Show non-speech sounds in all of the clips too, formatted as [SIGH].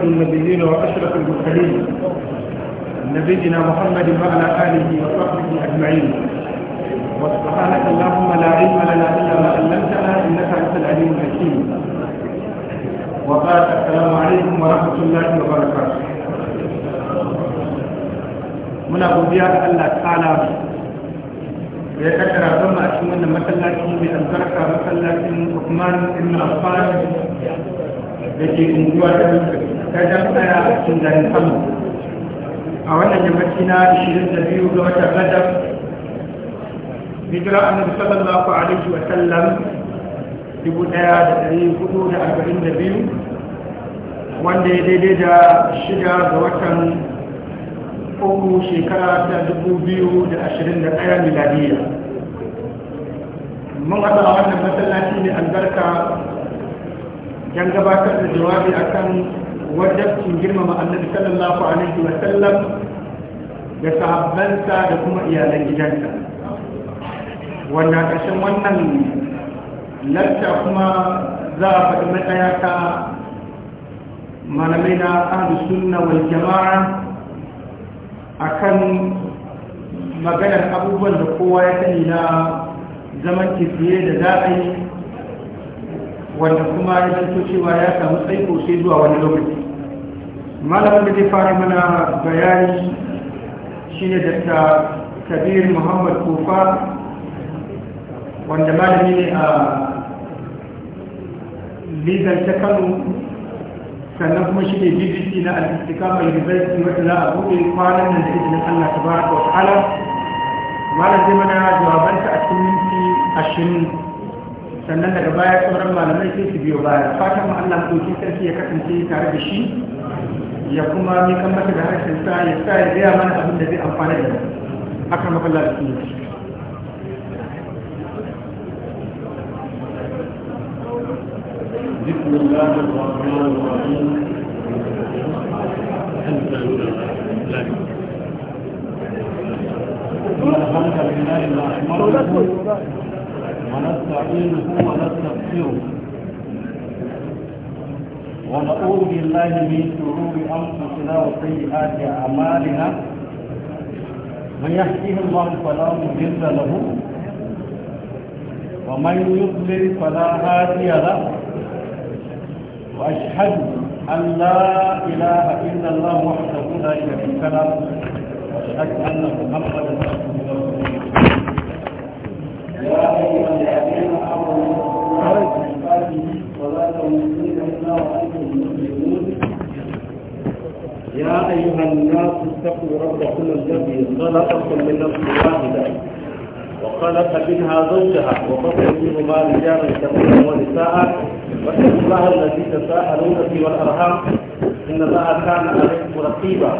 أحمد النبيين وأشرف المرسلين نبينا محمد وعلى آله وصحبه أجمعين وسبحانك اللهم لا علم لنا إلا ما علمتنا إنك أنت العليم الحكيم وقال السلام عليكم ورحمة الله وبركاته muna godiya ga Allah ta'ala da ya kaddara don a cikin wannan masallaci mai albarka masallacin Uthman ibn Affan da ke unguwa ta ta jan tsaya a cikin garin kano a wannan yammaci na 22 ga watan rajab hijira annabi sallallahu alaihi wa sallam 1442 wanda ya daidai da shida ga watan uku shekara ta 2021 miladiya mun haɗa wannan masallaci ne albarka don gabatar da jawabi akan wadabcin girmama annabi sallallahu alaihi wa sallam da sahabbansa da kuma iyalan gidanta. wanda ƙarshen wannan lakta kuma za a faɗi matsaya ta malamai na ahlus sunna wal jama'a akan maganar abubuwan da kowa ya sani na zaman kifiye da daɗi, wanda kuma ya cewa ya samu tsaiko sai zuwa wani lokaci malamin da zai fara mana bayani shi da ta kabir muhammad kofa wanda malami ne a lizar ta kano sannan kuma shi ne bbc na al-istikama university wadda za a buɗe kwanan nan da izinin allah ta baraka wa ta'ala malam zai mana jawabanta a cikin minti ashirin sannan daga baya sauran malamai sai su biyo baya fatan mu allah ɗauki sarki ya kasance tare da shi ya kuma mi kan mata da harshen sa ya sa ya gaya mana abin da zai amfana da mu mafalla da sunna ونستعينه ونستغفره ونعوذ بالله من شرور أنفسنا وسيئات أعمالنا من يهديه الله فلا مضل له ومن يضلل فلا هادي له وأشهد أن لا إله إلا الله وحده لا شريك له وأشهد أن محمدا رسول الله يا أيها الذين آمنوا يا أيها الناس اتقوا ربكم الذي خلقكم من نفس واحدة وخلق منها زوجها وبطل منهما رجالا كثيرا ونساء واتقوا الله الذي تساءلون به والأرحام إن الله كان عليكم رقيبا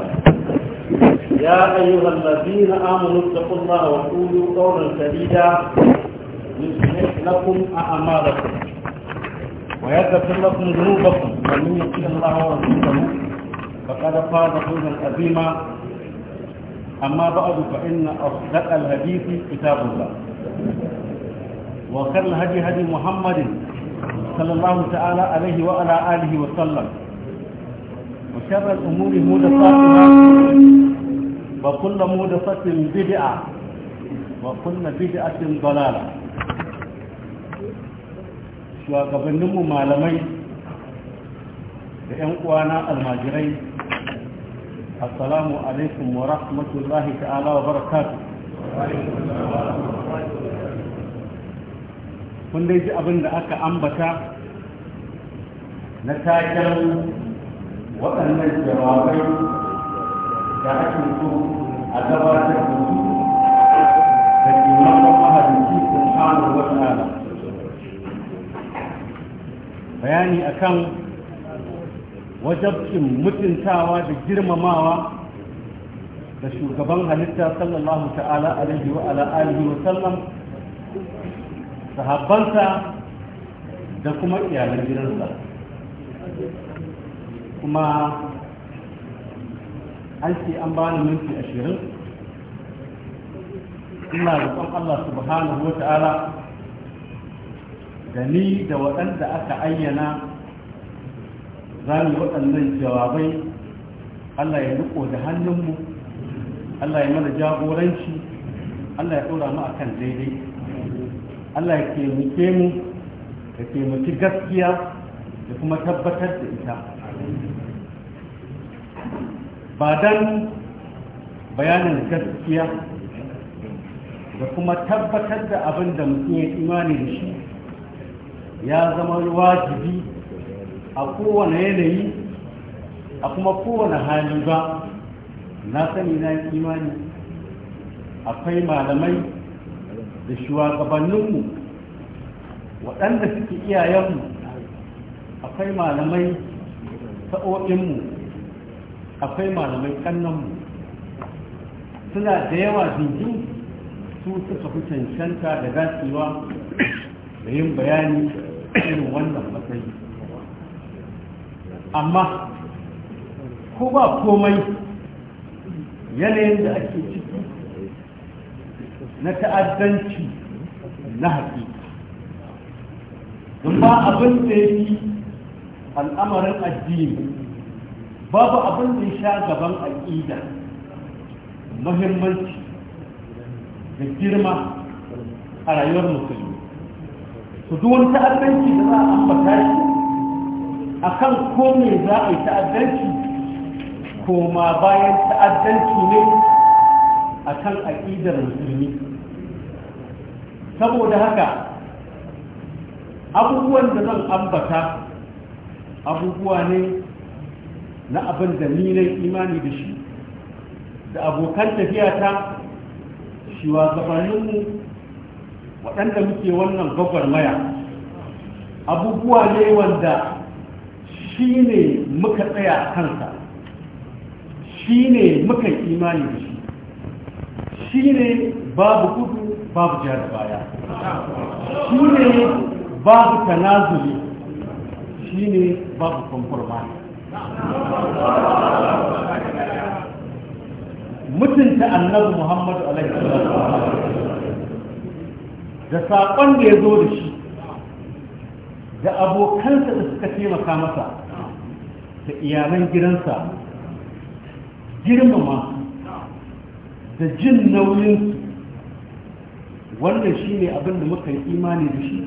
يا أيها الذين آمنوا اتقوا الله وقولوا قولا سديدا يصلح لكم أعمالكم ويغفر لكم ذنوبكم ومن يطيع الله ورسوله فقد فاز فوزا عظيما أما بعد فإن أصدق الحديث كتاب الله وخير الهدي هدي محمد صلى الله تعالى عليه وعلى آله وسلم وشر الأمور مودساتها وكل مودسة بدعة وكل بدعة ضلالة shugabanninmu malamai da 'yan uwana almajirai السلام عليكم ورحمة الله تعالى وبركاته kun dai ji abin da aka ambata na taken waɗannan jawabai da ake so a gabatar da su da kimanin mahadinci sun hana wata bayani akan wajabcin mutuntawa da girmamawa da shugaban halitta sallallahu ta'ala alaihi wa ala alihi wa sallam sahabbansa da kuma iyalan gidansa kuma an ce an bani minti ashirin ina roƙon Allah subhanahu wa ta'ala da ni da waɗanda aka ayyana za mu waɗannan jawabai Allah ya riko da hannunmu Allah ya mana jagoranci Allah ya ɗora mu akan daidai Allah ya taimake mu ya taimaki gaskiya da kuma tabbatar da ita ba dan bayanin gaskiya da kuma tabbatar da abin da mutum ya imani da shi ya zama wajibi a kowane yanayi a kuma kowane hali ba na sani na imani akwai malamai da shugabanninmu waɗanda suke iyayenmu akwai malamai sa'o'inmu akwai malamai kannanmu suna da yawa jinjin su suka fi cancanta da dacewa da yin bayani irin wannan matsayi amma ko ba komai yanayin da ake ciki na ta'addanci na hakika don ba abin da ya al'amarin addini babu abin da ya sha gaban aƙida muhimmanci da girma a rayuwar musulmi su duk ta'addanci da za a ambata shi akan ko me za a yi ta'addanci koma bayan ta'addanci ne a akan aƙidar musulmi saboda haka abubuwan da zan ambata abubuwa ne na abin da ni na imani da shi da abokan tafiyata mu waɗanda muke wannan gwagwarmaya abubuwa ne wanda shi ne muka tsaya a kansa shi ne muka imani da shi shi ne babu kudu babu jihar baya shi ne babu tanazuli shi ne babu kwamfurmani mutunta annabi muhammadu alaihi da saƙon da ya zo da shi da abokansa da suka taimaka masa da iyalan gidansa girmama da jin nauyin wannan shi ne abin da muka yi imani da shi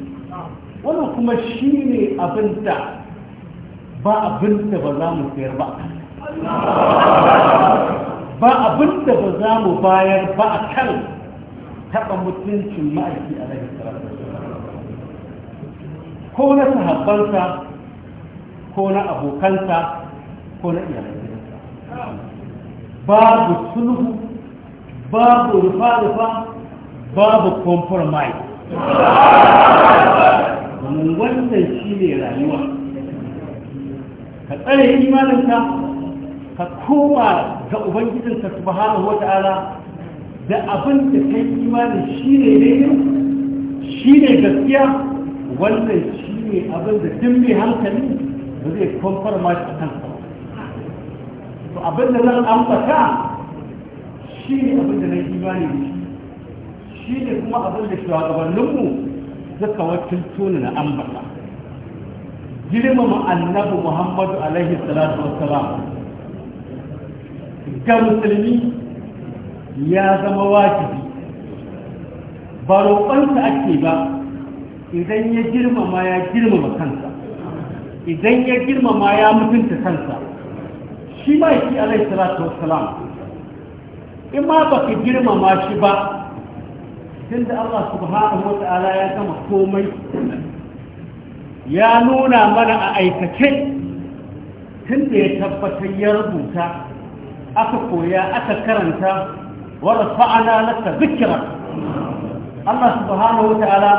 wannan kuma shi ne abin da ba abin da ba za mu sayar ba ba abin da ba za mu bayar ba a kan taɓa mutuncin ma'aiki a rage ko na sahabbansa ko na abokanta, ko na babu sulhu babu rufa-rufa babu compromise domin wannan shi ne rayuwa ka tsaye imaninka ka koma ga ubangijinka wata wata'ala da abin da yi imanin shi ne ne shi ne gaskiya wannan shi ne abin da dimbe hankali zai zai compromise a kansa to abin da zan ambata shi ne abin da na imani da shi shi ne kuma abin da shugabanninmu suka wakilto ni na ambata girmama annabi muhammadu alaihi salatu wassalam ga musulmi ya zama wajibi ba roƙonsa ake ba idan ya girmama ya girmama kansa idan ya girmama ya mutunta kansa shi ba shi alaihi salatu wassalam in ma ba ka girmama shi ba tun da Allah subhanahu wa ta'ala ya gama komai ya nuna mana a aikace tun da ya tabbatar ya rubuta aka koya aka karanta wadda fa'ana laka zikira Allah subhanahu wa ta'ala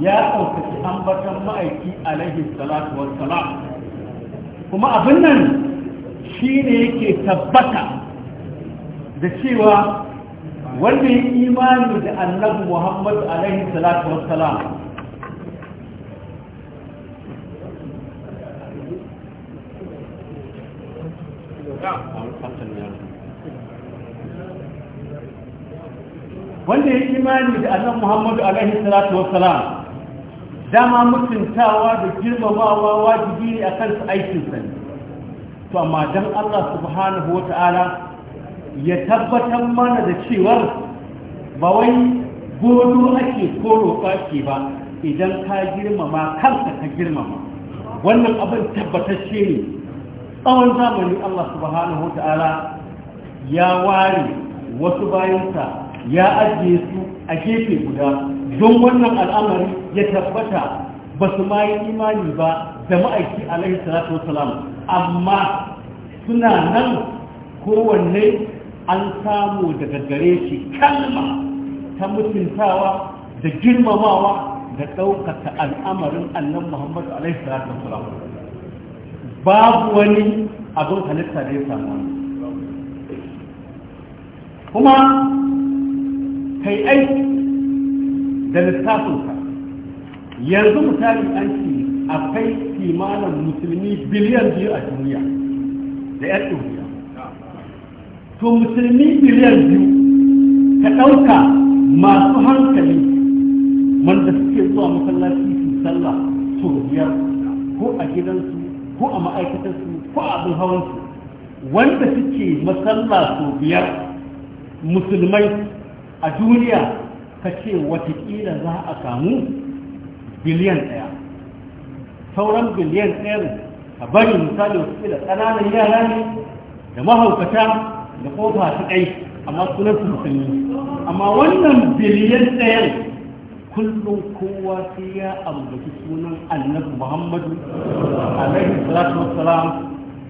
ya ɗaukaki ambatan ma'aiki alaihi salatu wa salam kuma abin nan shi ne yake tabbata da cewa wanda ya imani da annabi muhammadu alaihi salatu wa salam wanda ya imani da annabi muhammadu alaihi salatu wa salam dama mutuntawa da girmamawa wajibi ne a kansu aikinsa ne to amma don Allah subhanahu wa ta'ala ya tabbatar mana da cewar ba wai godo ake ko roƙa ke ba idan ka girmama kanka ka girmama wannan abin tabbatacce ne tsawon zamani Allah subhanahu wa ta'ala ya ware wasu bayansa ya ajiye su a gefe guda don wannan al'amari ya tabbata ba su ma yi imani ba da ma'aiki alaihi salatu wasalam amma suna nan kowanne an samu daga gare shi kalma ta mutuntawa da girmamawa da ɗaukata al'amarin annan muhammadu alaihi salatu wasalam babu wani abin halitta da ya samu kuma kai aiki da lissafinka yanzu misali an ce akwai kimanin musulmi biliyan biyu a duniya da yan duniya to musulmi biliyan biyu ka ɗauka masu hankali wanda suke zuwa masallaci su sallah su biyar ko a gidansu ko a ma'aikatarsu ko a abin hawansu wanda suke masalla su biyar musulmai a duniya ka ce watakila za a samu biliyan ɗaya sauran biliyan ɗaya a bari misali wasu da ƙananan yara ne da mahaukata da kofa su ɗai amma sunan su musulmi amma wannan biliyan ɗayan kullum kowa sai ya ambaci sunan annabi muhammadu alaihi salatu Wasalam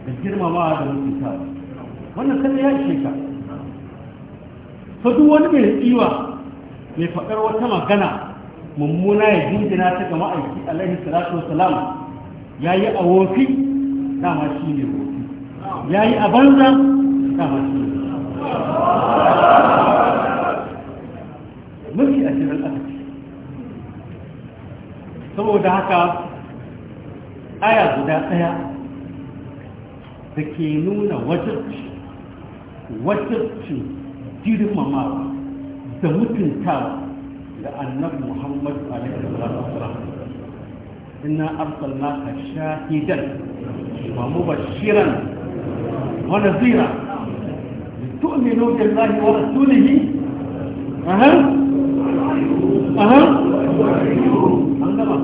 da girmama da mutunta wannan kada ya ishe to duk wani mai tsiwa mai faɗar wata magana mummuna ya jinjina ta ga ma'aiki alaihi salatu Salam, ya yi a wofi dama shi ne wofi ya yi a banza dama shi ne mafi a shirin asibiti saboda haka aya guda ɗaya da ke nuna wajen wajibcin girmamawa da mutuntawa da annabi muhammad alaihi wasallam inna arsalnaka shahidan wa mubashiran wa nadhira tu'minu billahi wa rasulihi aha aha an gaba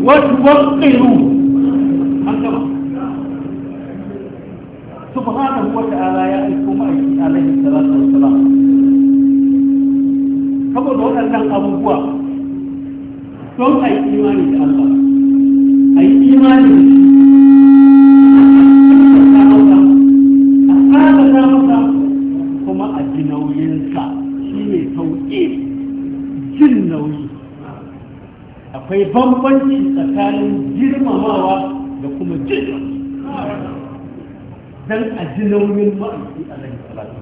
وتوقروا subhanahu wa ta'ala ya aiko ma'aiki alaihi salatu wassalam da waɗannan abubuwa don a yi imani da Allah a yi imani kuma a ji sauƙi jin nauyi akwai bambanci tsakanin girmamawa da kuma jin dan a ji nauyin ma'aiki alaihi salatu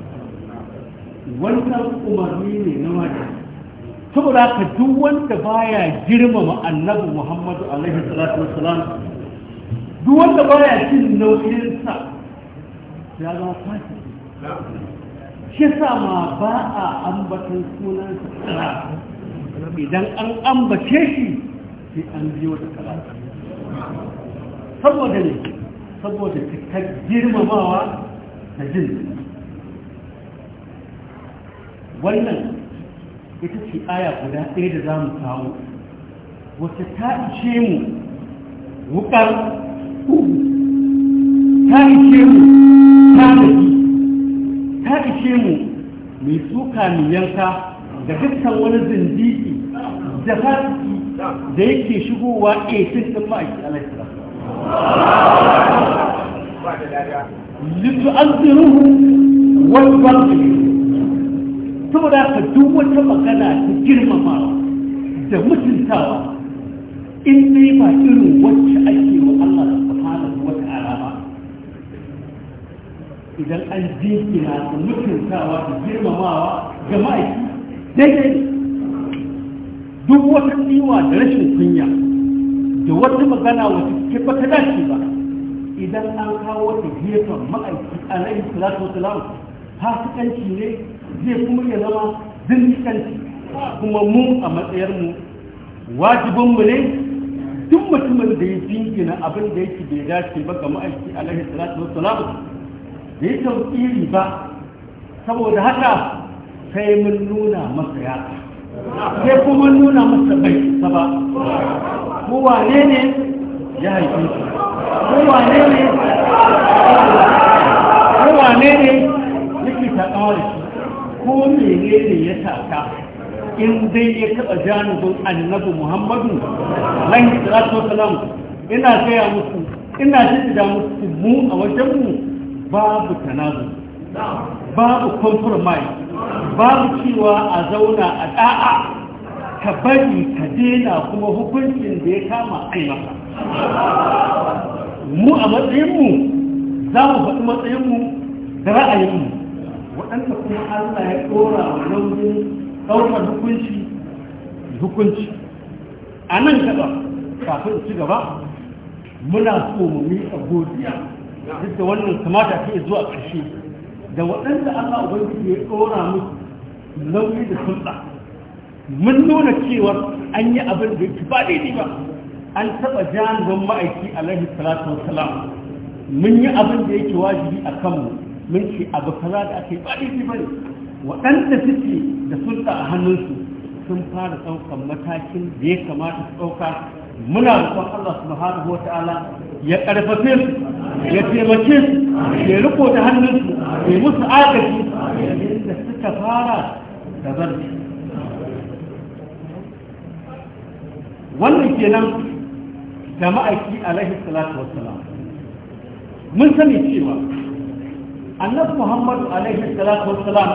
wannan umarni ne na wajen saboda ka duk wanda baya girmama annabi muhammadu alaihi salatu wasalam duk wanda baya jin nauyinsa ya zama fasi shi sa ma ba a ambatan sunansa tsara idan an ambace shi sai an biyo da kala saboda ne saboda cikar girmamawa da jin wannan ita ce aya guda ɗaya da za mu kawo wata ta ishe mu wukar ta ishe mu ta gaji? ta ishe mu mai suka mai yanka ga dukkan wani zindiki da fasiki da yake shigowa 18 ɗin ma'aikin alaikira littu'azziruhu wani barzikh saboda ka duk wata magana ta girmama da mutuntawa in dai ba irin wacce ake wa Allah subhanahu wa ta'ala ba idan an jinkira da mutuntawa da girmamawa ga ma'aiki daidai duk wata tsiwa da rashin kunya da wata magana wata ke ba ta dace ba idan an kawo wata gefen ma'aiki a alaihi salatu wasalam fasikanci ne zai kuma ya zama zindikanci kuma mu a matsayarmu wajibinmu ne duk mutumin da ya jingina abin da yake bai dace ba ga ma'aiki a alaihi salatu lamu da ya tauƙiri ba saboda haka sai mun nuna masa yaka sai kuma nuna masa bai ba mu wane ne ya haifi mu wane ne mu wane ne yake ta kawar shi ko mene ne ya taka in dai ya taɓa janibin annabi muhammadu lan salatu wasalam ina gaya musu ina jaddada musu mu a wajenmu babu tanazu babu compromise babu cewa a zauna a ɗa'a. ka bari ka dena kuma hukuncin da ya kama aimaka. mu a matsayinmu za mu faɗi matsayinmu da ra'ayinmu waɗanda kuma allah ya ɗora wa nauyin ɗaukar hukunci hukunci a nan gaba kafin ci gaba muna so mu yi godiya duk da wannan kamata ta zuwa ƙarshe da waɗanda allah ubangiji ya ɗora musu nauyi da sulɗa mun nuna cewa an yi abin da ba daidai ba an taɓa jami'an ma'aiki lahi salatu wasalam mun yi abin da yake wajibi a kanmu mun ce abu kaza da ake ba daidai ba ne waɗanda suke da sulta a hannunsu sun fara ɗaukar matakin da ya kamata su ɗauka muna roƙon Allah subhanahu wata'ala ya ƙarfafe su ya taimake su ya riko da hannunsu ya musu agaji da suka fara da barci wannan kenan da ma'aiki alaihi salatu wassalam mun sani cewa annabi muhammadu alaihi salatu wassalam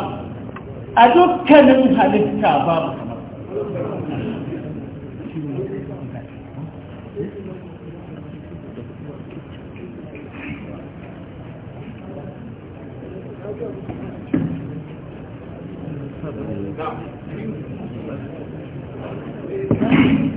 a dukkanin halitta babu kamar Thank you.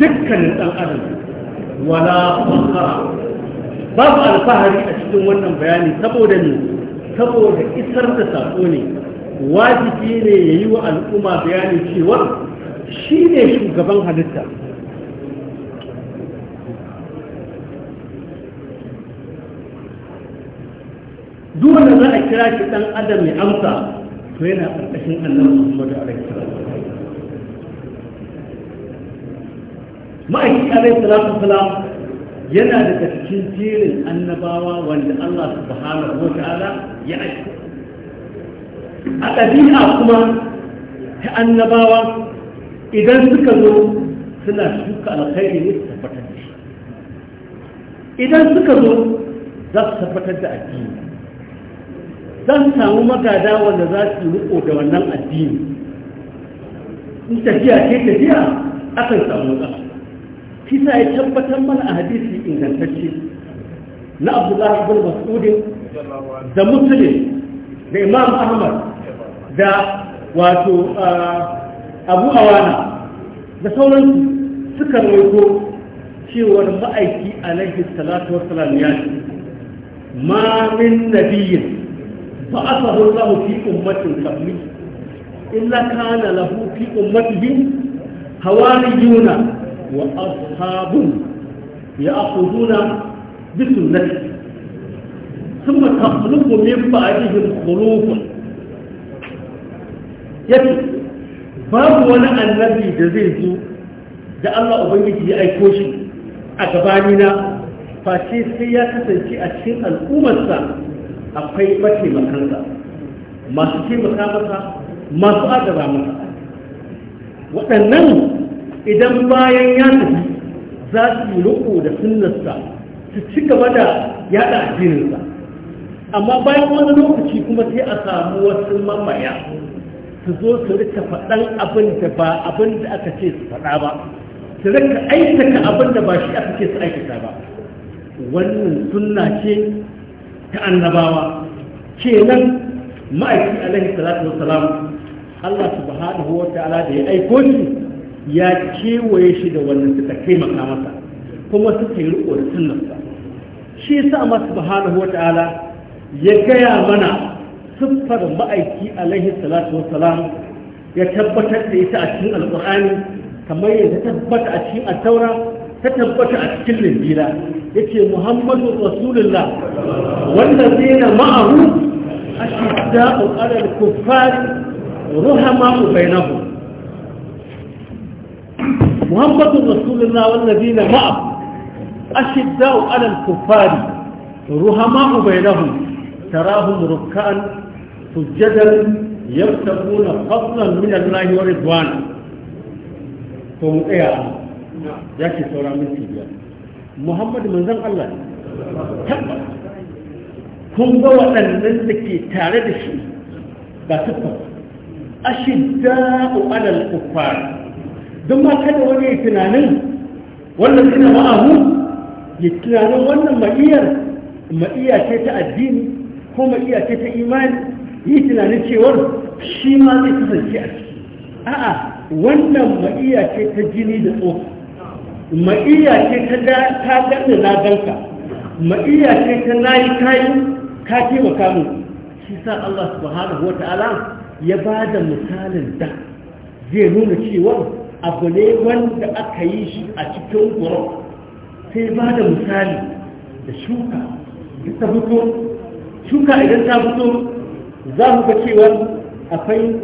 dukkanin ɗan adam wala fakara babu alfahari a cikin wannan bayani saboda ne saboda isar da sako ne wajibi ne ya yi wa al'umma bayani cewa shi ne shugaban halitta duk za a kira shi ɗan adam ya amsa to yana ƙarƙashin annabi Muhammadu alaihi ma'aikin alaihi salatu salam yana da cikin jerin annabawa wanda Allah subhanahu wa ta'ala ya aiki a ɗabi'a kuma ta annabawa idan suka zo suna shuka alkhairi ne su tabbatar da shi idan suka zo za su tabbatar da addini za su samu magada wanda za su riko da wannan addini in tafiya ce tafiya akan samu matsala shi sa ya tabbatar mana a hadisi ingantacce na abdullahi ibn mas'udin da muslim da imam ahmad da wato abu awana da sauransu suka roiko cewar ma'aiki alaihi salatu wasalam ya ce ma min nabiyyin ba a sahun lahu fi ummatin kabli illa kana lahu fi ummatin hawariyuna وأصحاب يأخذون بسنته ثم تخلق من بعدهم خلوفا يكي باب ولا النبي جزيز ده الله أبنك يا أي كوشي أكبانينا فشيخية تسنشي أشيخ الأمة أبقي بكي مكانك ما شكي مكانك ما سؤال رامك وأنه idan bayan ya tafi za su yi riko da sunnarsa su ci gaba da yada addininsa amma bayan wani lokaci kuma sai a samu wasu mamaya su zo su rika faɗan abin da ba abin da aka ce su faɗa ba su rika aikata abin da ba shi aka ce su aikata ba wannan sunna ce ta annabawa kenan ma'aiki alaihi salatu wasalam Allah subhanahu wa ta'ala da ya aiko shi ya kewaye shi da wannan suka taimaka masa kuma suka yi riko da sunnarsa shi sa masu subhanahu ta'ala ya gaya mana siffar ma'aiki alaihi salatu wassalam ya tabbatar da ita a cikin alqur'ani kamar yadda tabbata a cikin at-taura ta tabbata a cikin linjira yace muhammadu rasulullah wanda zai na ma'ahu ashidda'u alal kuffari ruhama'u bainahum محمد رسول الله والذين معه أشداء على الكفار رهماء بينهم تراهم ركعا سجدا يبتغون فضلا من الله ورضوانا فهم ايه ذاك سورة من سيديا محمد من ذن الله تبا kun ga waɗannan da ke tare da shi ba tabbas ashidda'u alal kuffar don ma kada wani ya tunanin wannan suna ma'ahu ya tunanin wannan ma'iyar ma'iya ce ta addini ko ma'iya ce ta imani yi tunanin cewar shi ma zai kasance a ciki a'a wannan ma'iya ce ta jini da tsoka ma'iya ce ta ta ganda na ganka ma'iya ce ta yi kayi ka taimaka mu shi sa Allah subhanahu Ta'ala ya ba da misalin da zai nuna cewa abu ne wanda aka yi shi a cikin ƙuran sai ba da misali da shuka ta fito shuka idan ta fito za mu ga cewa akwai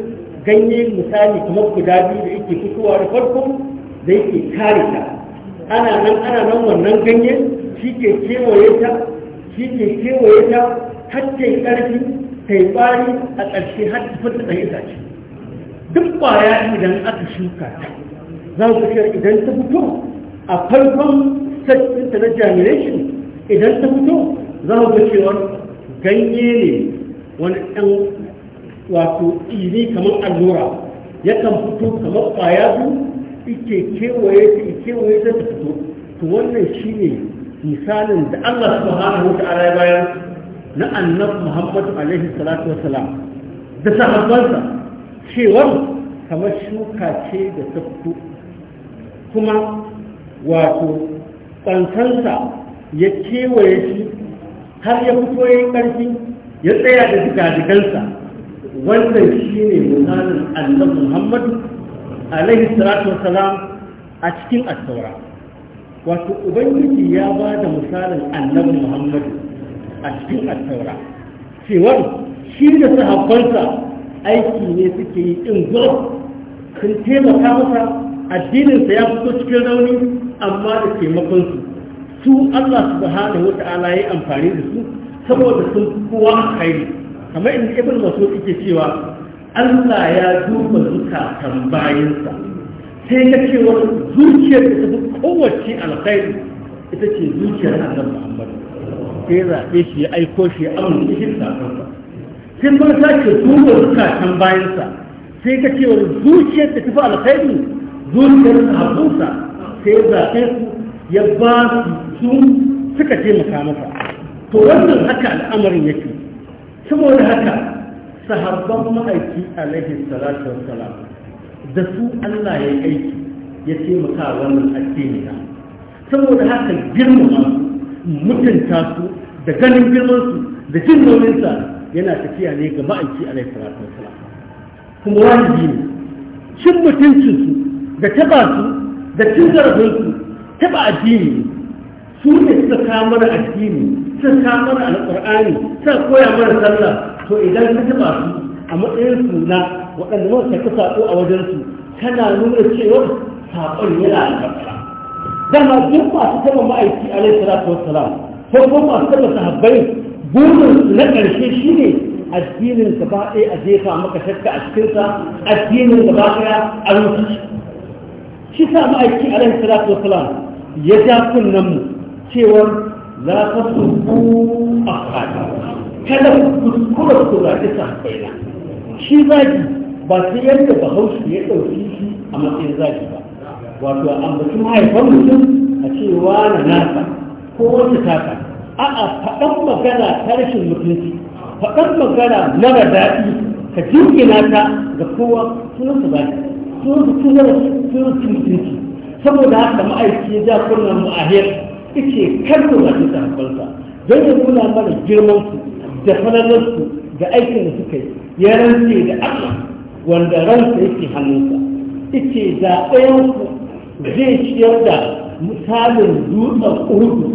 ganye misali kamar guda biyu da yake fitowa da farko da yake kare ta ana nan ana nan wannan ganye shi ke kewaye ta shi ke kewaye ta har ta yi ƙarfi ta yi bari a ƙarshe har ta fita da itace duk ƙwaya idan aka shuka ta za su shi idan ta fito a farkon sattinta na generation idan ta fito za su ga cewa ganye ne wani ɗan wato iri kamar allura ya kan fito kamar ƙwaya su ike kewaye ta kewaye ta fito to wannan shi ne misalin da Allah subhanahu wa ta'ala ya bayan na annab Muhammadu alaihi salatu wasalam da sahabbansa cewar kamar shuka ce da ta fito kuma wato ƙansansa ya kewaye shi har ya fito ya yi ƙarfi ya tsaya da digadigansa wannan shi ne munanin annabi muhammadu alaihi salatu wasalam a cikin attaura wato ubangiji ya ba da misalin annabi muhammadu a cikin attaura cewar shi da sahabbansa aiki ne suke yi in zo sun taimaka masa addininsa ya fito cikin rauni amma da taimakonsu su Allah subhanahu wata ala ya amfani da su saboda sun kowa kai kamar inda ibn masud yake cewa Allah ya duba zukatan bayinsa sai ya ce wani zuciyar da ta fi kowace alkhairu ita ce zuciyar annabi Muhammad sai zaɓe shi ya aiko shi ya amince shi sakonsa sai kuma sake duba zukatan bayinsa sai ka ce wani zuciyar da ta fi alkhairi zuciyar abunsa sai ya zaɓe su ya ba su suka taimaka masa to wannan haka al'amarin yake saboda haka sahabban ma'aiki alaihi salatu wassalam da su Allah ya aiki ya taimaka wannan addini na saboda haka girmama mutunta su da ganin girman su da jin sa yana tafiya ne ga ma'aiki alaihi salatu wassalam kuma wajibi ne cin mutuncin su da taba su da cin zarafinsu taba addini su ne suka kamar addini suka kamar mana alƙur'ani suka koya mara sallah to idan ka taba su a matsayin su na waɗanda mawa ka saƙo a wajen su kana nuna cewa saƙon yana albarka dama duk masu taba ma'aiki alaihi salatu wassalam ko ko masu taba sahabbai burin na ƙarshe shine addinin gaba ɗaya a jefa maka shakka a cikinsa addinin gaba ɗaya a rufe shi sa ma'aiki alaihi salatu wasalam ya ja kunnen mu za ka su ku a fada kada ku kuskura su ga sa kaina shi zaki ba sai yadda bahaushe ya ɗauki shi a matsayin zaki ba wato a ambaci mahaifan mutum a cewa na nasa ko wata taka a'a faɗan magana ta rashin mutunci faɗan magana mara daɗi ka jirgina ta ga kowa su zaki sun tunar sun saboda haka ma'aiki ya kunna mu a hir ice kar ku zaɓi sahabbansa don ya nuna mana girman su da falalar su da aikin da suka yi ya rantse da Allah wanda ransa yake hannunsa ice da ɗayan ku zai ciyar da misalin dutsen urdu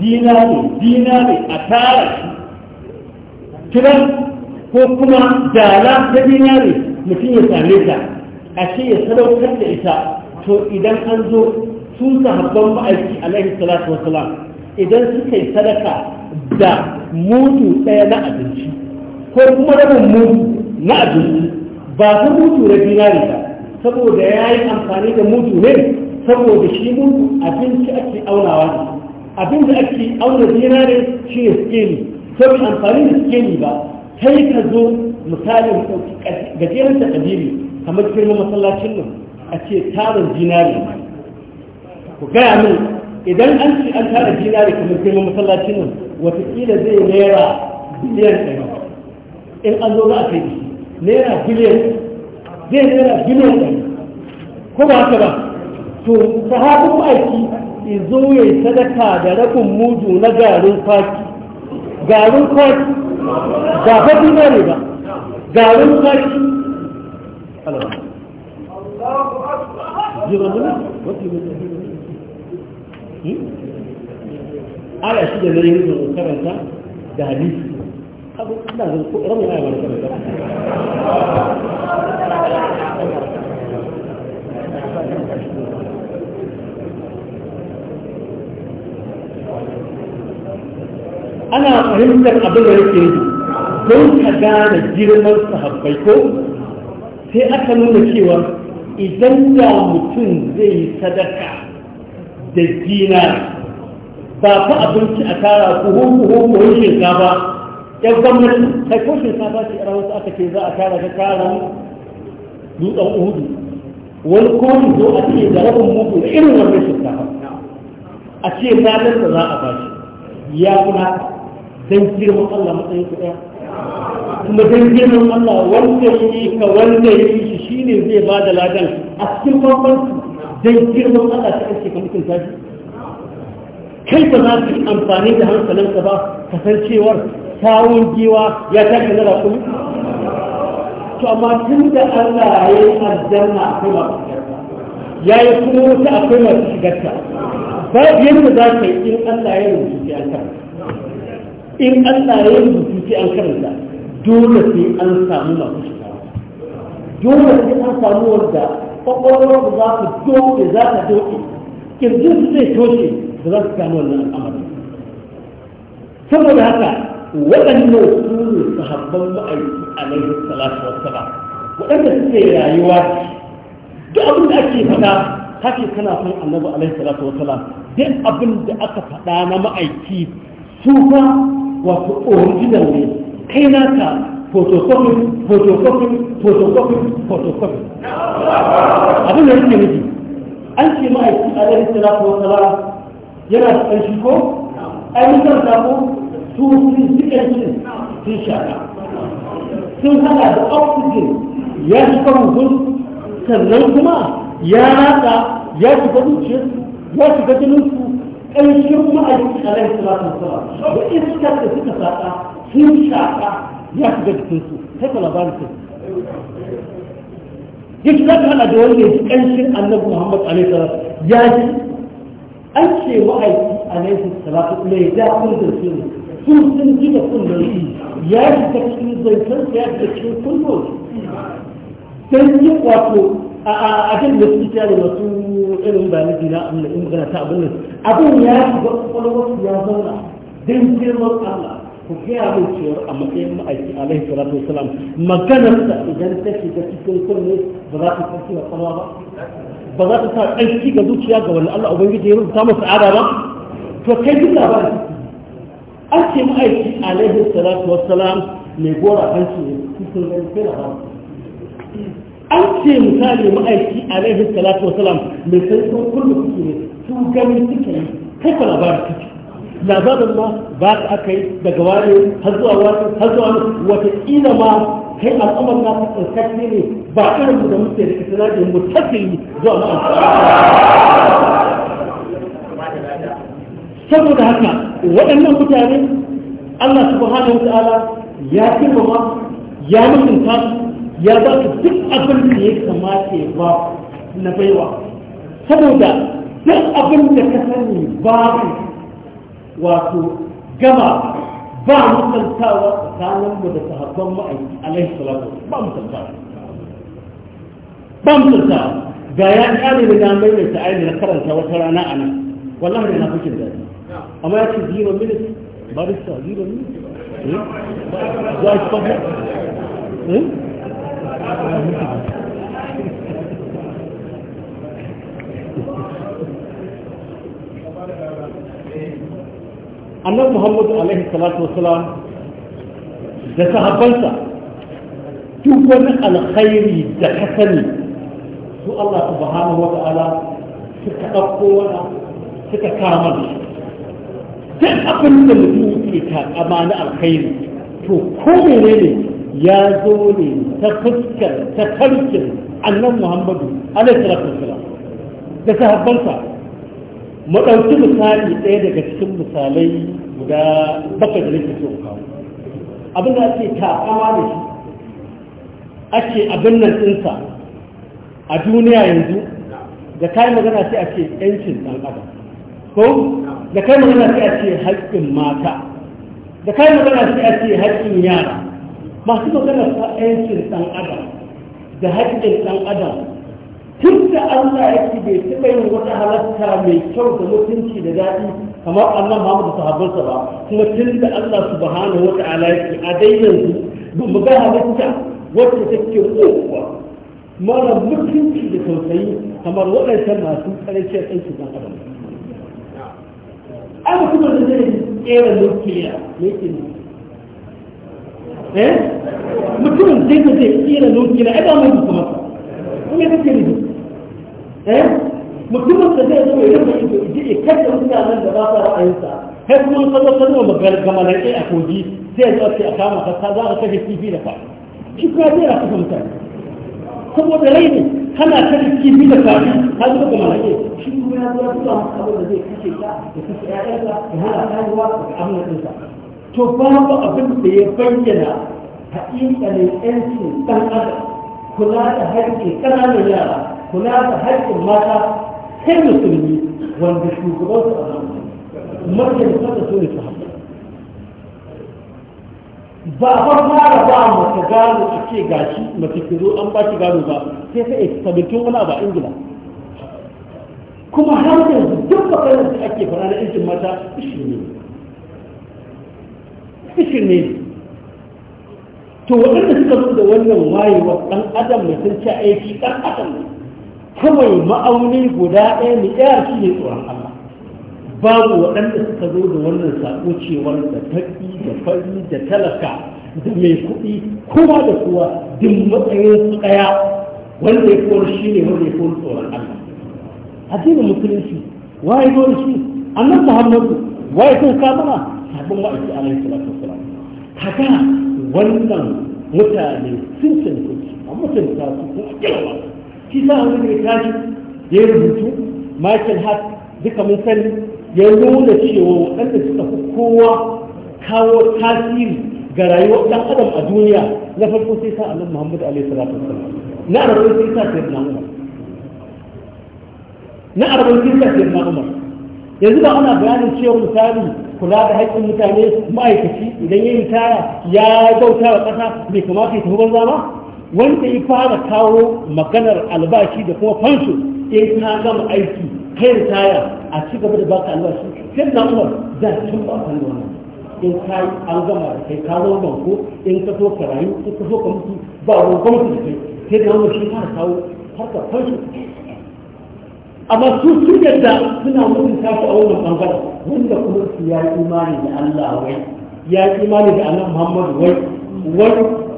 dinare dinare a tara kiran ko kuma dala ta dinare mutum ya same ta a ce ya sadaukar da ita to idan an zo su sahabban ma'aiki alaihi salatu wasalam idan suka yi sadaka da mutu ɗaya na abinci ko kuma rabin mutu na abinci ba su mutu na dinari ba saboda ya yi amfani da mutu ne saboda shi mutu abinci ake aunawa ne abin da ake auna dinari shi ne skeli so amfani da skeli ba kai ka zo misalin gajeren takadiri kamar girman masallacin nan a ce tarin dinari ku gaya min idan an ce an tara dinari kamar girman masallacin nan watakila zai naira biliyan ɗari in an zo za a kai naira biliyan zai naira biliyan ɗari ko ba haka ba to sahabin aiki zo ya yi sadaka da rabin mudu na garin kwaki garin kwaki ba fa dinari ba garin kwaki الله ala shi da zai yi karanta da hadisi abu ina zai ko ramin aya wani karanta ana fahimtar abin da yake yi don ka gane girman sahabbai ko sai aka nuna cewa idan da mutum zai yi sadaka da dinar ba fa abinci a tara kuhun kuhun kuhun ba ya gwamnati sai ko ba shi ara wasu aka ce za a tara ta tara dutsen uhudu wani kowani zo a ce da rabin mutu da irin wannan ba a ce ranar da za a ba shi ya kuna don girman allah matsayin kuɗa kuma don girman Allah wanda ya yi ka wanda ya yi shi shine zai ba da ladan a cikin bambanci don girman Allah ta ake ka mutunta shi kai ba za ka yi amfani da ka ba ka san cewar tawon giwa ya taka na rakumi to amma tun da Allah ya yi aljanna akwai masu ya yi kuma wata a akwai masu shigarta babu yadda za ka yi in Allah ya rubuta an karanta in Allah ya rubuta an karanta dole sai an samu masu shiga dole sai an samu wanda kwakwalwar da za ta doke za ta doke kirjin su zai toshe da za su gano wannan al'amari saboda haka waɗannan su ne sahabban ma'aiki alaihi salatu wa wassalam waɗanda suke rayuwa duk abin da ake faɗa kake kana son annabi alaihi salatu wa wassalam duk abin da aka faɗa na ma'aiki su fa wato original ne kai naka photocopy photocopy photocopy photocopy abin da yake nufi an ce ma a ɗari salatu wa salam yana da ƙarshi ko ai mutar ta ko su sun ji ƙarshi sun shaƙa sun hana da oxygen ya shiga mutum sannan kuma ya rata ya shiga zuciyar ya shiga jinin su ƙarshen ma'aiki a ɗari salatu wa salam da iskar da suka saƙa sun shafa ya shiga cikin su haka labarin su ya shi ta hana da wanda ya ji ƙanshin annabi muhammad alaihi salatu ya ji an ce ma'aiki alaihi salatu mai daɗin da su su sun ji da su ya shiga cikin zancen ya shiga cikin kullum sun yi wato a kan da su da masu irin baliki na amma in magana ta abin nan abin ya shiga kwakwalwar ya zauna don girman Allah ku gaya min cewar a matsayin ma'aiki alaihi salatu salam maganar da idan ta shiga cikin kunne ba za ta tsarki wa kama ba ba za ta sa ƙarfi ga zuciya ga wani Allah ubangiji ya rubuta masa ada ba to kai duk labarin an ce ma'aiki alaihi salatu salam mai gora an ce cikin gani kai labarin an ce misali ma'aiki alaihi salatu mai sarkin kullum suke ne su gani suke yi kai fa labarin kake labarin ma ba ka aka yi daga wani har zuwa wani har zuwa wataƙila ma kai al'amar na ka tsarkake ne ba irin da muke da kasana da mu tafiyi zuwa na saboda haka waɗannan mutane Allah subhanahu wa ta'ala ya kirmama ya mutunta ya ba su duk abin da ya kamata ya ba na baiwa saboda duk abin da ka sani babu wato gama ba mutuntawa tsakanin mu da sahabban ma'aiki alaihi salatu ba mutuntawa ba mutuntawa ga ya kare da damar da ta'ayi na karanta wata rana a nan wallahi na fikin daɗi amma ya ce zero minutes barista zero minutes eh? za shi fafa [LAUGHS] annan muhammadu alaihi salatu wasalam da sahabbansa duk wani alkhairi da ka sani su Allah subhanahu wa ta'ala suka ɗauko wani suka kama da shi duk abin da mutum yake takama na alkhairi to ko ne ya zo ne ta fuskar ta farkin annan muhammadu alaihi salatu wasalam da sahabbansa maɗauki misali ɗaya daga cikin misalai guda bakwai da nake so kawo abin da ake taƙawa da shi ake abin nan ɗinsa a duniya yanzu da kai magana sai ake ce ‘yancin ɗan adam ko da kai magana sai ake haƙƙin mata da kai magana sai ake haƙƙin yara masu magana sa ‘yancin ɗan adam da haƙƙin ɗan adam tun da Allah yake bai taɓa yin wata halatta mai kyau da mutunci da daɗi kamar Allah Muhammad da sahabbansa ba kuma tun da Allah subhanahu wa ta'ala yake a dai yanzu mu ga halatta wacce take kowa mara mutunci da tausayi kamar waɗancan masu ƙarancin aiki ɗan adam an kuma da zai ƙera nukiliya mai eh mutumin zai zai ƙera nukiliya ai ba mai kuma kuma ya kake ne Eh? mutumin da zai zo ya rufe ido ita ya kace mutanen da ba sa ra'ayinsa kai kuma ka zo ka zo magamalai a kogi sai ya zo a kama ka za ka kashe kifi da fa shi kuma zai rasu mutane saboda rai kana ta kifi da kafi ka zuba ga malake shi kuma ya zuwa zuwa abin da zai kashe ka da kashe ƴaƴanka da hana karuwa da amna ɗinsa to babu abin da ya bayyana haƙiƙanin ƴancin ɗan adam kula da haƙƙin ƙananan yara kula da haƙƙin mata sai musulmi wanda shugaban su a zamanin majalisar da su ne su haɗu ba a fa fara ba mace gano a ce gashi mace ki zo an ba ki gano ba sai sai sabbin wani abu a ingila kuma har yanzu duk bakarar da ake fara na injin mata ishirin ne ishirin ne to waɗanda suka zo da wannan wayewa ɗan adam mai sun ci aiki ɗan adam ne kawai ma'auni guda ɗaya ne ɗaya shi ne tsoron Allah babu waɗanda suka zo da wannan saƙo cewar da taƙi da fari da talaka da mai kuɗi kowa da kowa duk matsayin su ɗaya wanda ya kowar shi ne wanda ya kowar tsoron Allah addinin musulunci waye dole da shi annabi Muhammadu waye kan kamara sabon ma'aikata alaihi salatu wasalam kaga wannan mutane sun cancanci a mutunta su kuma girma shi sa abu ne da ya rubutu michael hart duka mun sani ya nuna cewa waɗanda suka fi kowa kawo tasiri ga rayuwar ɗan adam a duniya na farko sai sa annabi muhammadu alaihi salatu wasallam na arabin sai sa sayyidina umar na arabin sai sa sayyidina umar yanzu ba ana bayanin cewa misali kula da haƙƙin mutane ma'aikaci idan ya yi tara ya bauta wa ƙasa bai kamata ya tafi banza ba wanda ya fara kawo maganar albashi da kuma fansho in ta gama aiki kai taya a ci gaba da baka albashi sai na umar za a cin ba kan wannan in ka an gama da kai ka zo banko in ka zo ka rayu in ka zo ka mutu ba ruwan gwamnati da kai sai na umar shi fara kawo harkar fansho amma su sun yadda suna mutun shi a wannan bangaren wanda kuma su ya imani da Allah wai ya imani da Annabi Muhammadu wai wai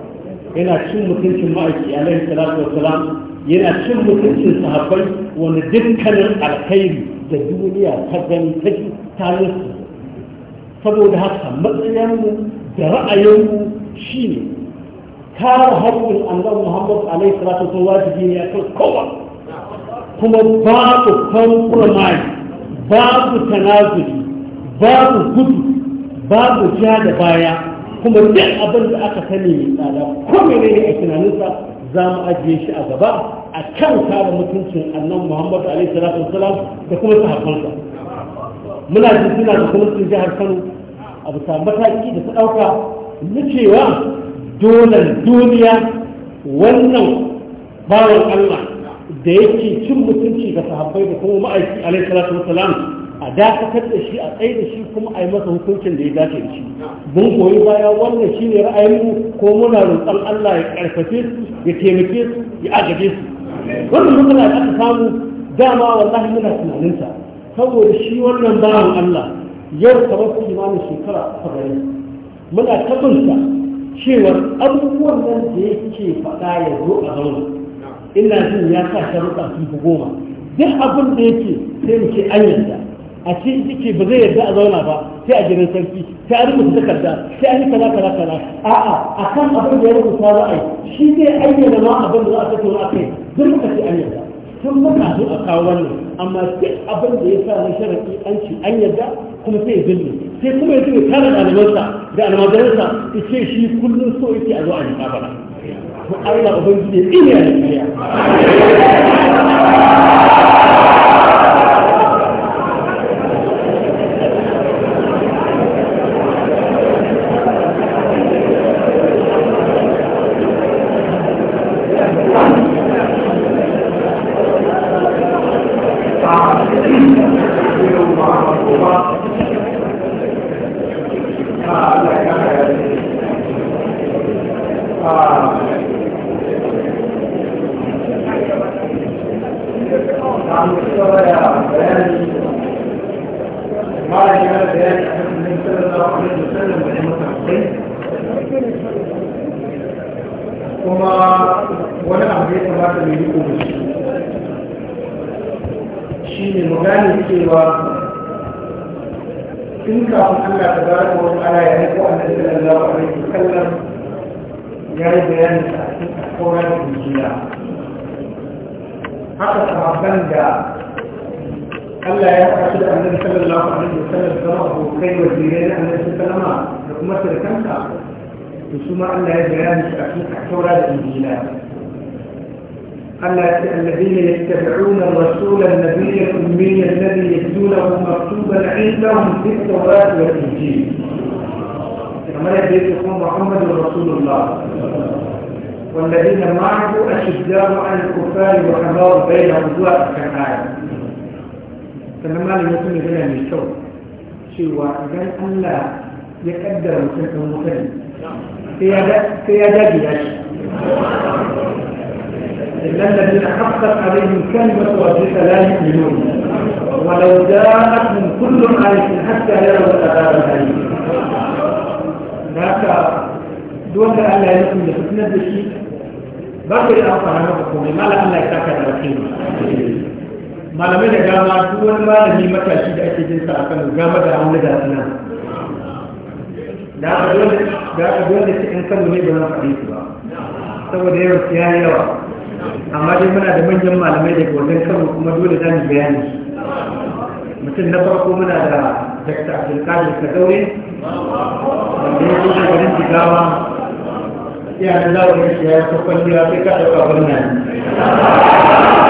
yana cin mutuncin ma'aiki alaihi salatu salam yana cin mutuncin sahabbai wani dukkanin alkhairi da duniya ta gani ta ji ta saboda haka matsayinmu da ra'ayinmu ne. kare haƙƙin annabi Muhammad alaihi salatu salam wajibi ne kan kowa kuma babu compromise babu tanazuri babu gudu babu ja da baya kuma duk abin da aka sani mai tsada ko ne a tunaninsa za mu ajiye shi a gaba a kan kare mutuncin annabi muhammadu alaihi salatu wasalam da kuma sahabbansa muna jin suna da gwamnatin jihar kano a bisa mataki da ta ɗauka na cewa dole duniya wannan bawan allah da yake cin mutunci ga sahabbai da kuma ma'aiki alaihi salatu wasalam a dakatar da shi a tsaye da shi kuma a yi masa hukuncin da ya dace da shi mun koyi baya wannan shi ne ra'ayinmu ko muna roƙon Allah ya karfafe su ya taimake su ya agaje su wannan mutum da aka samu dama wallahi muna tunanin sa saboda shi wannan bawan Allah yau kamar su imanin shekara bari muna tabbata cewar abubuwan nan da yake faɗa ya zo a zauna ina jin ya sa sharuɗa sun fi goma duk abin da yake sai mu ce an yarda a cikin ciki ba zai yarda a zauna ba sai a gidan sarki sai a rubuta takarda sai a yi kaza kaza kaza a'a a kan abin da ya rubuta za a shi zai ayyana ma abin da za a tattauna a kai duk muka ce an yarda tun muka zo a kawo wannan amma duk abin da ya sa na sharaɗi an ci an yarda kuma sai ya zulmi sai kuma ya zuwa tara ɗalibansa da almajiransa ya ce shi kullum so yake a zo a yi kabara to Allah ubangiji ya iya da ya. da annabi sallallahu alaihi wasallam da ko kai wajirai na annabi sallama da kuma sirkansa to su ma Allah ya bayani shi a cikin taura da injila Allah ya ce alladhina yattabi'una ar-rasula an-nabiyya al-ummiyya alladhi yajidunahu maktuban 'indahum fi at-taurat wal injil kamar yadda yake kuma Muhammadur Rasulullah والذين معه أشداء على الكفار وحمار بينهم وأكثر sannan malam ya tuna yana mai kyau cewa idan Allah ya kaddara mutum ɗan wuta sai ya dage ya shi إلا الذين حقت عليهم كلمة ربك لا يؤمنون ولو جاءتهم كل آية حتى يروا العذاب الأليم ذاك دون أن لا يؤمن بفتنة الشيء بقي الأمر على نفسه لما لا أن لا يتأكد الرحيم malamai da gama duk wani malami matashi da ake jin sa a kano gama da an da suna da aka dole da aka dole sai in kano ne ba zan faɗi su ba saboda yau su ya yawa amma dai muna da manyan malamai daga wajen kano kuma dole za mu bayani mutum na farko muna da dr abdulkadir kazaure wanda ya kusa garin jigawa yana da zaune shi ya yi kwalliya sai ka ɗauka wannan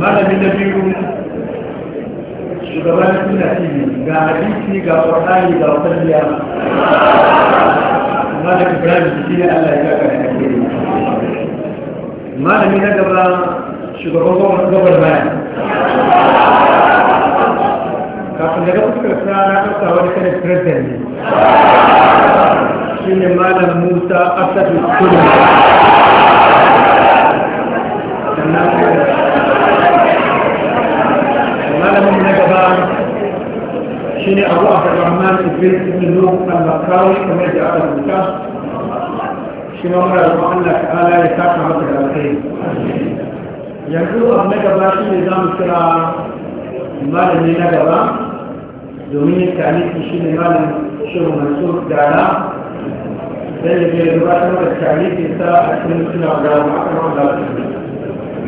malami na biyu shugaban suna tv ga hadisi ga ƙwarari ga kwalliya malam ibrahim shi ne allah ya ga da malami na gaba shugaban gwamnan bayan kafin daga fuskar sa na kasa wani kare president ne shi ne malam musa asadu kudu malamin na gaba shi ne abu a rahman idris ibn nur al-bakawi kamar da aka rubuta shi ma mara zuwa allah ta'ala ya saka masa da alkhairi yanzu abu na gaba shi ne za mu kira malami na gaba domin yin taliki shi ne shirin dara zai yi gabatar da taliki sa a cikin suna gaba a kan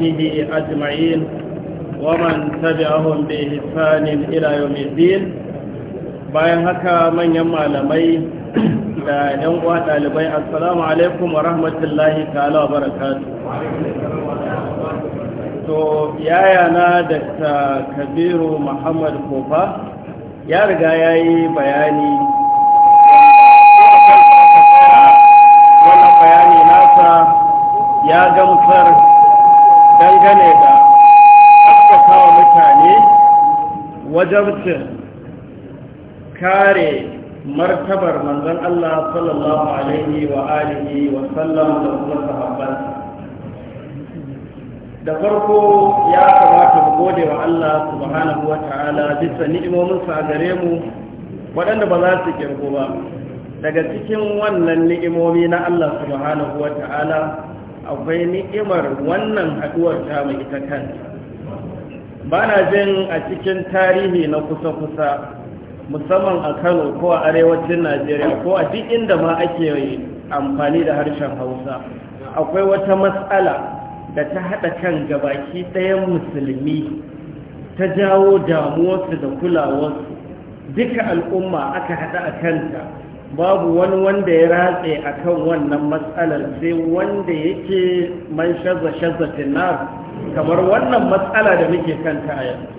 وصحبه أجمعين ومن تبعهم بإحسان إلى يوم الدين bayan haka manyan malamai da yan uwa dalibai assalamu alaikum wa rahmatullahi ta'ala wa barakatuh to yaya na dakta kabiru muhammad kofa ya riga yayi bayani wannan bayani nasa ya gamsar dangane da haskakawa mutane wajabcin kare martabar manzon Allah sallallahu alaihi wa alihi wa sallam da kuma da farko ya kamata mu gode wa Allah subhanahu wa ta'ala bisa ni'imominsa a gare mu waɗanda ba za su kirku ba daga cikin wannan ni'imomi na Allah subhanahu wa ta'ala akwai ni'imar wannan haduwar ta mai ita kanta ba na jin a cikin tarihi na kusa-kusa musamman a kano ko a arewacin najeriya ko a duk inda ma ake amfani da harshen hausa akwai wata matsala da ta haɗa kan gabaki ɗayan musulmi ta jawo damuwarsu da kulawarsu duka al'umma aka haɗa a kanta babu wani wanda ya ratse akan wannan matsalar sai wanda yake man shazza shazza nar kamar wannan matsala da muke kanta a yanzu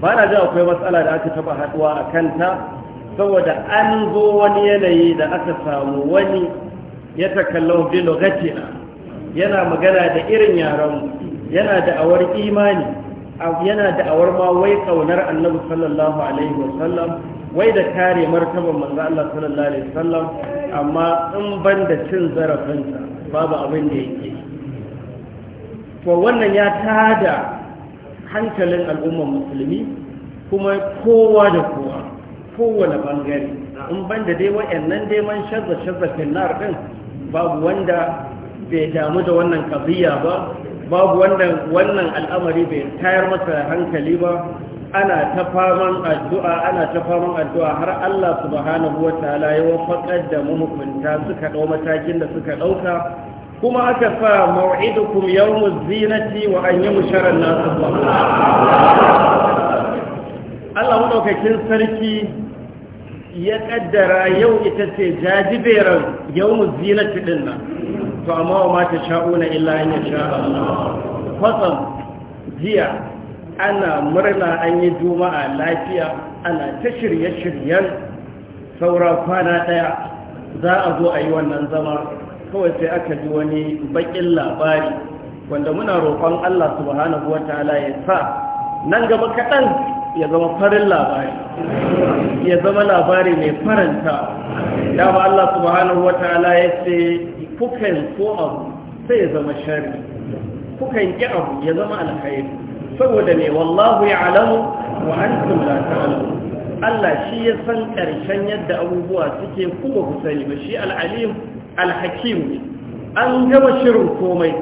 ba na jin akwai matsala da aka taba haduwa a kanta saboda an zo wani yanayi da aka samu wani ya takallon bilogatina yana magana da irin yaron, yana da awar imani yana da awar ma wai kaunar annabi sallallahu alaihi wasallam wai da kare martaban manzo Allah sallallahu alaihi wasallam amma in ban da cin zarafinsa babu abin da yake to wannan ya tada hankalin al'ummar musulmi kuma kowa da kowa kowane bangare in ban da dai wayannan dai man shazza shazza finnar din babu wanda bai damu da wannan kabiya ba babu wanda wannan al'amari bai tayar masa hankali ba ana ta faman addu'a ana ta faman addu'a har Allah subhanahu wa ta'ala ya wafakar da mahukunta suka ɗau matakin da suka ɗauka kuma aka sa mau'idukum yawmuz zinati wa an yi musharar nasu Allah maɗaukakin sarki ya ƙaddara yau ita ce jajiberar mu zinati ɗin nan to amma wa mata sha'una illa an sha'a. kwatsam jiya ana murna an yi juma'a lafiya ana ta shirye-shiryen saura kwana daya za a zo a yi wannan zama kawai sai aka ji wani bakin labari wanda muna roƙon Allah subhanahu wata'ala ya sa nan gaba kaɗan ya zama farin labari ya zama labari mai faranta dama Allah subhanahu ta'ala ya ce kukan so abu sai ya zama shari kukan ƙi abu ya zama alkhairi saboda ne wallahu ya'lamu wa antum la Allah shi ya san ƙarshen yadda abubuwa suke kuma kusani ba shi al'alim al ne an gama shirin komai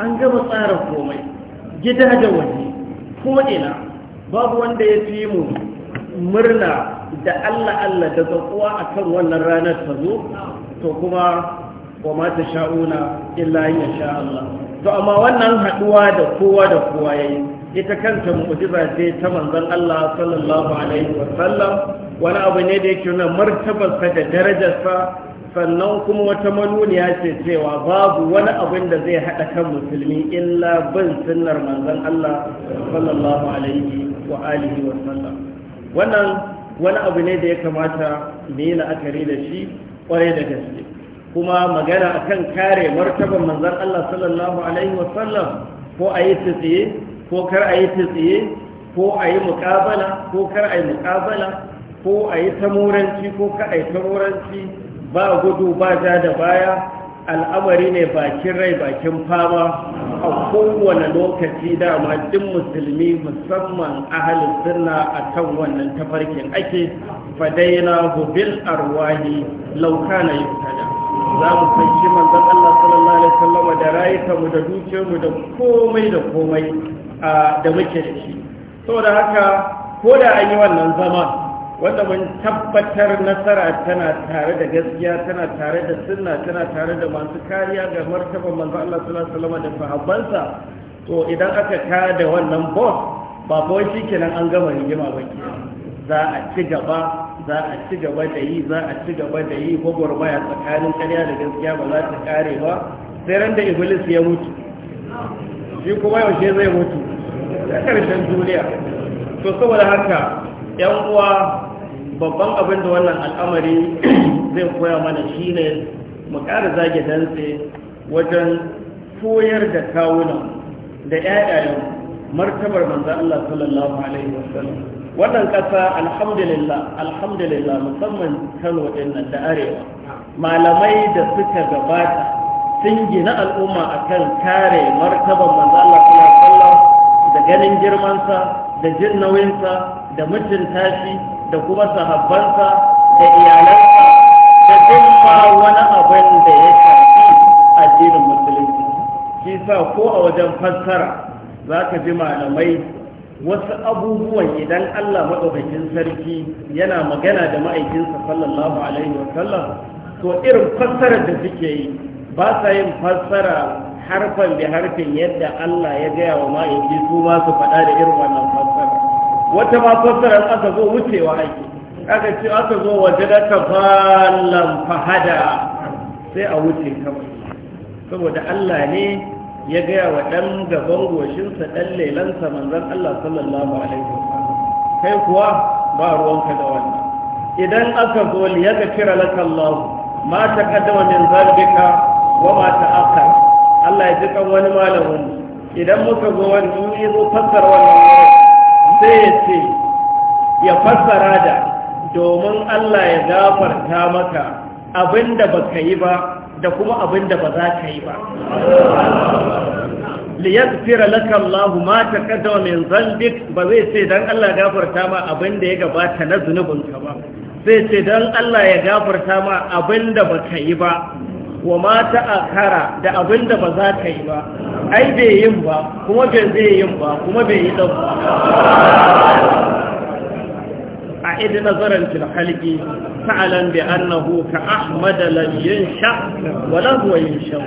an gama tsarin komai gida da waje ko ina babu wanda ya fi mu murna da Allah Allah da zaƙuwa a kan wannan ranar ta zo to kuma wa mata sha'una illa yin sha Allah to amma wannan haɗuwa da kowa da kowa ya yi ita kanta mu'jiza ce ta manzon Allah sallallahu alaihi wa sallam wani abu ne da yake nuna martabarsa da darajarsa sannan kuma wata manuniya ce cewa babu wani abin da zai haɗa kan musulmi illa bin sunnar manzon Allah sallallahu alaihi wa alihi wa sallam wannan wani abu ne da ya kamata mu yi la'akari da shi kwarai da gaske kuma magana akan kare martaban manzon Allah sallallahu alaihi wa sallam ko a yi tsaye ko kar a yi tsiye ko a yi muƙabala ko kar a yi ko a yi tamoranci ko kar a yi tamoranci ba gudu ba ja da baya al'amari ne bakin rai bakin fama a kowane lokaci dama duk musulmi musamman ahalin sunna a kan wannan tafarkin ake fadaina bil arwahi lauka na yuktada za mu fanki manzon Allah sallallahu alaihi sallama, da rayuka mu da dukiyar mu da komai da komai da muke da shi saboda haka ko da an yi wannan zama, wanda mun tabbatar nasara tana tare da gaskiya tana tare da sunna tana tare da masu kariya ga martaban manzo Allah sallallahu alaihi wasallam da sahabbansa to idan aka ka da wannan boss ba ko shi kenan an gama rigima ba ke za a ci gaba za a ci gaba da yi za a ci gaba da yi gwagwarmaya tsakanin karya da gaskiya ba za ta kare ba sai ran da iblis ya mutu shi kuma yaushe zai mutu da ƙarshen duniya to saboda haka yan uwa babban abin da wannan al'amari [CLEARS THROAT] zai koya mana shine mu ƙara zage dantse wajen koyar da kawunan da ƴaƴayen martabar manzo Allah sallallahu alaihi wasallam wannan ƙasa alhamdulillah alhamdulillah musamman Kano din nan da arewa malamai da suka gabata sun gina al'umma akan kare martaban manzo Allah sallallahu da ganin girmansa da jin nauyinsa da mutunta shi da kuma sahabbansa da iyalansa da duk ma wani abin da ya shafi addinin musulunci shi sa ko a wajen fassara za ka ji malamai wasu abubuwan idan Allah maɗaukakin sarki yana magana da ma'aikinsa sallallahu alaihi wasallam to irin fassarar da suke yi ba sa yin fassara harfan da harfin yadda Allah ya gaya wa ma'aiki su su faɗa da irin wannan fassara wata ma fassara aka zo wucewa ake aka ce aka zo waje da ta fahada sai a wuce kawai saboda Allah ne ya gaya wa ɗan gaban goshinsa ɗan lelansa manzan Allah sallallahu alaihi wasallam kai kuwa ba ruwanka da wannan idan aka zo ya kira laka Allah ma taqaddama min zalika wa ma ta'akhkhar Allah ya ji kan wani malamin idan muka zo wani mun yi zo fassara wannan wurin sai ya ce ya fassara da domin Allah ya gafarta maka abinda baka yi ba da kuma abinda ba za ka yi ba liyaghfira laka Allahu ma taqaddama min dhanbik ba zai ce dan Allah ya gafarta ma abinda ya gabata na zunubinka ba sai ce dan Allah ya gafarta ma abinda baka yi ba wa mata kara da abin da ba za ka yi ba ai bai yin ba kuma bai zai yin ba kuma bai yi ɗan a idi nazarar filhalki sa'alan bi annahu ka ahmad lam sha wala huwa sha.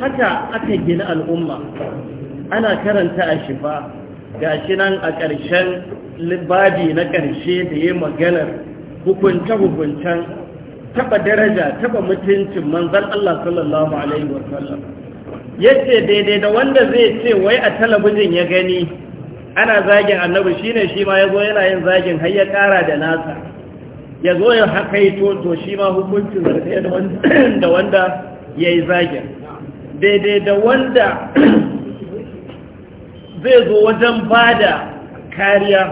haka aka gina al'umma ana karanta a shifa shi nan a ƙarshen babi na ƙarshe da ya maganar hukunce-hukuncen taba daraja taba mutuncin manzan Allah sallallahu alaihi sallam yace daidai da wanda zai ce wai a talabijin ya gani ana zagin annabi shine shi ma yazo yana yin zagin har ya kara da nasa yazo ya hakaito to shi ma hukuncin sa da wanda [COUGHS] da wanda yayi zagin daidai da wanda [COUGHS] zai zo wajen bada kariya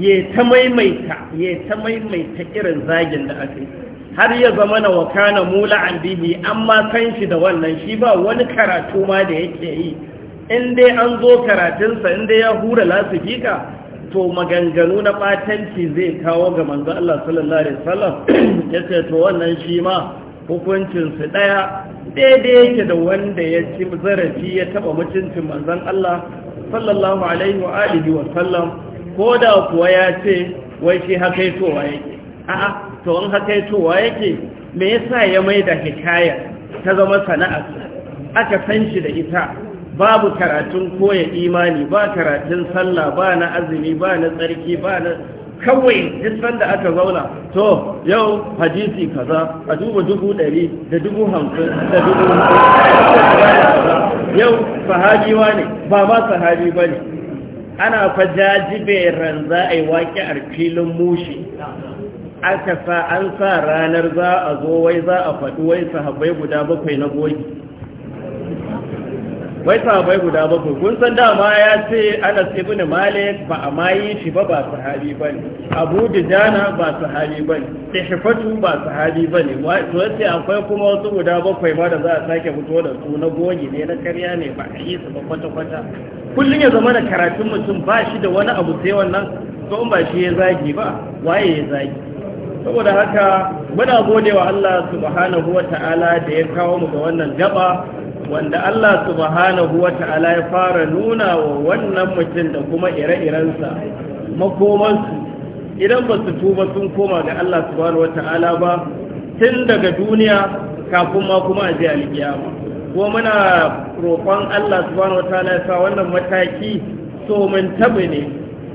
ya ta maimaita ya ta maimaita irin zagin da aka yi har ya zama na wakana mula an bihi amma kan shi da wannan shi ba wani karatu ma da yake yi in dai an zo karatunsa in dai ya hura lasifika to maganganu na batanci zai kawo ga manzo Allah sallallahu alaihi wasallam [CLEARS THROAT] yace to wannan shi ma hukuncin su daya daidai yake da wanda ya ci zarafi ya taba mutuncin manzon Allah sallallahu alaihi wa alihi wa sallam ko da kuwa ya ce wai shi to yake a'a to an haka ya towa yake me yasa ya mai da hikaya ta zama sana'a aka san shi da ita babu karatun koya imani ba karatun sallah ba na azumi ba na tsarki ba na kawai duk sanda aka zauna to yau hadisi kaza a duba dubu ɗari da dubu hamsin da dubu yau sahabi wa ne ba ma sahabi ba ne ana fa jajibe za a yi waƙi a filin mushi aka sa an sa ranar za a zo wai za a faɗi wai sahabbai guda bakwai na goyi wai sahabbai guda bakwai kun san dama ya ce anas ibn malik ba a mayi shi ba ba sahabi ba ne abu dujana ba sahabi ba ne tishifatu ba sahabi ba ne to yace akwai kuma wasu guda bakwai ma da za a sake fito da su na goyi ne na karya ne ba a yi su ba kwata-kwata kullum ya zama da karatun mutum ba shi da wani abu sai wannan to in ba shi ya zagi ba waye ya zagi saboda haka muna gode wa Allah subhanahu wa ta'ala da ya kawo mu ga wannan gaba wanda Allah subhanahu wa ta'ala ya fara nuna wa wannan mutum da kuma ire-irensa makomansu idan ba su tuba sun koma ga Allah subhanahu wa ta'ala ba tun daga duniya kafin ma kuma a je alkiyama ko muna roƙon Allah subhanahu wa ta'ala ya sa wannan mataki so mun tabi ne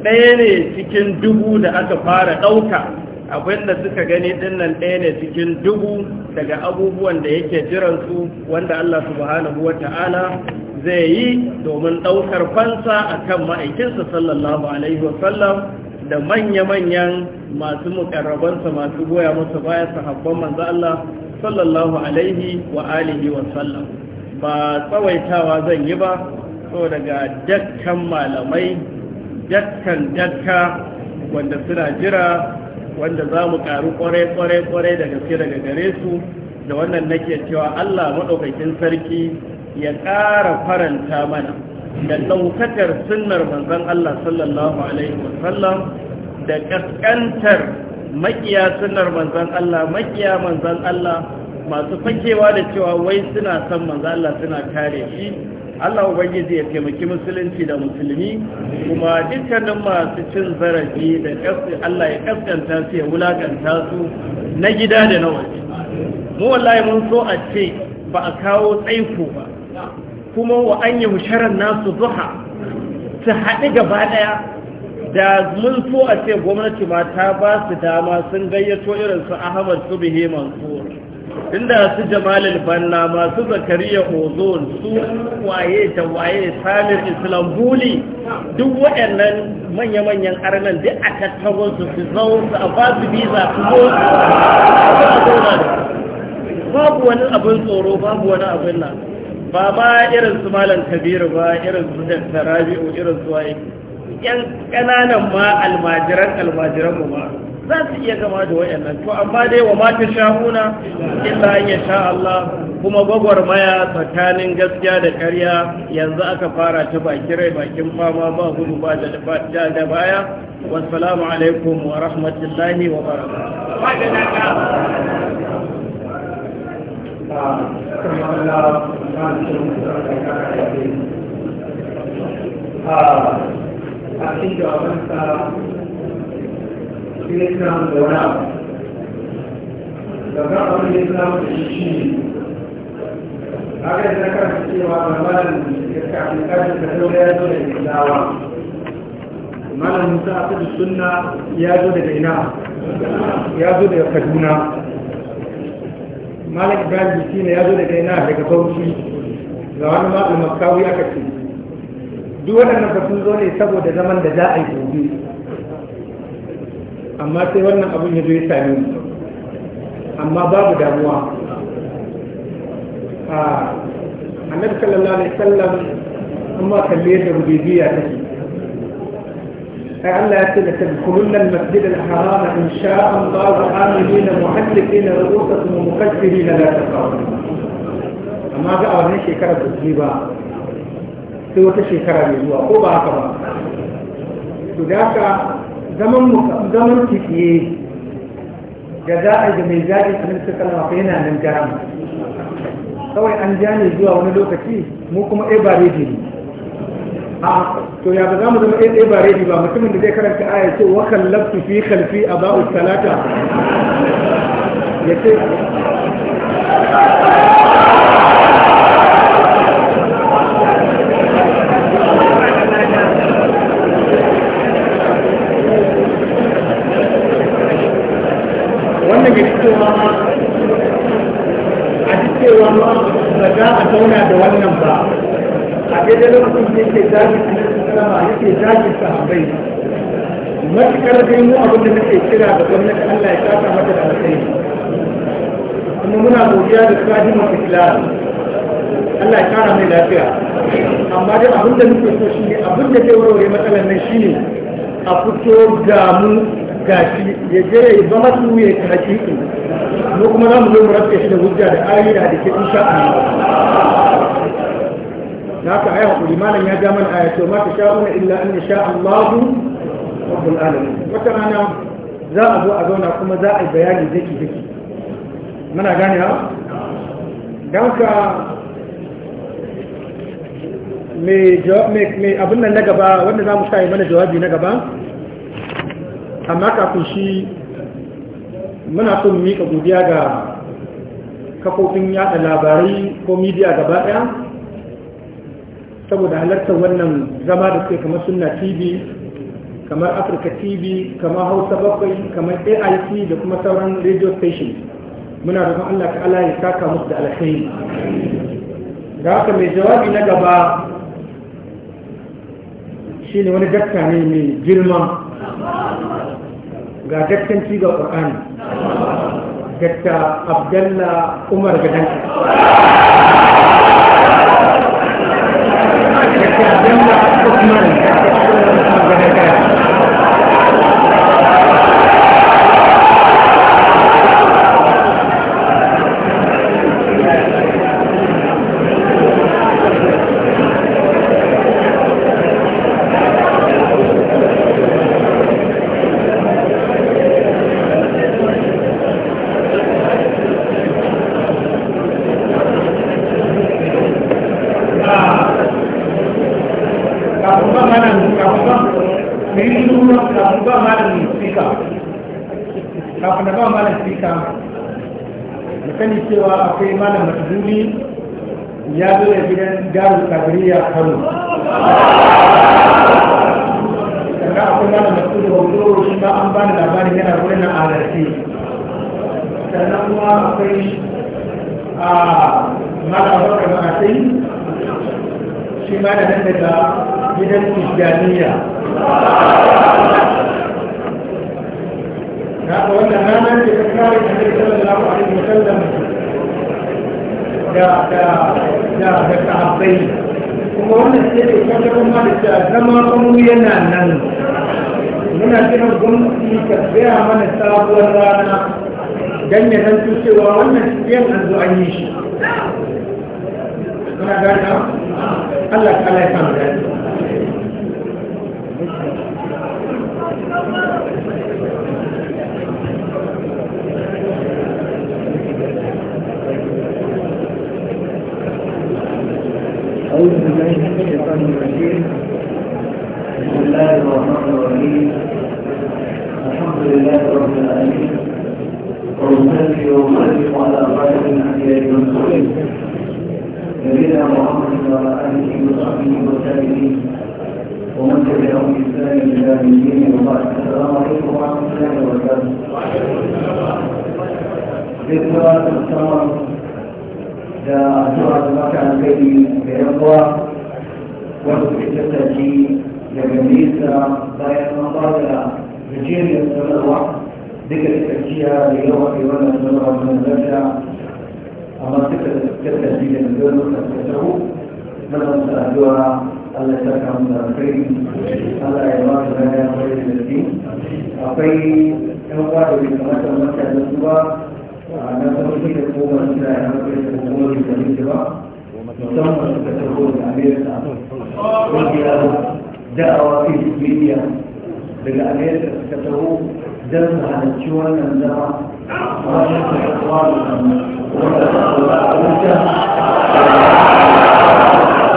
ɗaya ne cikin dubu da aka fara ɗauka da suka gani dinnan ɗaya ne cikin dubu daga abubuwan da yake jiransu wanda Allah subhanahu wa ta'ala zai yi domin ɗaukar fansa akan ma'aikinsa sallallahu alaihi wasallam da manya-manyan masu mukarrabansa masu goya masa baya sahabban manzo Allah sallallahu alaihi wa alihi wasallam ba tsawaitawa zan yi ba so daga dakkan malamai dakkan dakka wanda suna jira wanda za mu ƙaru kwarai-kwarai da gaske daga gare su da wannan nake cewa Allah maɗaukakin sarki ya ƙara faranta mana da ɗaukatar sunnar manzon Allah sallallahu alaihi wasallam da ƙasƙantar makiya sunnar manzon Allah makiya manzon Allah masu fakewa da cewa wai suna son manzon Allah suna kare shi Allah ubangiji ya taimaki musulunci da musulmi kuma dukkanin masu cin zarafi da Allah ya kaskanta su ya wulakanta su na gida da na waje mu wallahi mun so a ce ba a kawo tsaiko ba kuma wa an yi musharar nasu zuha su haɗu gaba ɗaya da mun so a ce gwamnati ma ta ba su dama sun gayyato irin su ahmad su bihe mansur inda su jamalil banna masu zakariya ozon su waye ta waye salir islambuli duk waɗannan manya-manyan arnan duk a tattaron su su zaun su a ba su biza su zo babu wani abin tsoro babu wani abin nan ba ma irin su malam kabiru ba irin su da rabi'u irin su waye yan ƙananan ma almajiran almajiran mu ba za su iya gama da wayannan to amma dai wa mata shahuna illa an ya sha Allah kuma gwagwarmaya tsakanin gaskiya da ƙarya yanzu aka fara ta baki rai bakin fama ba gudu ba da da baya wassalamu alaikum wa rahmatullahi wa barakatuh ah, a cikin jawabansa sai ya kira da wani abu daga abin da ya kira da shi ne haka da kan cewa ramadan ya kafin kafin ka zo ya zo da islawa malam musa a asadu sunna ya zo daga ina ya zo daga kaduna malam ibrahim bisi ne ya zo daga ina daga bauchi ga wani malam makawi aka ce duk waɗannan ba sun zo ne saboda zaman da za a yi gobe amma sai wannan abun ya zo ya amma babu damuwa a annabi sallallahu alaihi wasallam an ma kalle da rubibiya ta ke Allah ya ce da ta kullun masjid al-harama in sha sha'a Allah wa amina muhallikina wa rukatun mukaffirina na taqaw amma ga a wannan shekarar da ke ba sai wata shekara mai zuwa ko ba haka ba to da haka zaman kifiye da za a da mai zaɗi a nan kalma fa yana nan jaram kawai an ja ne zuwa wani lokaci mu kuma ɗaya ba reji ne a to ya ba za mu zama ɗaya ba reji ba mutumin da zai karanta aya ce wa kallabtu fi kalfi a ba'u talata ya ce wanda yake zaki sama yake mu abin da muke kira da gwamnati Allah ya kasa mata da alkhairi kuma muna godiya da sahihin islam Allah ya kara mai lafiya amma dai abin da muke so shine abin da zai warware matsalar nan shine a fito ga mu gashi ya je ya ba zama su ya hakiki mu kuma za mu zo mu rafke shi da hujja da ayi da hadisi insha Allah haka ai hakuri malam ya ja mana aya to ma tasha'una illa an yasha Allahu rabbul alamin wata rana za a zo a zauna kuma za a yi bayani zaki zaki muna gane ha don ka mai abin nan na gaba wanda za mu yi mana jawabi na gaba amma kafin shi muna son mika godiya ga kafofin yada labarai ko midiya gaba daya saboda halartar wannan zama da suke kamar sunna tv kamar afirka tv kamar hausa bakwai kamar aic da kuma sauran radio station muna roƙon allah ala ya saka musu da alkhairi da haka mai jawabi na gaba shine wani dakta ne mai girma ga daktanci ga ƙwar'an dakta abdalla umar gadanka Thank you. cewa akwai malam matuduli ya zo da gidan darul kadiriya kano sannan akwai malam matuduli hoto shi ba an bani labarin yana wurin na alarci sannan kuma akwai a malam bakar ma'asai shi ma da nan daga gidan tijjaniya na ga wannan ranar da ta kare da sallallahu alaihi wasallam da da sahabbai kuma wannan sai da kwanta kuma da ta zama kuma yana nan muna kiran gwamnati ta tsaya mana sabuwar rana don ya zanto cewa wannan siyan an zo an yi shi muna gana Allah ta laifin da أعوذ بالله من الشيطان الرجيم بسم الله الرحمن الرحيم الحمد لله رب العالمين وأصلي وأسلم على خير الأنبياء والمرسلين نبينا محمد وعلى آله وصحبه وسلم ومن تبعهم بإحسان إلى يوم الدين وبعد السلام عليكم ورحمة الله وبركاته. ذكرى السلام addu'a da maka alkhairi ga yan wanda suka daga nesa bayan an da gajiyar sanarwa duka da da yawa ke wannan sanarwa da nazarta amma suka tattaci daga gano suka taho mana sa addu'a Allah ya saka mu da Allah ya ba mu da ya da akwai yan uwa da kamata mata da su ba na sauki da koma gida ya mafi da koma gida ne ba musamman suka taho da amerika ƙungiyar da'awa fi media daga amerika suka taho don su halarci wannan zama wajen su kasuwa da zama wanda su kula a wuta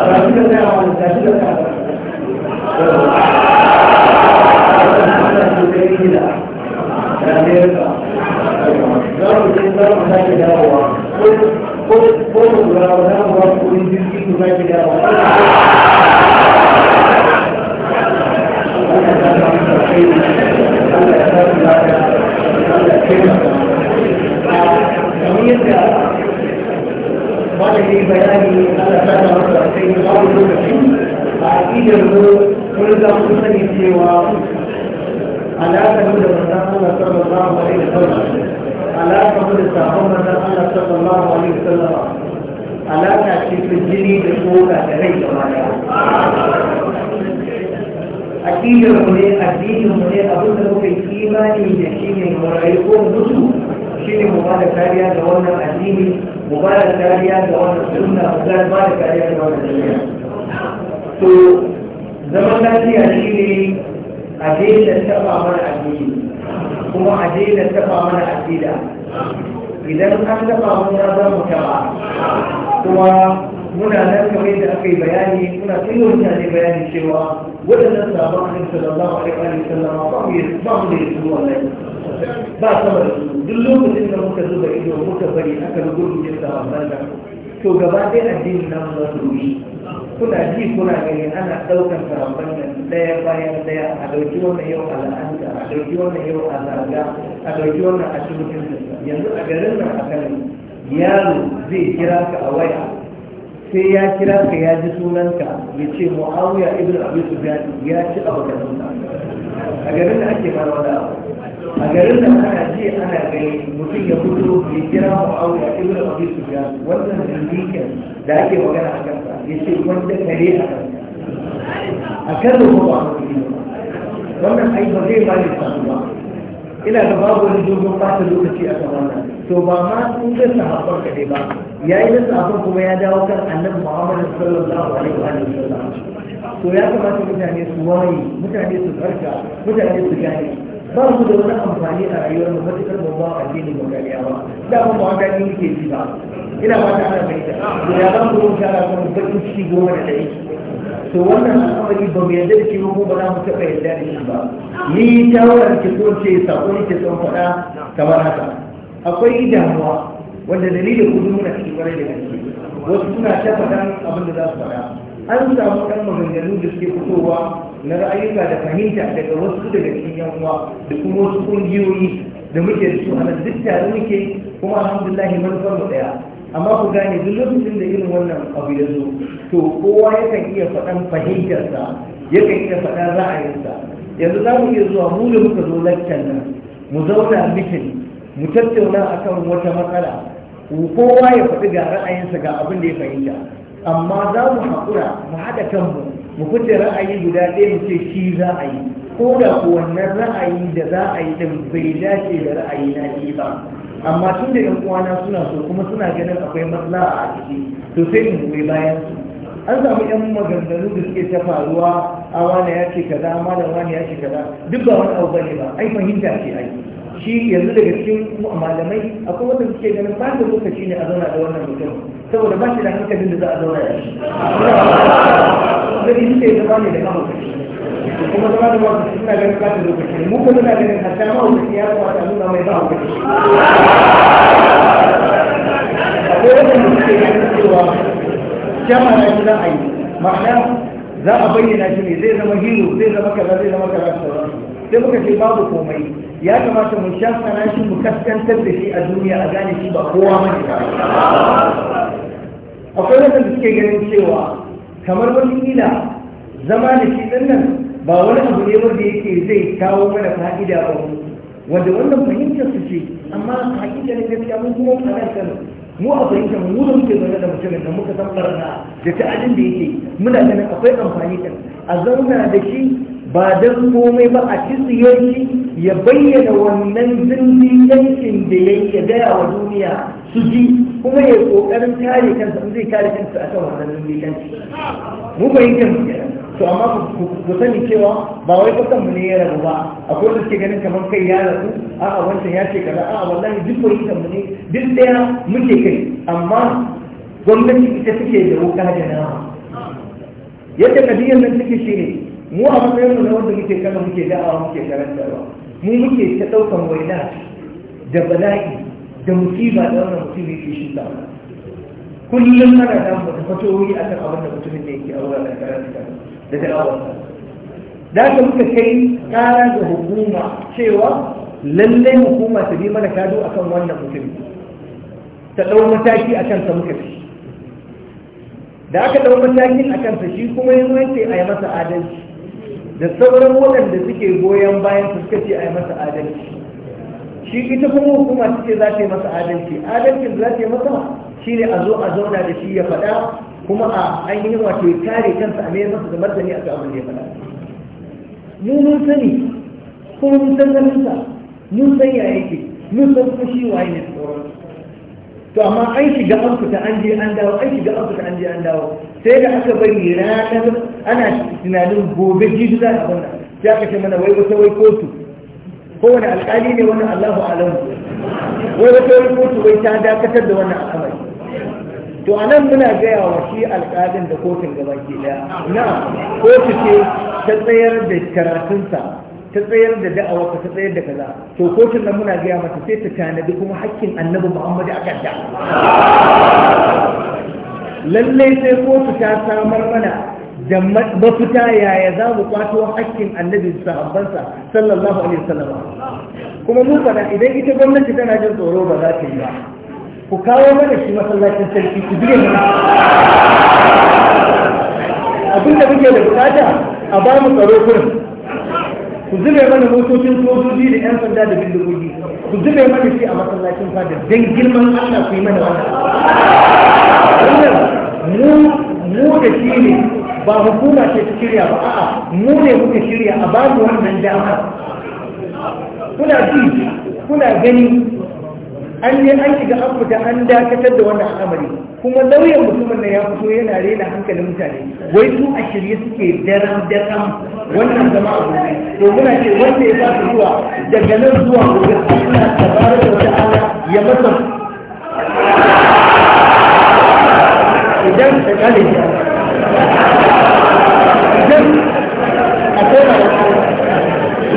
ba shi da da'awa da shi da da'awa da amerika za mu je za mu sake ko ko mu da yi bayani ala ba a aƙidar da manzan alaka da sabon manzon Allah sallallahu alaihi wasallam alaka ce ta jini da tsoka da rai da mata aqidar mu ne addinin mu ne abin da muka yi imani da shi ne mu rayu ko mutu shi ne mu bada kariya ga wannan addini mu bada kariya ga wannan sunna mu bada kariya ga wannan duniya to zaman lafiya shi ne a daina taba mana addini kuma a daina dafa mana a aƙida idan an dafa mana za mu taɓa kuma muna nan kamar da aka yi bayani muna kai wa mutane bayani cewa waɗannan sabon annabi sallallahu alaihi wa sallam ba mu ba mu da su wallahi ba sama da su duk lokacin da muka zuba ido muka bari aka rubuta sabon annabi to gaba dai addini na mu zasu rushe kuna ji kuna gani ana ɗaukar sarakon nan ɗaya bayan ɗaya a ɗauki wannan yau a la'anta a ɗauki wannan yau a zarga a ɗauki wannan a cikin yanzu a garin nan a kan yaro zai kira ka a waya sai ya kira ka ya ji sunanka ya ce mu'awiya ibn abi sufyan ya ci abu da sunna a garin nan ake fara wani abu a garin da ana ji ana gani mutum ya fito ya kira mu aure a ibn abi sufyan wannan zindikin da ake magana a kansa ce wanda kare a kansa a kan da kuma wannan ai ba zai bani samu ba ina da babu wani dogon fata lokaci a kan wannan to ba ma sun ga sahabban kaɗai ba ya yi da sahabban kuma ya dawo kan annabi muhammad sallallahu alaihi wa sallam to ya kamata mutane su waye mutane su farka mutane su gane ba mu da wani amfani a rayuwar mu matukar mu ba addini mu kariya ba da kuma ba da ni ke ji ba ina ba ta ana mai da to ya ba mu rubuta ra mu bakin ciki goma da dai to wannan al'amari ba mu yarda da shi ko ba za mu taɓa yarda da shi ba ni shawarar ki ko ce sako ne ke son faɗa kamar haka akwai damuwa wanda dalilin kudu muna cikin kwarai da gaske wasu suna ta faɗan abin da za su faɗa an samu ɗan maganganu da suke fitowa na ra'ayuka da fahimta daga wasu daga cikin yan uwa da kuma wasu ƙungiyoyi da muke da su a nan duk tare muke kuma alhamdulillah manufar mu ɗaya amma ku gane duk lokacin da irin wannan abu ya zo to kowa yakan iya faɗan fahimtarsa yakan iya faɗan ra'ayinsa yanzu za mu iya zuwa mu da muka zo laccan nan mu zauna mitin mu tattauna akan wata matsala kowa ya faɗi ga ra'ayinsa ga abin da ya fahimta amma za mu haƙura mu haɗa kanmu mu fice ra'ayi guda ɗaya mu ce shi za a yi ko da ko wannan ra'ayi da za a yi ɗin bai dace da ra'ayi na ni ba amma tun da yan uwana suna so kuma suna ganin akwai matsala a ciki to sai mu goyi bayan su an samu yan maganganu da suke ta faruwa a wani ya ce kaza da wani ya ce kaza duk ba wani abu bane ba ai fahimta ce ai shi yanzu daga cikin malamai akwai wanda suke ganin ba da lokaci ne a zauna da wannan mutum saboda ba shi da hankalin da za a zauna ya shi zai shi zama ne da kama kashi kuma zama da wasu suna ganin ba lokaci mu kuma na ganin hatta ma wata ya kamata a nuna mai ba a kashi akwai da suke ganin cewa jama'a na za a yi ma'ana za a bayyana shi ne zai zama hilo zai zama kaza zai zama kaza da sauransu sai muka ce babu komai ya kamata mu sha sana shi mu kaskantar da shi a duniya a gane shi ba kowa ba ba akwai da suke ganin cewa kamar wani ila zama da shi din nan ba wani abu ne wanda yake zai kawo mana fa'ida ba wanda wannan fahimtar su ce amma hakika ne da mun kuma kanar kan mu a fahimtar mu da muke zaune da mutumin da muka san barna da ta'adin da yake muna ganin akwai amfani kan a zauna da shi ba don komai ba a kisiyarci ya bayyana wannan yankin da ya yi ya gaya wa duniya su ji kuma ya kokarin kare kansa zai kare kansa a kan wannan yankin mu fahimtar mu to amma ku sani cewa ba wai kusan mu ne ya rabu ba akwai da suke ganin kamar kai ya rabu a'a wancan ya ce kaza a'a wallahi duk fahimtar mu ne duk daya muke kai amma gwamnati ita suke da wuka da nama yadda kadiyar nan take shi ne mu a matsayin mu na wanda muke kama muke da'awa muke karantarwa mu muke ta ɗaukan waina da bala'i da musiba da wannan mutum yake shuka kullum ana damu da fatowi akan abin da mutumin da yake aura da karanta da da'awa da haka muka kai kara ga hukuma cewa lallai hukuma ta bi mana kado akan wannan mutum ta ɗau mataki a kansa muka fi da aka ɗau matakin a kansa shi kuma yin wanke a yi masa adalci da sauran waɗanda suke goyon bayan su suka ce a yi masa adalci shi ita kuma hukuma suke za ta yi masa adalci adalcin za ta yi masa shi ne a zo a zauna da shi ya faɗa kuma a yi wato ya kare kansa a mayar masa da martani a abin da ya faɗa mu mun sani kuma mun san ganinsa mun san ya yake mun san kuma shi waye ne sauransu to amma an shiga an fita an je an dawo an shiga an fita an je an dawo sai da aka bari ranar ana tunanin gobe jibi za a wannan sai aka ce mana wai wata wai kotu kowane alƙali ne wannan Allahu alam wai wata wai kotu wai ta dakatar da wannan al'amari to a nan muna gaya wa shi alƙalin da kotun gaba ke daya na kotu ce ta tsayar da karatunsa ta tsayar da da'awa ka ta tsayar da kaza to kotun nan muna gaya mata sai ta tanadi kuma hakkin annabi muhammadu a kanta lallai sai kotu ta samar mana da mafita yaya za mu kwato hakkin annabi sahabbansa sallallahu alaihi wasallam kuma mu idan ita gwamnati tana jin tsoro ba za ta yi ba ku kawo mana shi masallacin sarki ku biye mana da muke da bukata a ba mu tsaro kurin ku zube mana motocin sojoji da yan sanda da bindigogi ku zube mana shi a masallacin fada don girman Allah ku yi mana wannan wannan mu da shi ne ba hukuma ce ta shirya ba a'a mu ne muka shirya a babu wannan dama kuna ji kuna gani an je an shiga an fita an dakatar da wannan al'amari kuma lauyan mutumin na ya fito yana rena hankalin mutane wai su a shirye suke daram daram wannan zama a gobe to muna ce wanda ya su zuwa daga nan zuwa gobe Allah tabaraka wata ta'ala ya masa idan da kale shi idan akwai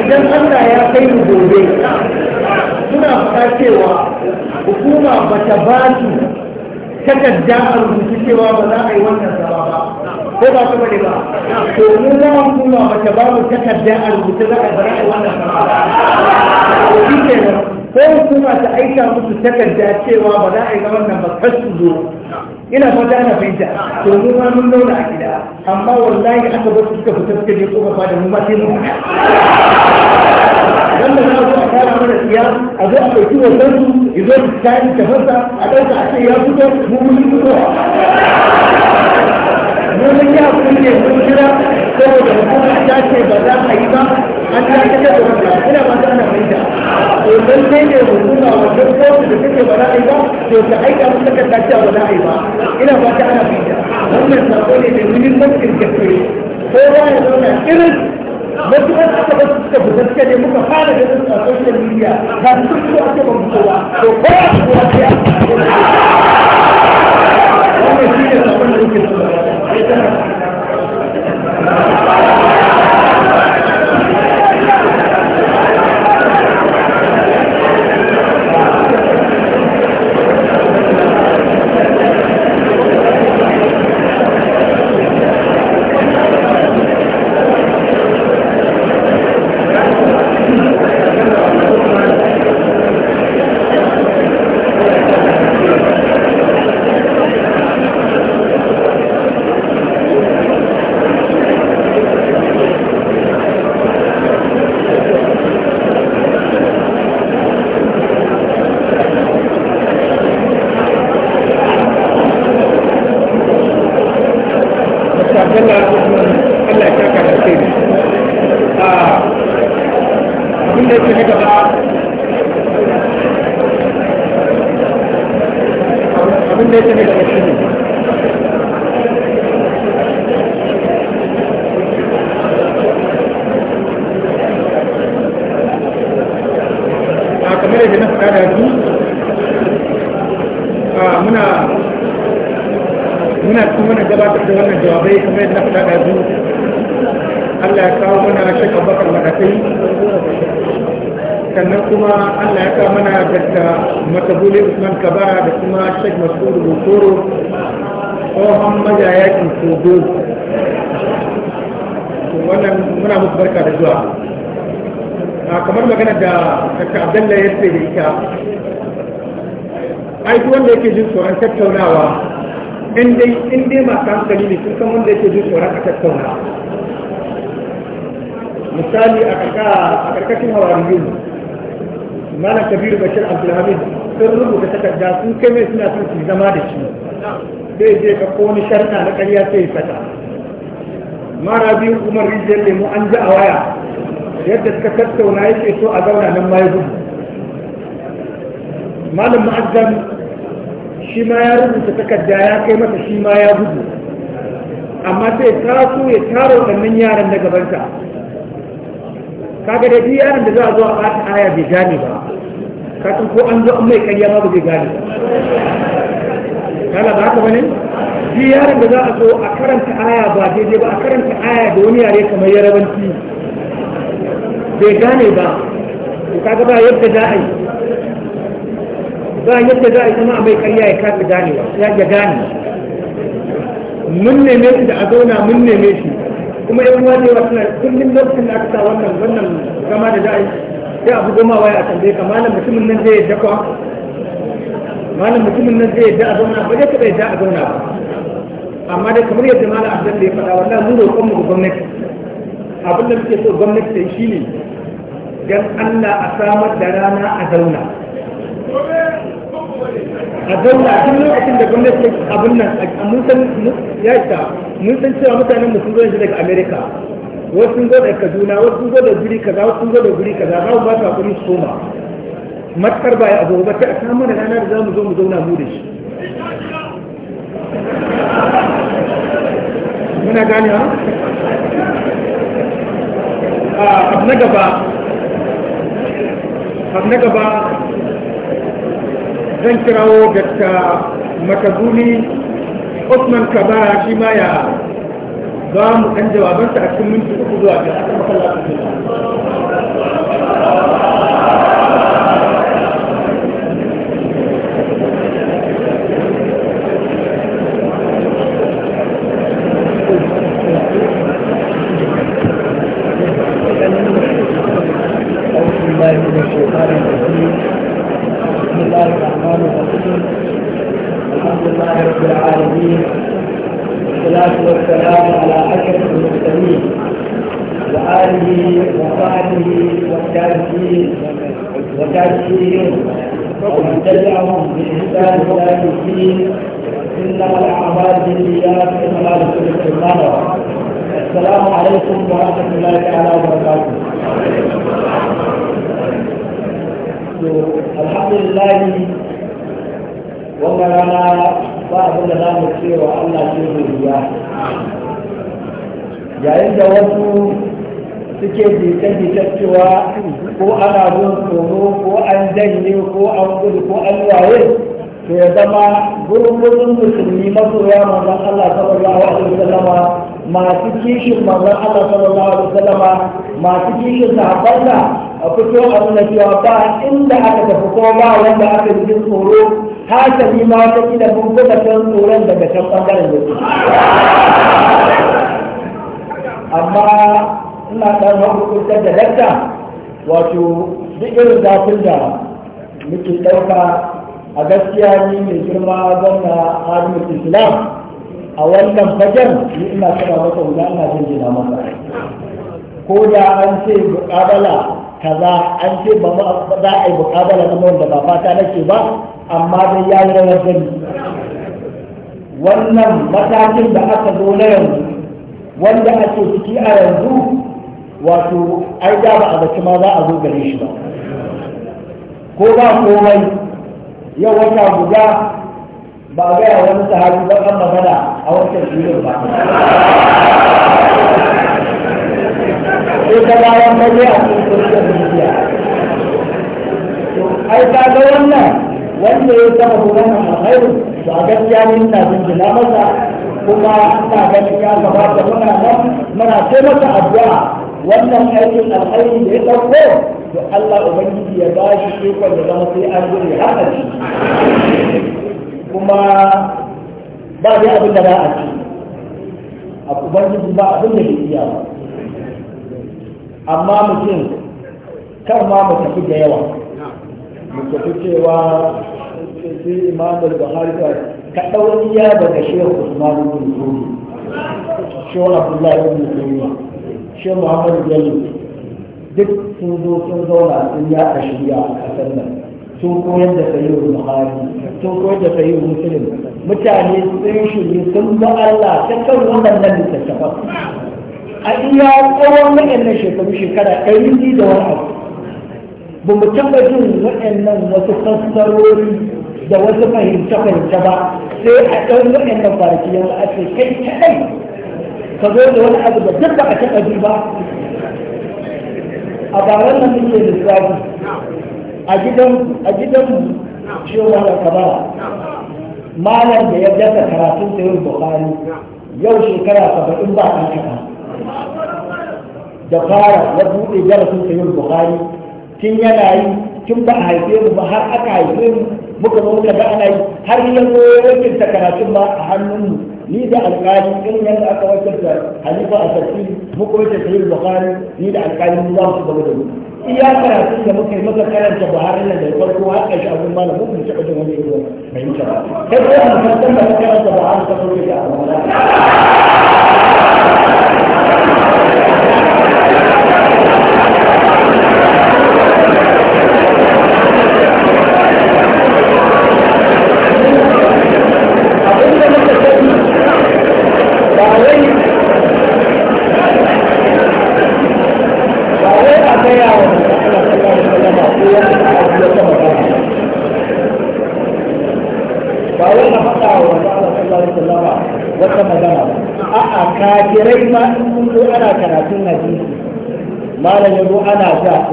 idan Allah ya kai mu gobe suna fata cewa hukuma ba ta ba su takarda a rubutu cewa ba za a yi wannan zama ba ko ba su bane ba to mu na hukuma ba ta ba mu takarda a rubutu za a yi ba za a yi wannan zama ba to shi ko hukuma ta aika musu takarda cewa ba za a yi wannan ba kar su zo ina fata ana fahimta to mu ma mun zauna a gida amma wallahi aka bar su suka fita suka je ko ba da mu ma sai mu عدم الأرض أكان عمل السيام أدوك بيتوه الزنج يدوك كان كفرطة أدوك أحسن يا سيدة مؤمنين بطوح مؤمنين يا سيدة مؤمنين بطوح سيدة أحسن سيدة بطوح حيبا أنت لا تجد بطوح إلا ما تعنى حيدا ومن سيدة مؤمنين بطوح سيدة بطوح سيدة بطوح سيدة بطوح سيدة بطوح إلا ما تعنى حيدا هم الزنجين من المسكين كفرين فهو يقولون wasu suka ba suka fita suka ne muka fara da su a social media ga su su a ce ban fito ba to ko ya fito ba sai a wannan shi ne sabon da yake so tattaunawa in dai in dai masu hankali ne sun kan wanda yake zuwa tsoron a tattauna misali a karkashin hawariyu mana kabiru bashir abdulhamid sun rubuta takarda sun kai mai suna sun su zama da shi zai je ka kone sharta na karya sai fata mara biyu kuma rijiyar lemu an ji a waya yadda suka tattauna yake so a zauna nan ma ya gudu malam ma'azzan shi ma ya rubuta takarda ya kai masa shi ma ya gudu amma sai taso ya taro wannan yaran da gabanta kaga da bi yaran da za a zo a ɓata aya bai gane ba kasan ko an zo an mai karya ma ba zai gane ba kala ba ka bane Bi yaran da za a zo a karanta aya ba daidai ba a karanta aya da wani yare kamar yarabanci bai gane ba to kaga ba yadda za a yi bayan yadda za a yi zama mai karya ya kafi ganewa ya ga gane mun neme shi da a zauna mun neme shi kuma yan uwa ne wasu kullum lokacin da aka sa wannan wannan zama da za a yi sai abu goma waya a tambaye ka malam mutumin nan zai yadda kwa malam mutumin nan zai yadda a zauna ba zai taɓa yadda a zauna ba amma dai kamar yadda malam abdan da ya faɗa wallahi da roƙon mu gwamnati abin da muke so gwamnati ta yi shine dan Allah a samar da rana a zauna a zauna a lokacin da gwamnati abin nan mun san ya isa mun san cewa mutanen musu sun zo daga Amerika. wasu sun zo da kaduna wasu sun zo da guri kaza wasu sun zo da guri kaza za mu ba su hakuri su koma matkar ba ya abu ba ta a samu da rana da za mu zo mu zauna mu da shi muna gane ha ah, abu na gaba abu na gaba zan kirawo datta matazuli usman kaba shi ma ya ba mu ɗan jawabansa a cikin minti uku zuwa biyar a kan masallacin gudu ko an waye to ya zama gurgurdun musulmi masoya manzon Allah sallallahu alaihi wasallama masu kishin manzon Allah sallallahu alaihi masu kishin sahabbansa a fito a nuna cewa ba inda aka tafi ko ba wanda aka yi jin tsoro hasali ma ta kila mun gudu kan tsoron daga can bangaren da amma ina ɗan hukuntar da lakta wato duk irin zafin da muke ɗauka a gaskiya ni mai girma gwamna harin Islam a wannan fagen ni ina kira masa wuta ina jinjina masa ko da an ce buƙabala kaza an ce ba za a yi buƙabala na wanda ba fata nake ba amma dai ya yi rawar gani wannan matakin da aka zo na yanzu wanda ake ciki a yanzu wato ai da ba a zaci ma za a zo gare shi ba ko ba komai yau wata guda ba a gaya wani sahabi ba kan magana a wancan shirin ba sai ta bayan maje a cikin social da ai ta ga wannan wanda ya saba wannan alkhairu ba a gaskiya ne ina jinjina masa kuma ina ganin ya gabata muna nan muna taimaka masa addu'a wannan aikin alkhairi da ya ɗauko to Allah ubangiji ya ba shi ikon da zama sai an gure har a ci kuma ba dai abin da za a ci a ubangiji ba abin da bai iya ba amma mutum kan ma mu tafi da yawa mu tafi cewa sai imam al-bukhari ka ɗauriya daga shehu usman bin zuri shehu abdullahi bin zuri shi muhammad bello duk sun zo sun zauna sun yaɗa shirya a ƙasar nan sun koyar da sayyid buhari sun koyar da sayyid muslim mutane sun shirye sun ba Allah ta kan waɗannan littattafan a iya tsawon waɗannan shekaru shekara ɗari biyu da wani abu ba mu taɓa jin waɗannan wasu fassarori da wasu fahimce-fahimce ba sai a ɗan waɗannan kwanaki yanzu a ce kai kaɗai ka zo da wani abu da duk ba a taɓa bi ba a baran nan muke lissafi a gidan a gidan cewa da kabara malam da ya dasa karatun sayin bukari yau shekara saba'in ba a kaɗa da fara ya buɗe darasin sayin bukari tun yana yi tun ba a haife mu ba har aka haife mu muka zo muka ga ana yi har yanzu yakin karatun ba a hannun mu ni da alƙali irin yadda aka wajar da halifa a sarki muku wace sahih bukhari ni da alƙali mu za su gaba da mu iya karatu da muka yi maka karanta buhari nan da farko har ƙarshe abin malam mu kun taɓa jin wani irin fahimta ba kai ko mu san da karanta buhari ta farko da amma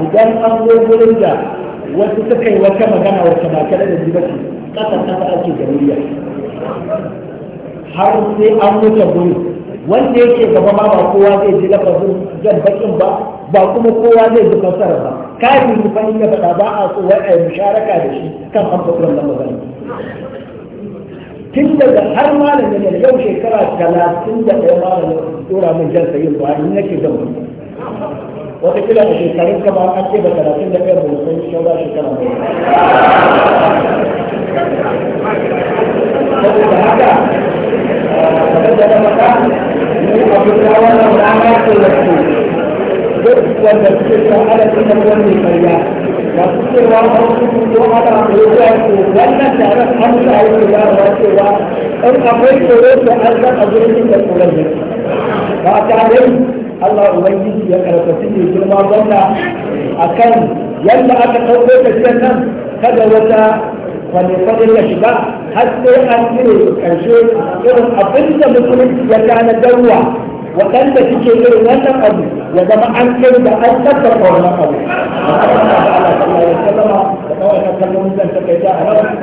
idan an zo wurin da wasu suka yi wata magana wata makare da jibaci kasar ƙasa ake da wuriya har sai an wuce guri wanda yake gaba ma ba kowa zai ji lafazin jan bakin ba ba kuma kowa zai ji fassara ba kafin mu fa in ya ba a so wai a yi musharaka da shi kan an faɗi wannan magana tun daga har malamin yau shekara talatin da ɗaya malamin dora min jan sayin ba in nake gaba wata kila da shekarun ka ba an ce da talatin da biyar da sun shaura shekara ne saboda haka kamar da na faɗa ni abin da wannan rana ce da su duk wanda suke son ala suna wani karya da su cewa wasu su zo ana koyarwa ko wannan taron an sa yi koyarwa cewa in akwai koyarwa an san a gurin da koyarwa ba tare Allah ubangiji ya karfafi ne girma gwamna akan yadda aka ɗauko tafiyar nan kada wata kwane-kwane ya shiga har sai an cire ƙarshe irin abin da musulunci ya gane darwa waɗanda suke irin wannan abu ya zama an kai da an tabbata wannan abu. Allah ya sallama da kawai na kallon zan takaita a nan.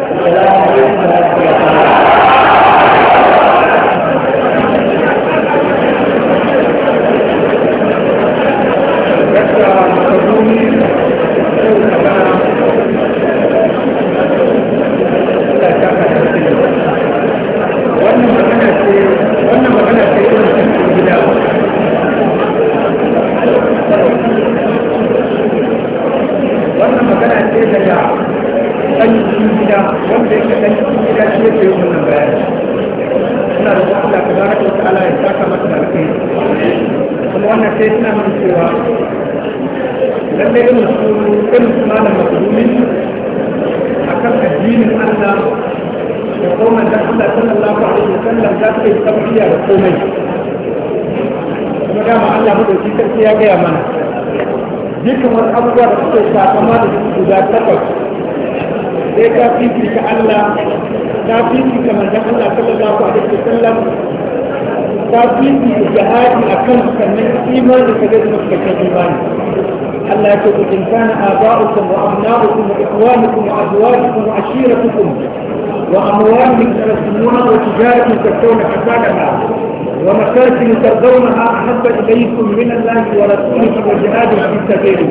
في جهاد أكل سنة إيمان فقد مشكك إيمان ألا يقول إن كان آباؤكم وأبناؤكم وإخوانكم وأزواجكم وعشيرتكم وأموال ترسمونها وتجارة تكتون حسابها ومساكن ترضونها أحب إليكم من الله ورسوله وجهاد في سبيله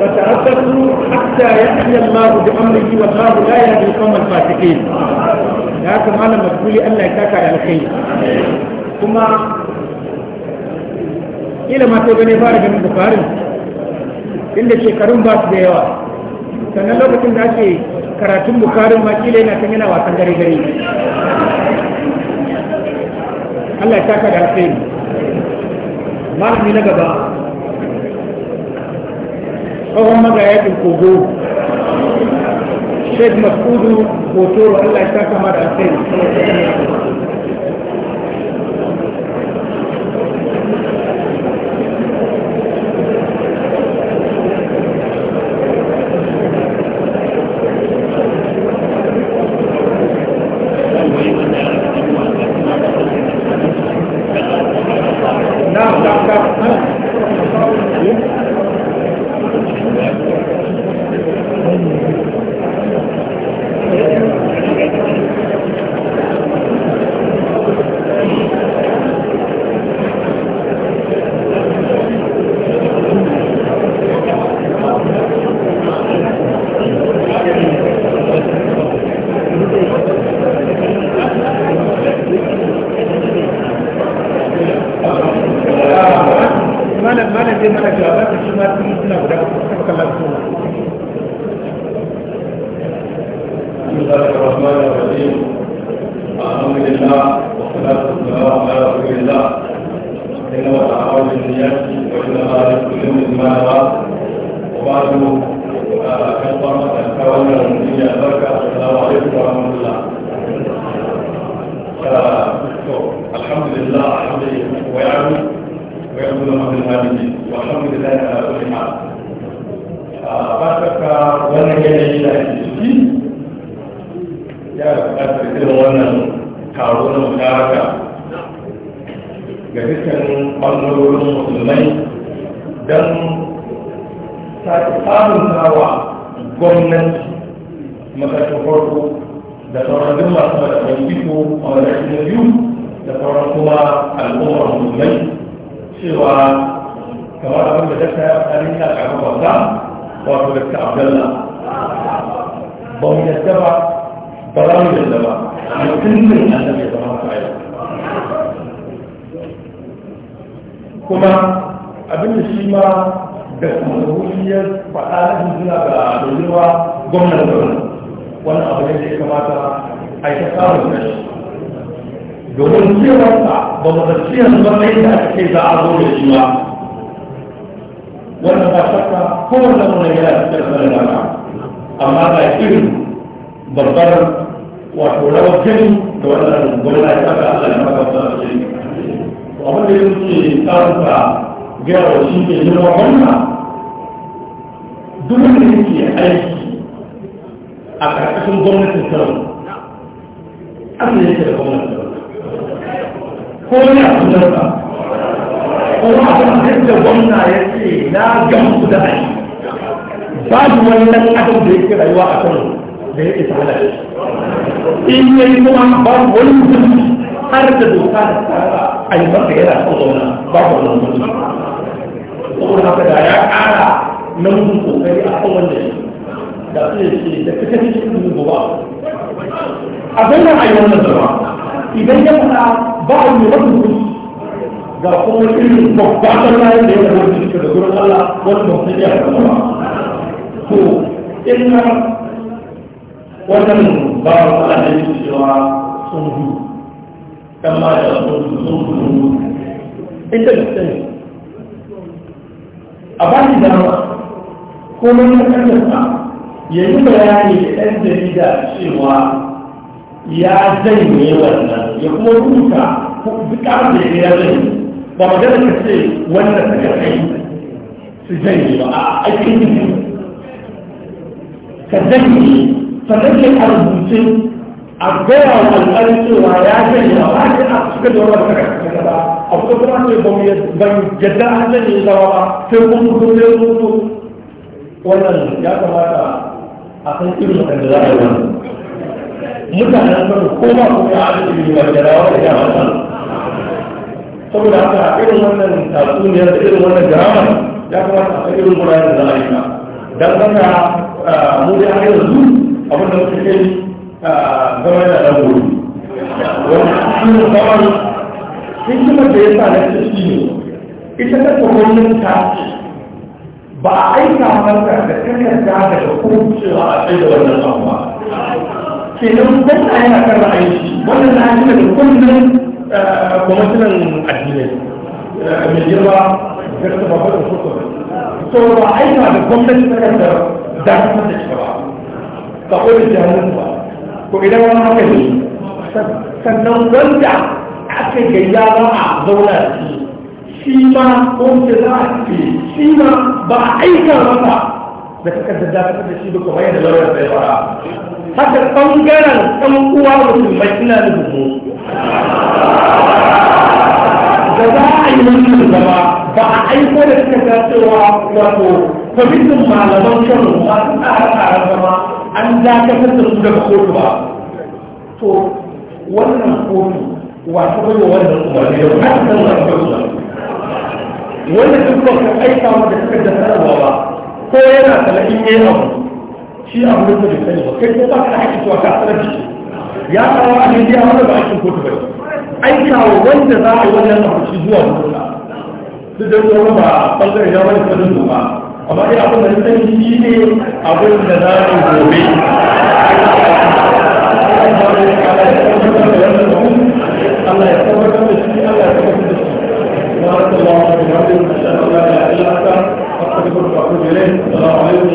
فتربصوا حتى يأتي الله بأمره والله لا يهدي القوم الفاسقين. هذا معنى مقبول ألا يكاكا على الخير. kuma ila ma sai gane fara ganin bukarin inda shekarun ba su da yawa sannan lokacin da ake karatun bukarin ma kila yana kan yana wasan gare gare Allah ya taka da alkhairi malami na gaba tsohon magayakin kogo Sheikh Mas'udu hoto Allah ya taka ma da alkhairi Awa ba sai kun mutu sai kun mutu wannan ya kamata a san irin waɗanda za a yi wannan mutanen kano ko ba ku ya aji ilimi ba da rawa da yawa kan saboda haka irin wannan tatsuniyar da irin wannan drama ya kamata a san irin wuraren da za a yi ba dan haka mu dai yanzu abin da muke kai game da ɗan gobe wannan shi ne zaman hikimar da ya sa na ce shi ne ita ta gwamnatin ta ba a aika maka da kanyar ta da hukuncewa a tsaye da wannan ke nan kenan gwamna yana kan ra'ayi wannan na yi da kundin eh, gwamnatin addinai eh, mai girma da su ba da su so ba a aika da gwamnati takarda da ta da shi ba ba ko da jihar ba ko idan wani haka ne sannan wanda aka gayya ba a zaunar shi shi ma wanda za a ce shi ma ba a aika masa da takardar dakatar da shi da kuma yadda lauran bai fara haka ɓangaren ɗan uwa mai ina da mu da za a yi wannan zama ba a aiko da takardar cewa wato kwamitin malaman kano masu tsara tsara zama an dakatar da su daga kotu ba to wannan kotu wato bai wannan umarni da kuma san wannan wanda duk ba ka aika da suka da sanarwa ba ko yana talakin yayi abu shi abu da bai sani ba kai ko ba ka haƙi to ka tsara shi ya kawo a ne ya wanda ba aikin kotu bai aika wanda za a yi wannan abu shi zuwa kotu duk da wani ba bangare ya wani sanin ba amma dai abin da ya sani shi ne abin da za a yi gobe عليكم أشهد أن لا إله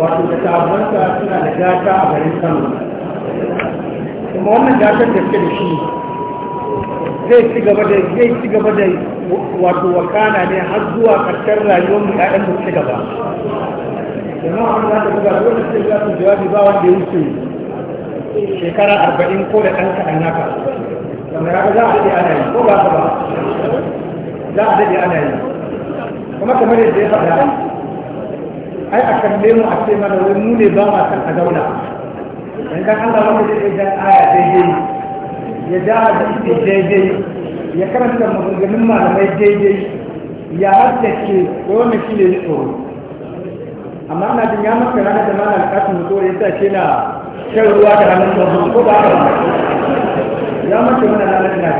wato da suna da a garin sama muhammad ya san gaske da shi zai ci gaba da zai ci gaba da wato wakana ne har zuwa karshen rayuwar mu ƴaƴan mu ci gaba jama'a wani za ta buga dole sai za su jawabi ba wanda ya wuce shekara arba'in ko da ɗan kaɗan naka kamar haka za a daɗe ana yi ko ba ka ba za a daɗe ana yi kuma kamar yadda ya faɗa ai a kalle mu a ce mana wai mu ne ba ma san a zauna in kan Allah wanda zai ga aya daidai ya ja hadisi daidai ya karanta maganganun malamai daidai ya haddace wanda shi ne tsoro amma ana jin ya maka ranar da mana alƙasun tsoro ya sa ce na shan ruwa da hannun tsoro ko ba haka ya maka mana ranar da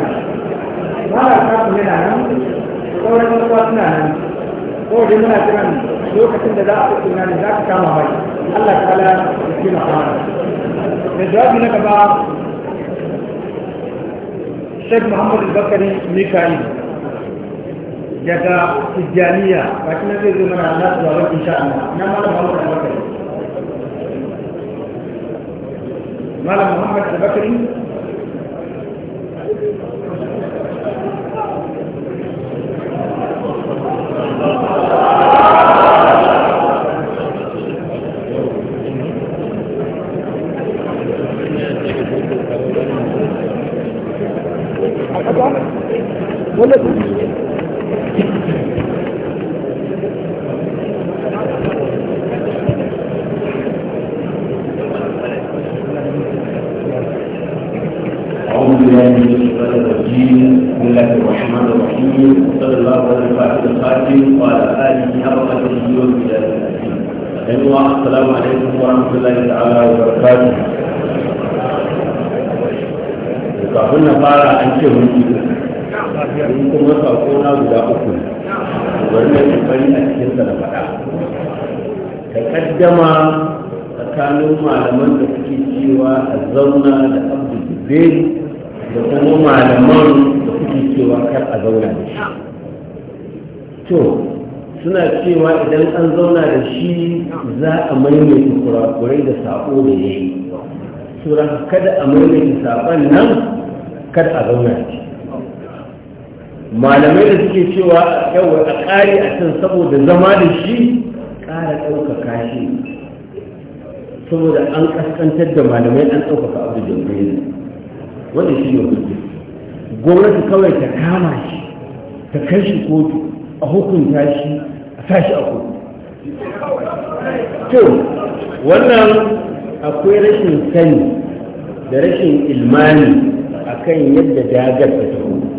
mana alƙasun yana nan sauran wasu suna nan ko dai muna kiran lokacin da za a fi tunani za ka kama mai Allah ta ala ya kima kama da jawabi na gaba shek muhammadu bakari mikayi daga tijjaniya baki na zai zama na nasu zaɓar insha Allah na malam muhammadu bakari malam muhammadu bakari Thank you. ولا أعوذ بالله من الشيطان الرجيم بسم الله الرحمن الرحيم صلى الله عليه وسلم وعلى آله وصحبه وسلم السلام عليكم ورحمة الله تعالى وبركاته kafin na fara an in kuma sako na guda uku ne bari na bari a cikin da faɗa takaddama tsakanin malaman da suke cewa a zauna da abdu zubairu da kuma malaman da suke cewa kar a zauna da shi to suna cewa idan an zauna da shi za a maimaita kurakurai da sako da ya sura kada a maimaita saƙon nan kada a zauna da shi malamai da suke cewa yau a ƙari a can saboda zama da shi ƙara ɗaukaka shi saboda an ƙasƙantar da malamai an ɗaukaka abu da ne wanda shi ne gwamnati kawai ta kama shi ta kai shi kotu a hukunta shi a tashi a kotu to wannan akwai rashin sani da rashin ilmani akan yadda dagar ta tafi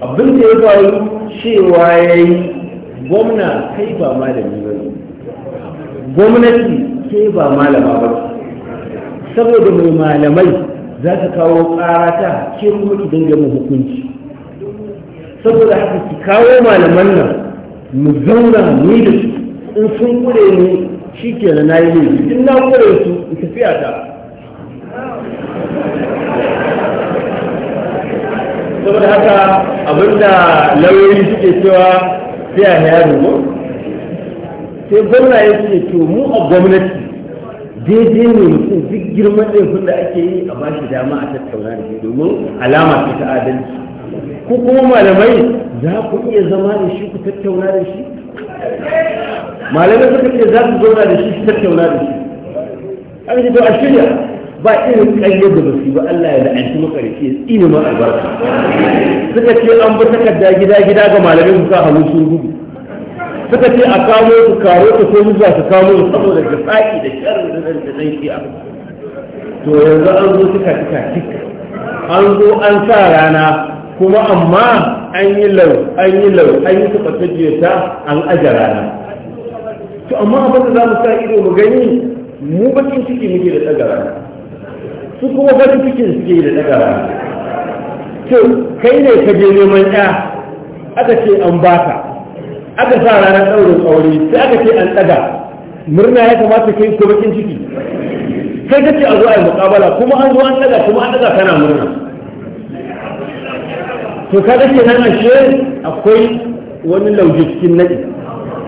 abin da ya faru cewa ya yi gwamna kai ba malami ba ne gwamnati kai ba malama ba saboda mai malamai za ta kawo karata ce kuma ki dinga mu hukunci saboda haka ki kawo malaman nan mu zauna ni da su in sun kure ne shi ke na yi ne in na kure su in tafiya ta saboda haka abinda lauyoyi suke cewa sai a yaro ko sai gwamna ya ce to mu a gwamnati daidai ne mutum duk girman laifin da ake yi a bashi dama a tattauna da shi domin alama ce ta adalci ko kuma malamai za ku iya zama da shi ku tattauna da shi malamai suka ce za ku zauna da shi ku tattauna da shi an ji to a shirya ba irin ƙayyar da basu ba Allah ya la'anci makarfi ya tsine ma albarka suka ce an bi takarda gida gida ga malamin su sa hannu sun gudu suka ce a kamo su karo ta so zuwa su kamo su saboda gasaki da sharri da da zai shi'a to yanzu an zo suka suka tika an zo an sa rana kuma amma an yi lau an yi lau an yi suka tajiyarta an aje rana to amma abin da za mu sa ido mu gani mu bakin ciki muke da tsagara su kuma farin cikin suke da daga to kai ne ka je neman 'ya? aka ce an baka aka sa ranar ɗaurin aure sai aka ce an ɗaga murna ya kamata kai ko bakin ciki kai kace a zo a muƙabala kuma an zo an ɗaga kuma an ɗaga kana murna to kaga kenan ashe akwai wani lauje cikin nadi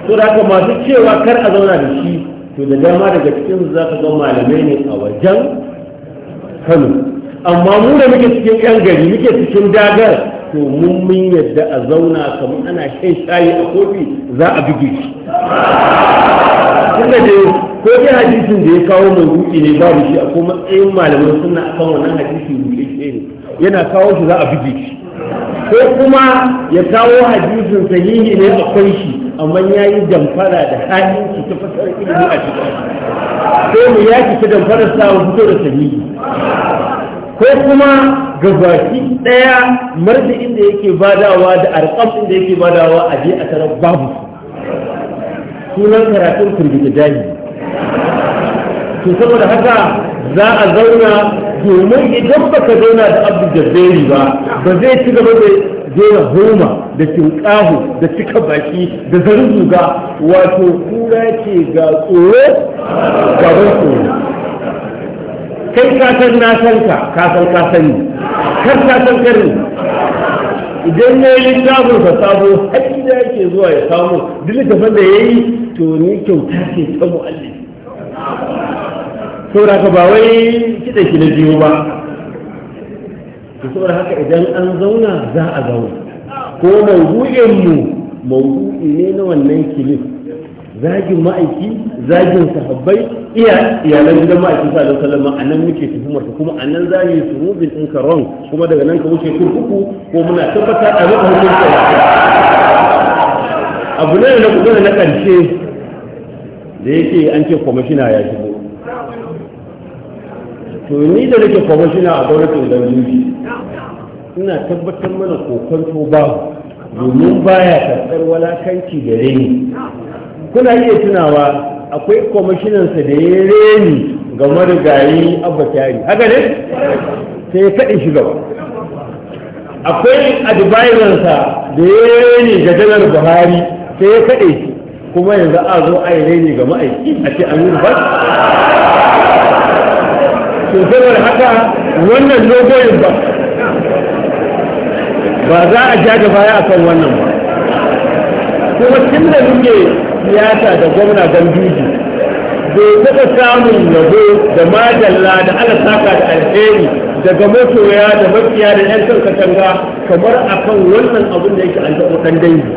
to da haka masu cewa kar a zauna da shi to da dama daga cikin za ka ga malamai ne a wajen kano amma mu da muke cikin yan gari muke cikin dagar to mun yarda yadda a zauna kamar ana shan shayi a kofi za a buge shi Kuma da ko dai hadisin da ya kawo mai buɗe ne babu shi a ko matsayin malaman suna akan wannan hadisi buɗe ne yana kawo shi za a buge shi ko kuma ya kawo hadisin sahihi ne akwai shi amma ya yi damfara da su ta fasar ilimi a cikin sai mu yaki ta damfara sa wa fito da sahihi ko kuma gabaki daya marda inda yake badawa da arqam inda yake badawa a je a tarar babu su sunan karatun firgita dahi to saboda haka za a zauna domin idan baka zauna da abu jabberi ba ba zai ci gaba da jera goma da tinkahu da cika baki da zarin zuga wato kura ce ga tsoro gaban tsoro kai kasar na san ka ka san ka sani kar ka san idan ne yi sabon ka sabo haƙi da yake zuwa ya samu duk littafin da ya yi to ni kyauta ce ta mu'allim saboda ka ba wai kiɗa ki na biyu ba to saboda haka idan an zauna za a zauna ko mawdu'in mu mawdu'i ne na wannan kilif zagin ma'aiki zagin sahabbai iya iyalan gidan ma'aiki sallallahu alaihi wasallam a nan muke tuhumar ka kuma a nan za mu yi surubin din ka kuma daga nan ka wuce kurkuku ko muna tabbata a maka hukunci abu ne na kudu na karshe da yake an ce kwamishina ya shigo to ni da nake kwamishina a gwamnatin ganduji ina tabbatar mana kokonto ba domin baya karɓar walakanci da reni kuna iya tunawa akwai kwamishinansa da ya reni ga marigayi abba haka ne sai ya kaɗe shi gaba akwai advisonsa da ya reni ga janar buhari sai ya kaɗe kuma yanzu a zo a yi reni ga ma'aiki a ce an yi ba haka wannan logoyin ba ba za a ja da baya akan kan wannan ba kuma kin da muke siyasa da gwamna gandiji bai taɓa samun yabo da majalla da alasaka da alheri daga masoya da makiya da yan kan katanga kamar akan wannan abin da yake an taɓa kan dangi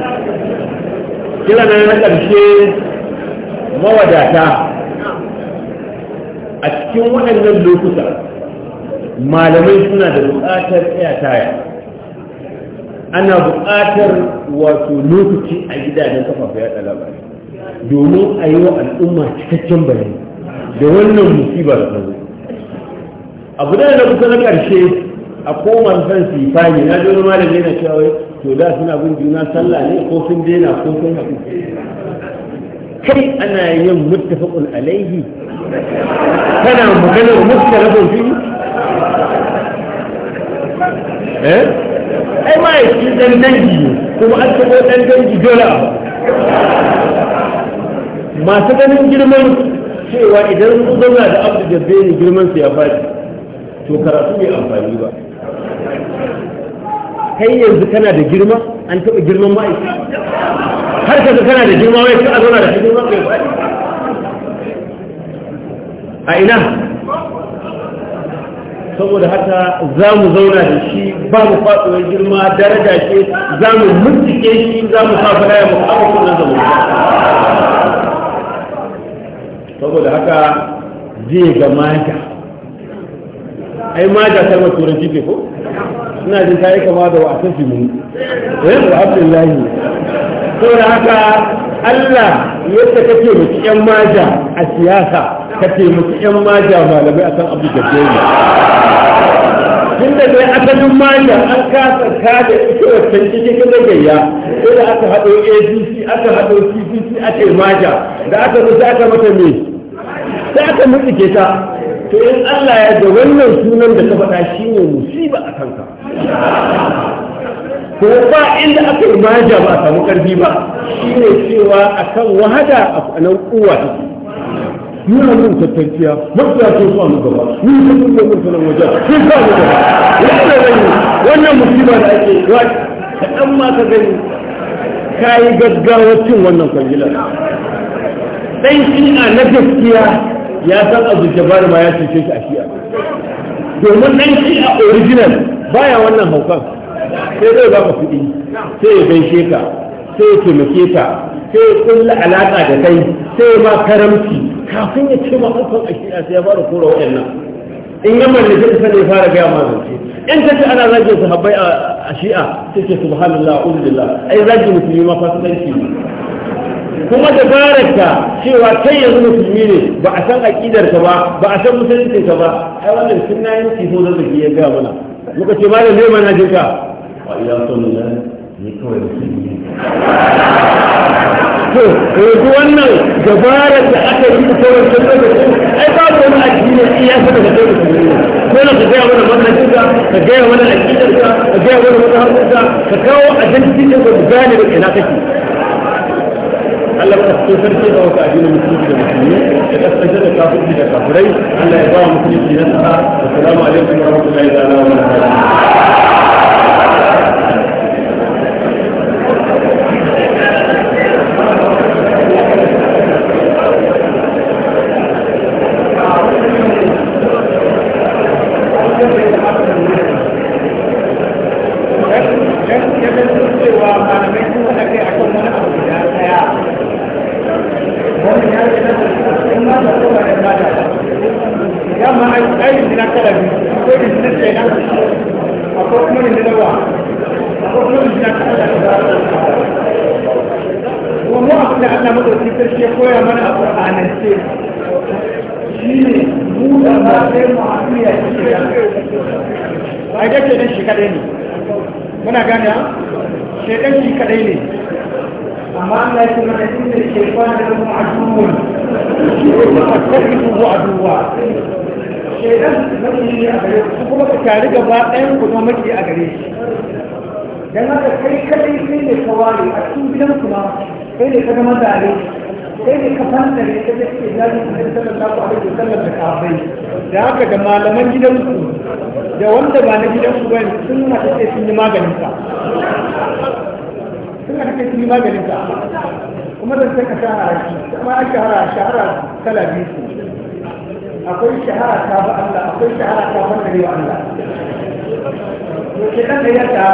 kira na ƙarshe mawadata a cikin waɗannan lokuta malamai suna da buƙatar tsaya taya ana buƙatar wato lokaci a gidajen kafafen yaɗa labarai domin a yi wa al'umma cikakken bayani da wannan musibar da abu da na kusa na ƙarshe a koma san sifa ne na wani malam yana cewa wai to da suna bin juna sallah ne ko sun daina ko sun haɗu kai ana yin muttafaqun alaihi kana maganar muttafaqun fi eh ai ma'aiki dan dangi kuma an taɓo dan dangi dole a masu ganin girman cewa idan sun zauna da abu da bai girman su ya faɗi to karatu bai amfani ba kai yanzu kana da girma an taɓa girman ai har ka kana da girma wai ka zauna da girma bai faɗi a ina saboda haka za mu zauna da shi ba mu faɗuwar girma daraja ce za mu mutsuke shi za mu sa fara ya mutu abubuwan nan zama saboda haka zai ga maja ai maja ta ma turanci ce ko ina jin ta yi kama da wasan fi mun eh wa abdullahi saboda haka Allah yadda kake mutu yan maja a siyasa ka taimaki yan maja malamai akan abu da gani tunda dai asalin maja an kasa kada ita wancan cikin kada gayya sai da aka haɗo adc aka haɗo cpc aka yi maja da aka zo sai aka mata me sai aka mutsike ta to in allah ya da wannan sunan da ka faɗa shi ne musiba a kanka ko ba inda aka yi maja ba a samu ƙarfi ba shi ne cewa akan wahada a nan kuwa nuna mun tattanciya mafiya sun su mu gaba ni sun sun gaba sun wajen sun sa mu gaba wannan gani wannan musiba da ake kaɗan ma ka gani ka yi gaggawar cin wannan kwangilar ɗan shi'a na gaskiya ya san abu jabar ma ya cece shi a shi'a domin ɗan a original baya wannan haukan sai zai ba ka kuɗi sai ya gaishe ka sai ya taimake ka sai ya kulla alaƙa da kai sai ya ba karamci kafin ya ce ma alfan ashira sai ya fara kora nan in ya mallake ta ne ya fara gaya ma zance in ka ce ana zagin sahabbai a shi'a sai ce subhanallah alhamdulillah ai zagin musulmi ma fasikanci kuma da dabararka cewa kai yanzu musulmi ne ba a san aƙidarka ba ba a san musuluncinka ba ai wannan sunna yin ciho da zaki ya gaya mana muka ce da zai mana jinka wa ila sallallahu ne kawai mutum ne to yanzu wannan dabarar da aka yi ta wancan lokacin ai ba ku wani addini shi ya saka da kai da dole ka gaya mana makarantar ka ka gaya mana addinin ka ka gaya mana mazhabin ka ka kawo addinin ka mu gane da ina kake Allah ka so sarki da wata addinin musulmi da musulmi da kasance da kafirci da kafirai Allah ya ba mu musulmi nasara assalamu alaikum warahmatullahi ta'ala wa barakatuh sai ne ka zama tare kai ne ka san tare ka da ke jari da sallallahu alaihi wasallam da kafai da haka da malaman gidanku da wanda ba na gidanku ba sun na take sun yi maganin ka sun na take sun yi maganin ka kuma da sai ka shahara shi kuma an shahara shahara kala biyu akwai shahara ta ba Allah akwai shahara ta ba Allah to shekan da ya ta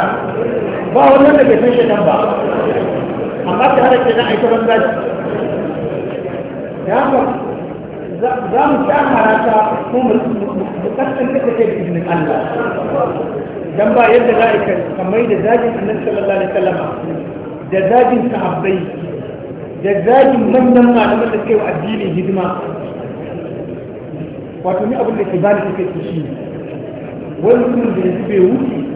ba wannan da bai san shekan ba amma ta hada ce za a yi sauran zaji ya za mu sha harata ko mu kasance ta kai izinin Allah dan ba yadda za a yi kamar da zagin annabi sallallahu alaihi wasallam da zagin sahabbai da zagin manyan malaman da kai wa addini hidima wato ni abin da ke bani take shi wani mutum da ya bai wuce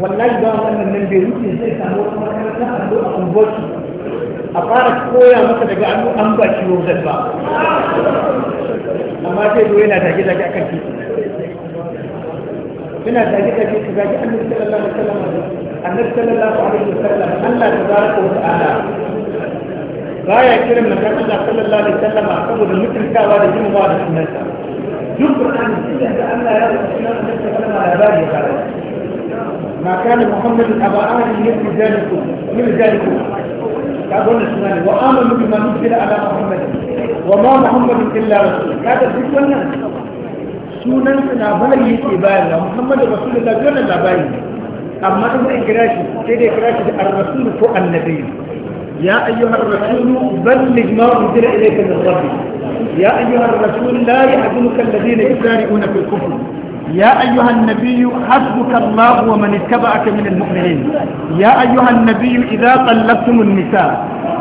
wallahi ba wannan nan bai rufe sai samu wata makaranta a zo a unguwarsu a fara koya masa daga an an ba shi wajen ba amma sai zo yana tage tage akan titi yana tage tage ka zaki annabi sallallahu alaihi wasallam annabi sallallahu alaihi wasallam Allah tabaraka wa ta'ala baya kiran manzon Allah sallallahu alaihi wasallam saboda mutuntawa da jimawa da sunansa duk Qur'ani sai da Allah ya rubuta sunan annabi sallallahu alaihi wasallam ya bari ما كان محمد أبا آلي يأتي ذلك من ذلك تابعون السنان بما نزل على محمد وما محمد إلا رسول هذا في سنة سنان سنة بلي إبالة محمد رسول الله جنة لبائي أما إذا إكراش كده إكراش الرسول فوق النبي يا أيها الرسول بلغ ما أنزل إليك من ربي يا أيها الرسول لا يحزنك الذين يسارعون في الكفر يا أيها النبي حسبك الله ومن اتبعك من المؤمنين يا أيها النبي إذا طلقتم النساء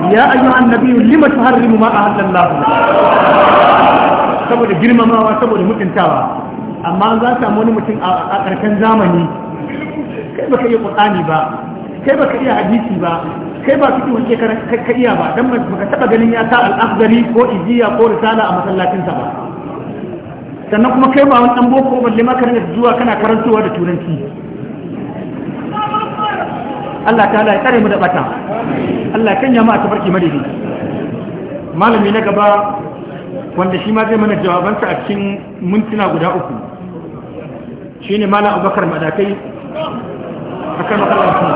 يا أيها النبي لم تحرم ما أهل الله saboda girmamawa saboda mutuntawa amma za samu wani mutum a ƙarshen zamani kai baka iya ƙur'ani ba kai baka iya hadisi ba kai ba fiki wace ka iya ba dan baka taba ganin ya ta al ko ijiya ko risala a masallacinsa ba sannan kuma kai ba wani ɗan boko balle ma karanta zuwa kana karantowa da turanci Allah ta'ala ya tsare mu da bata Allah kan kanya mu a tafarki madidi malami na gaba wanda shi ma zai mana jawabansa a cikin mintuna guda uku shi ne malam Abubakar Madakai kan makarantu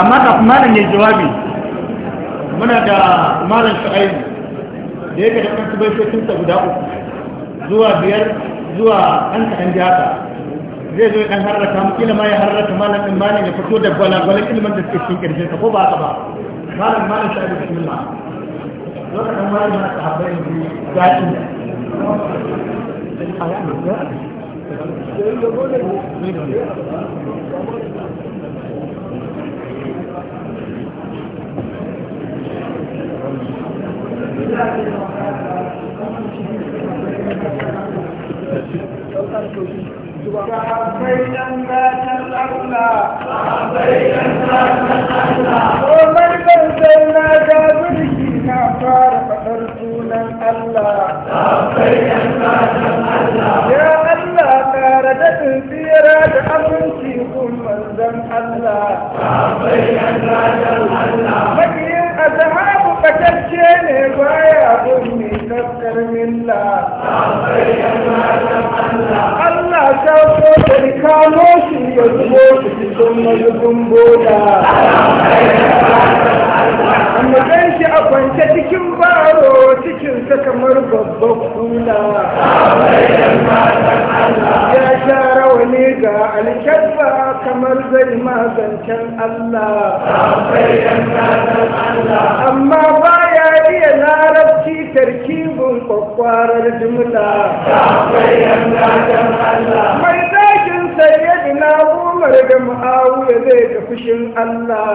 amma kafin malam ya jawabi muna da malam shu'aibu da yake da sai baitocinsa guda uku zuwa biyar zuwa an kaɗan ji haka zai zo dan harraka mu kila ma ya harraka malam din malam ya fito da gwalagwalan ilmin da suke cikin kirjin ka ko ba ka ba malam malam shu'aibu da kuma ka dan wani da ka habbai ne gashi Thank فبينا ما تسألنا فبينا ما تسألنا ومن بذلنا جابره كفار فرسولا الله فبينا ما تسألنا يا الله تارد تنفيرات أمنتي كل من ذن الله فبينا ما تسألنا مكين أزهار tabbatacce ne baya gun mai tafkar milla Allah ta so da kamo shi ya zubo shi cikin mazubin boda Mutan shi a kwance cikin baro cikinsa kamar babbar kula. Ya sha ga alkyarba kamar zai magancan Allah amma baya iya larabci tarkibin kwakwarar jimla mai zakin sayyadina umar da ma'awuya zai ga fushin Allah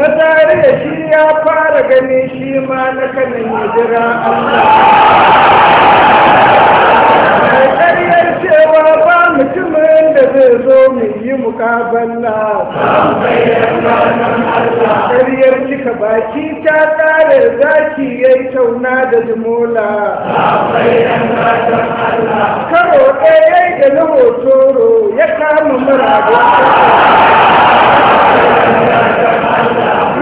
na tare shi ya fara gani shi ma na kanan ya jira Allah cewa ba mutumin da zai zo mu yi mukaballa ƙaryar cika baki ta kare zaki yayi yi tauna da jimola karo ɗaya da na hotoro ya kama mara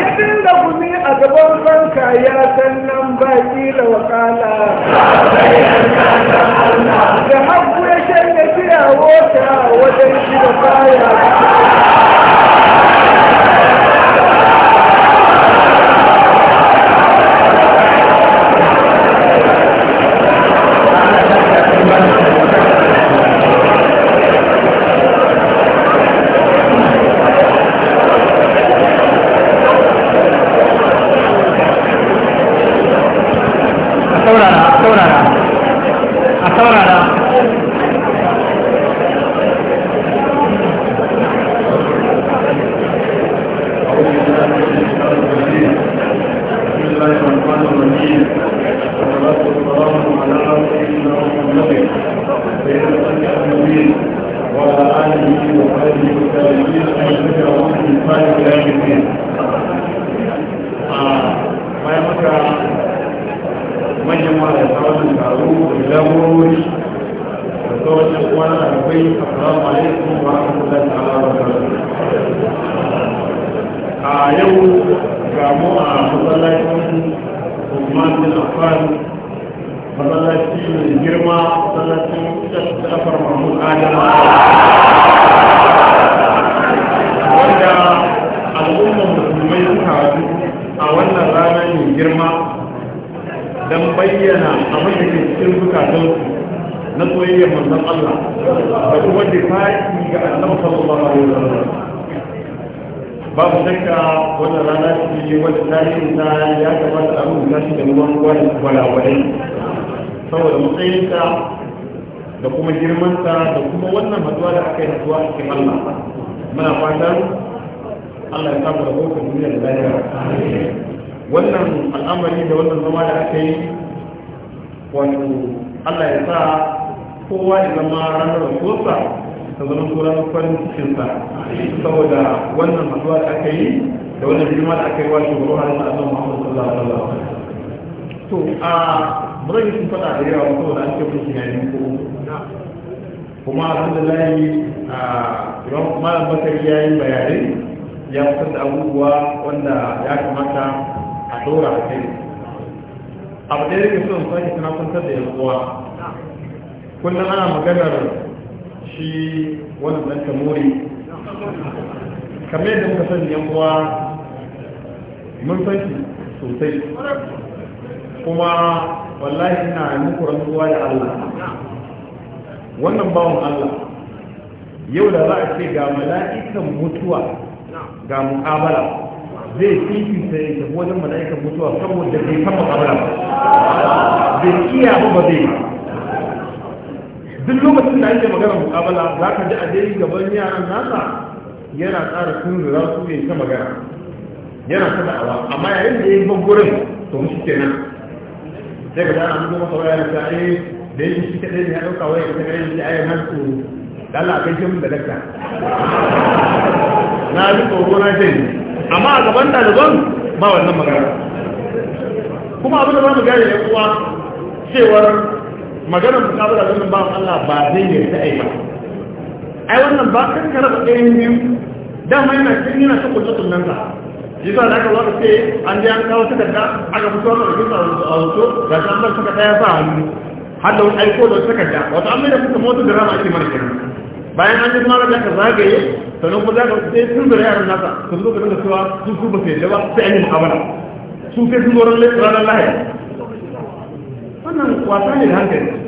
ya dinga gumi a gaban fanka ya san nan baki da wakala da hagu dawo ta wajen shi da kayan. maganar shi wannan ɗan tamori kamar yadda muka sani yan kuwa mun san shi sosai kuma wallahi ina muku rantsuwa da Allah wannan bawon Allah yau da za a ce ga mala'ikan mutuwa ga mukabala zai fifita ya tafi wajen mala'ikan mutuwa saboda bai kama mu'amala bai iya ba ba zai duk lokacin da ake magana mukabala za ka ji a dai gaban yaran nasa yana tsara tunzura su ne ta magana yana ta da'awa amma yayin da ya yi bangoren to mu shi kenan sai ka dana mutum masa wayar ta ai da yake shi kadai ne ya dauka waya ta kare shi ayyukan nan to dalla kai kin mun da dakka [LAUGHS] na ji tsoro na ce amma a gaban ɗaliban ba wannan magana kuma abin da za mu gane ne uwa cewar maganar mukabala wannan ba Allah ba zai yi ta aika ai wannan ba kan kana ba ɗaya ɗayan da dama yana cikin yana ta kusurtun nan sa shi sa da aka zo ce an je an kawo takarda aka fito da rikin a hoto ga shi an bar suka ɗaya sa hannu har da wani aiko da takarda wata an mai da kuka motsa da rama ake mana kenan bayan an ji kuma da ka zagaye sannan kuma za ka sai sun zura yaran nasa sun zo ka dinga cewa su su ba su yadda ba sai an yi mu'amala su sai sun zo ranar lahiyar wannan wasa ne da hankali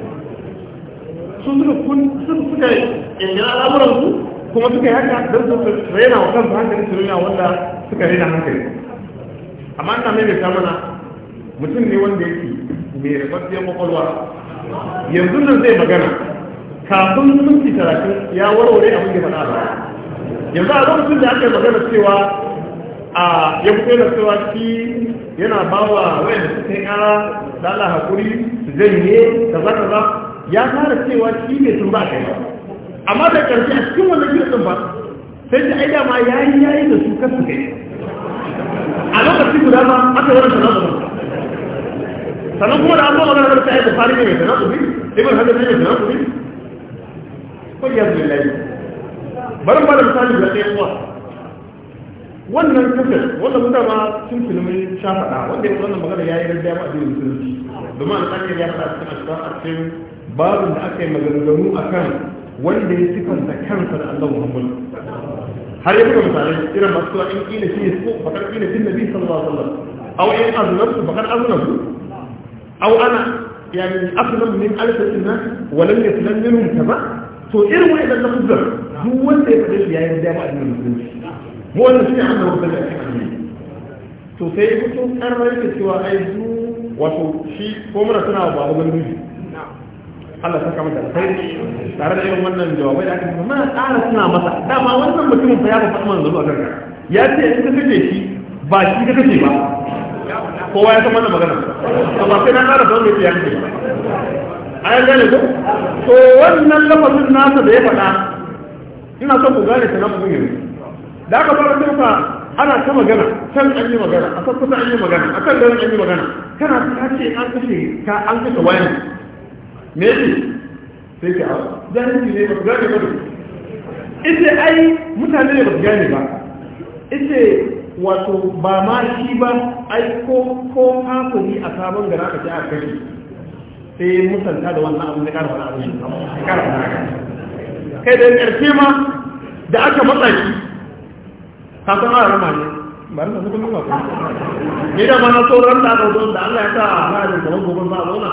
Sun suka kun suka al'amuran su, kuma suka yi haka don su raina wa kansu hankali su raina wanda suka raina hankali amma ina mai ta mana mutum ne wanda yake mai rababbiyar kwakwalwa yanzu nan zai magana kafin minti talatin ya warware abin da faɗa ba yanzu a lokacin da aka yi magana cewa a ya fito da cewa shi yana ba wa da suka yi kara da Allah hakuri su janye kaza kaza ya fara cewa shi ne sun ba kai ba amma da ƙarshe a cikin wannan kirkin ba sai da aida ma ya yi yayi da su kasu kai a lokaci guda ma aka wani da ba sanar kuma da an wani magana da ta yi bukari ne sana zuwa ibn hajjar ne sana zuwa ko ya zuwa layi barin ba da misali da ɗaya kuwa wannan kafin wanda mun dama sun filmin shafaɗa wanda ya wannan magana ya yi da ma a jirgin musulunci domin a tsakiyar ya fara cikin a cikin babin da aka yi maganganu a kan wanda ya sifanta kansa da Allah Muhammad har ya buga misalai irin masu in kila shi su bakar kila shi na nabi sallallahu alaihi wasallam aw in azlamtu bakar su? aw ana yani aslam min alf inna wa lam yaslam minhum ba? to irin wani da lafzar duk wanda ya faɗi shi yayin da ba addinin musulunci mu wannan shi ne annabi sallallahu alaihi wasallam to sai ya fito kan rai da cewa ai wato shi ko mura suna babu ga wani Allah ta kama da alkhairi tare da irin wannan jawabai da aka yi mana ƙara suna masa dama wannan mutumin fa ya ba samun zuwa kanka ya ce in ka kace shi ba shi ka kace ba kowa ya san wannan magana to ba sai na ƙara da wani ya kace gane ko to wannan lafazin nasa da ya faɗa ina son ku gane ta nan mun yi da aka fara turfa ana ta magana can an yi magana a san kusa an yi magana a kan garin an yi magana kana ta ce an kashe ka an kashe wayan meji sai ka hau zahiri ne ba ku gane ba ita ai mutane ne ba su gane ba ita wato ba ma shi ba ai ko ko hakuri a sabon gara ka ci a kai sai musanta da wannan abin da kara wani abu shi kara wani abu kai da karfe ma da aka matsa shi ka san ara ma ne ba na kuma ba ne da ma na so ran da da Allah ya sa a ranar da gobe ba zauna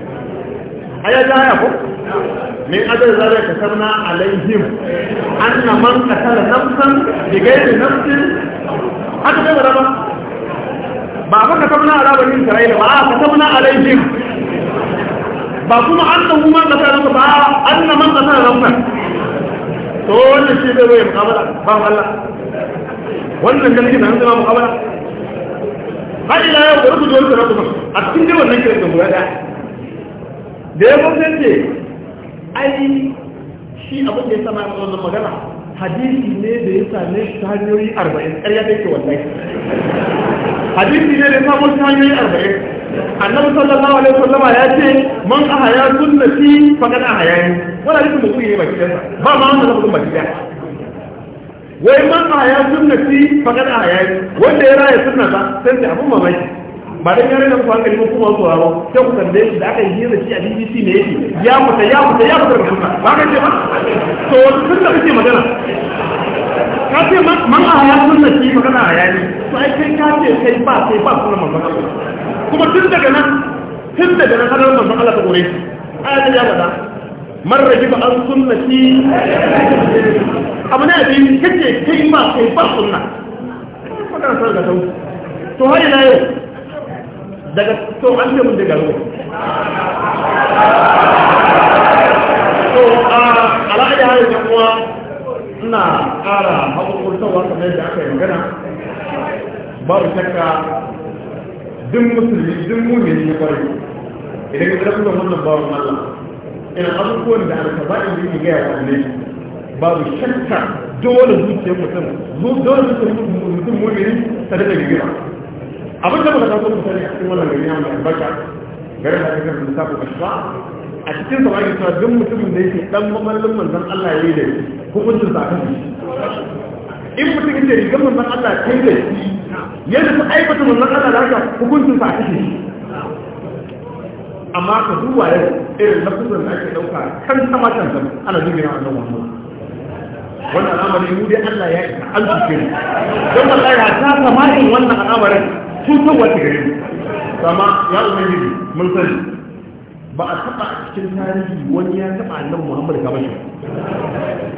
haya ta haya ko min adar zara ka sabna alaihim anna man qatala nafsan bi ghairi nafsin haka ne ba ba ba ka sabna ala bani isra'ila ba ka sabna alaihim ba kuma an da man qatala nafsan ba anna man qatala nafsan to wannan shi zai yi mukabala ba Allah wannan ganin da hanzu ba mukabala har ila yau da rubuta wani karatu a cikin wannan kiran da mu ya da ya mutunce ai shi abin da ya sama a wannan magana hadisi ne da ya same shi ta hanyoyi arba'in ƙarya take wallahi hadisi ne da ya samu ta hanyoyi arba'in annabi sallallahu alaihi wasallama ya ce man ahaya sunnati faqad ahayani wala hadisi mutum ne baki ɗaya ba ma wannan mutum ba ɗaya wai man ahaya sunnati faqad ahayani wanda ya raya sunnata sai abin mamaki ba dan yare da su hankali ko kuma su hawo sai ku tambaye shi da aka yi hira shi a BBC ne yake ya kusa ya kusa ya fita kuma ba ka ce ba to sun da kake magana ka ce man a haya da shi magana a yani to ai kai ka ce kai ba kai ba sunna manzon kuma tun daga nan tun daga nan hadar manzon Allah ta gore ayata ya fada man rajiba an sunnati abu ne abin kace kai ma kai ba sunna magana sai ga to har ila yau daga to an ce mun daga ruwa to a al'ada har da kuma ina ƙara haƙoƙurtarwa kamar yadda aka yi gana? babu shakka duk musulmi duk mumini ne kwarai idan ka ɗaukar wannan babu mallam ina abubuwan da alkaba'in da yake gaya wa ne babu shakka dole zuciyar mutum dole zuciyar mutum ne ta daga gina abin da mulaka sun sani a cikin wannan gari na mai albarka gari da ake karfin lissafin ashra a cikin sa wani cewa duk mutumin da yake dan mamallin manzon Allah ya yi da hukuncin sa kan in mutum yake rigar manzon Allah ta yi da shi yadda su aikata manzon Allah da haka hukuncin sa kan amma ka duba yau irin lafazin da ake ɗauka, kan sama can ana jirgin annabawa wannan al'amarin mu dai Allah ya isa an cuce don wallahi ya ta samarin wannan al'amarin cutar wata gare sama ya ubangiji mun sani ba a taba a cikin tarihi wani ya taba annabi Muhammad ka bashi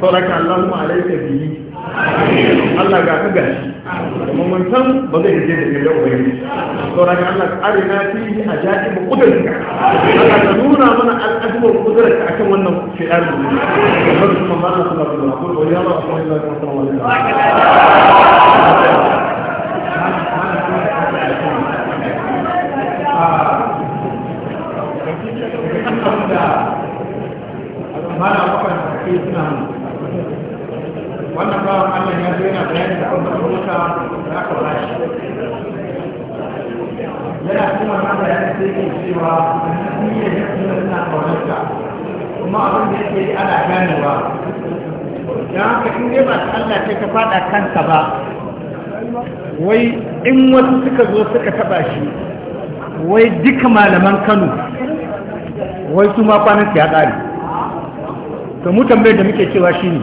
sauraka Allahumma alayka bihi Allah ga ka gashi kuma mun san ba zai je da yau ba sauraka Allah arina fihi ajaib qudratika Allah ka nuna mana al'ajma qudratika akan wannan shi'ar mu kuma Allah subhanahu wa ta'ala ya Allah subhanahu wa ta'ala mana kafan da ke suna wannan ba Allah ya zo yana bayani da kuma da da aka ba shi yana kuma na bayani sai ke cewa yi ne ya suna suna kaunarsa kuma abin da yake ana ganewa don haka in dai ba Allah ce ka fada kanka ba wai in wasu suka zo suka taba shi wai duka malaman Kano wai su ma kwanan ya kare to mu tambayar da muke cewa shi ne,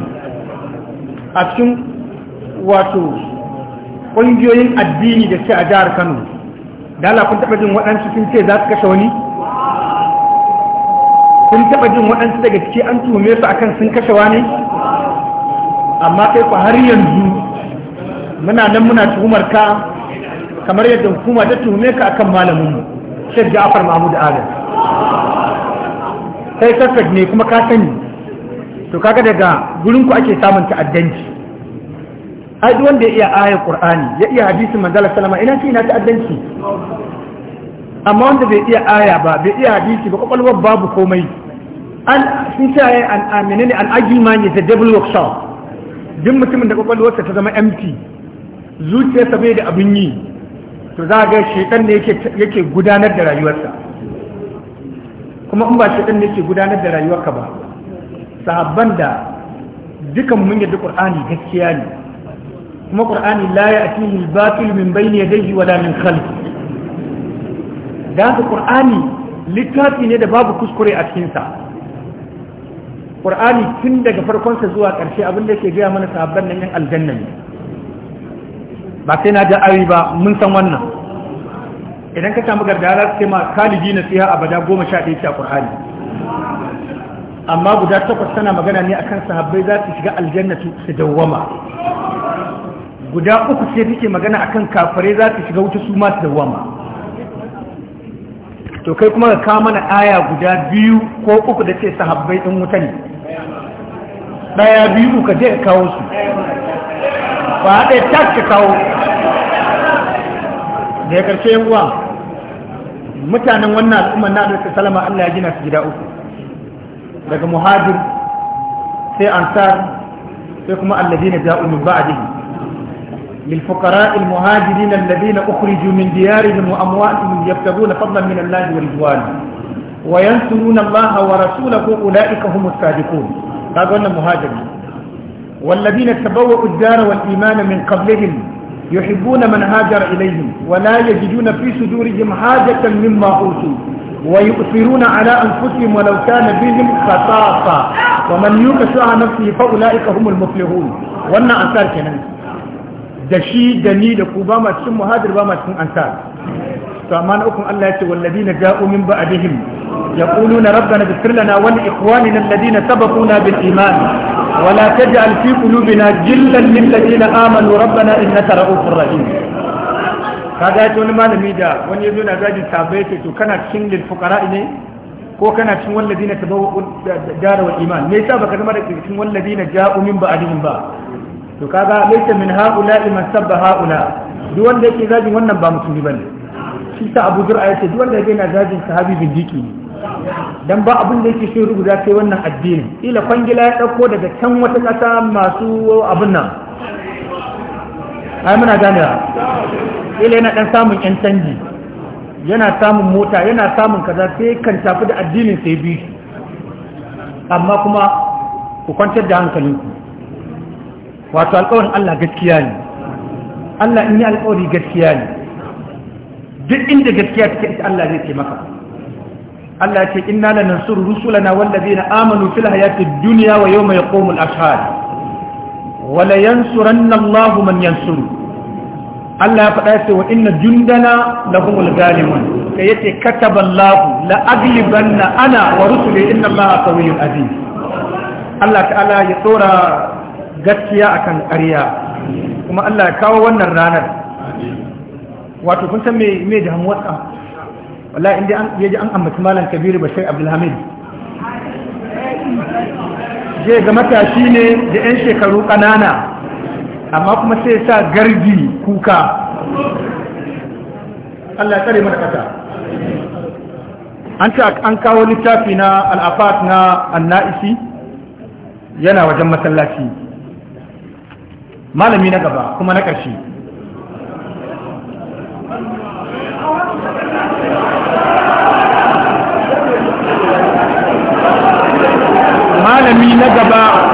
a cikin wato ƙungiyoyin addini da ce a jihar Kano da ala kun taɓa jin waɗansu sun ce za su kashe wani kun taɓa jin waɗansu daga ciki an tuhume su akan sun kashe wani amma kai ku har yanzu muna nan muna tuhumar ka kamar yadda hukuma ta tuhume ka akan malaminmu Sheikh Ja'far Mahmud Adam sai sassak ne kuma ka sani to kaga daga gurin ku ake samun ta'addanci ai duk wanda ya iya ayar qur'ani ya iya hadisin manzo sallama ina ce ina ta'addanci amma wanda bai iya aya ba bai iya hadisi ba kokolwar babu komai an sun sa yayi an amene ne an ajima ne da devil workshop duk mutumin da kwakwalwarsa ta zama empty zuciyarsa bai da abin yi to za ga shekan ne yake gudanar da rayuwarsa kuma in ba shekan ne yake gudanar da rayuwarka ba sahabban da dukan mun yadda qur'ani gaskiya ne kuma qur'ani la ya'tihi al-batil min bayni yadayhi wala min khalfi dan qur'ani littafi ne da babu kuskure a cikin sa qur'ani tun daga farkonsa zuwa ƙarshe abin da yake ga mana sahabban nan yan aljanna ne ba sai na ja ayi ba mun san wannan idan ka samu gargara sai ma na fiha abada goma ɗaya ce a qur'ani amma guda takwas tana magana ne akan sahabbai za su shiga aljanna su dawwama guda uku ce take magana akan kafirai za su shiga wuta su ma su dawwama to kai kuma ka kawo mana aya guda biyu ko uku da ce sahabbai din wuta ne daya biyu ka je ka kawo su ba a ɗaya ta kawo da ya karshe yan uwa mutanen wannan al'ummar na alaihi salama Allah ya gina su gida uku daga muhajir sai ansar sai kuma alladina ja'u min ba'dihi lil fuqara al muhajirin alladina ukhriju min diyarihim wa amwalihim yabtaguna fadlan min Allah wa ridwan wa yansuruna Allah wa rasulahu ulaika humus sadiqun kaga wannan muhajir والذين تبوؤوا الدار والإيمان من قبلهم يحبون من هاجر إليهم ولا يجدون في صدورهم حاجة مما أوتوا ويؤثرون على انفسهم ولو كان بهم خطاصا ومن يوق شح نفسه فاولئك هم المفلحون وانا انصار كنن دشي دني da ku ba ma cikin muhajir ba ma cikin ansar to amma na ukun Allah yace walladin ja'u min ba'dihim yaquluna rabbana ighfir lana wa li ikhwanina alladhina sabaquna bil iman wa la taj'al fi qulubina ghillan lil ladina amanu rabbana innaka ra'ufur kaga ya wani malami da wani yazo na zagin sabai ce to kana cikin lil fuqara ne ko kana cikin walladina tabawwa'u dara wal iman me yasa baka zama da cikin walladina ja'u min ba'dihim ba to kaga laysa min haula'i man sabba haula duk wanda yake zagin wannan ba musulmi bane shi sa Abu Zur'a yace duk wanda yake na zagin sahabi bindiki ne dan ba abin da yake shi rubuta sai wannan addinin ila kwangila ya dauko daga can wata kasa masu abin nan ai muna ganewa ila yana dan samun yan canji yana samun mota yana samun kaza sai kan tafi da addinin sai bi amma kuma ku kwantar da hankalinku wato alƙawarin Allah gaskiya ne Allah in yi alƙawari gaskiya ne duk inda gaskiya take ita Allah zai ce maka Allah ce inna lanansuru rusulana wallazina amanu fil hayatid dunya wa yawma yaqumul ashhad wala yansuranna Allahu man yansuru Allah ya faɗa ce wa inna jundana lahumul galimun kai yace kataballahu la aglibanna ana wa rusuli inna Allah qawiyyun aziz Allah ta'ala ya tsora gaskiya akan ƙarya kuma Allah ya kawo wannan ranar wato kun san me me da hamwasa wallahi inda an yaji an ambaci malam kabiru bashir abdulhamid je ga matashi ne da 'yan shekaru ƙanana amma kuma sai sa garbi kuka Allah ya tsare mana kasa an ta an kawo littafi na al'afat na anna'isi yana wajen masallaci malami na gaba kuma na ƙarshe malami na gaba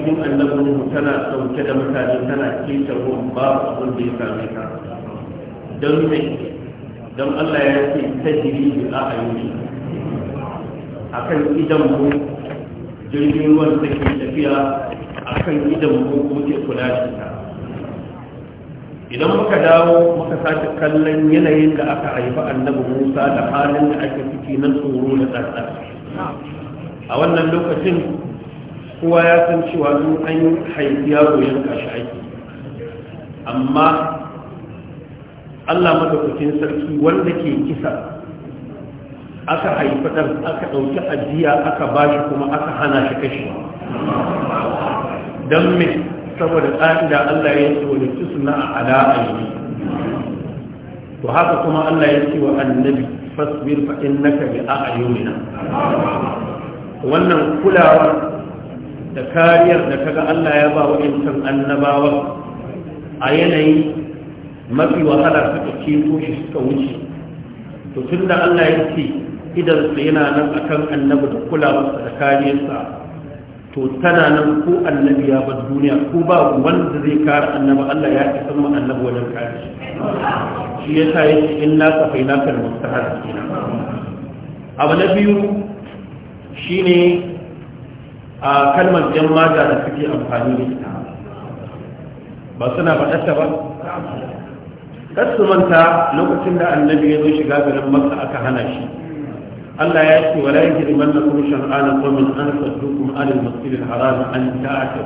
cikin annabin mu tana dauke da mutane tana keta ruwan ba abin da ya same ka don me don Allah ya ce ta jiri bi a ayyuki akan idan mu jirgin ruwan ke tafiya akan idan mu kuke kula da ta idan muka dawo muka sake kallon yanayin da aka haifi annabi Musa da halin da ake ciki na tsoro da tsatsa a wannan lokacin kowa ya san cewa sun an haifi yaro yanka shi aiki. amma allah madaukakin sarki wanda ke kisa aka haifi ɗan aka ɗauki ajiya aka bashi kuma aka hana shi kashi don me saboda ƙa'ida allah ya ce wani tusna a ala'ayi to haka kuma allah ya ce wa annabi fasbir fa'in naka bi a ayyumina wannan kulawar da kariyar da kaga Allah ya ba wa'incan annabawa a yanayi mafi wahala suka ceto shi suka wuce to tun da Allah ya ce idansa yana nan akan annabi da kulawarsa da kariyarsa to tana nan ko annabi ya bar duniya ko ba wanda zai kare annabi Allah ya isa mu annabi wajen kare shi shi yasa yake inna safainaka kan mustahar abu na biyu shine a kalmar yan mata da suke amfani da ita ba suna faɗarta ba kasu manta lokacin da annabi ya zo shiga birnin maka aka hana shi Allah ya ce wala yake liman na kuma shan'ana kwamin an saddukum alil masjidil haram an ta ta'ata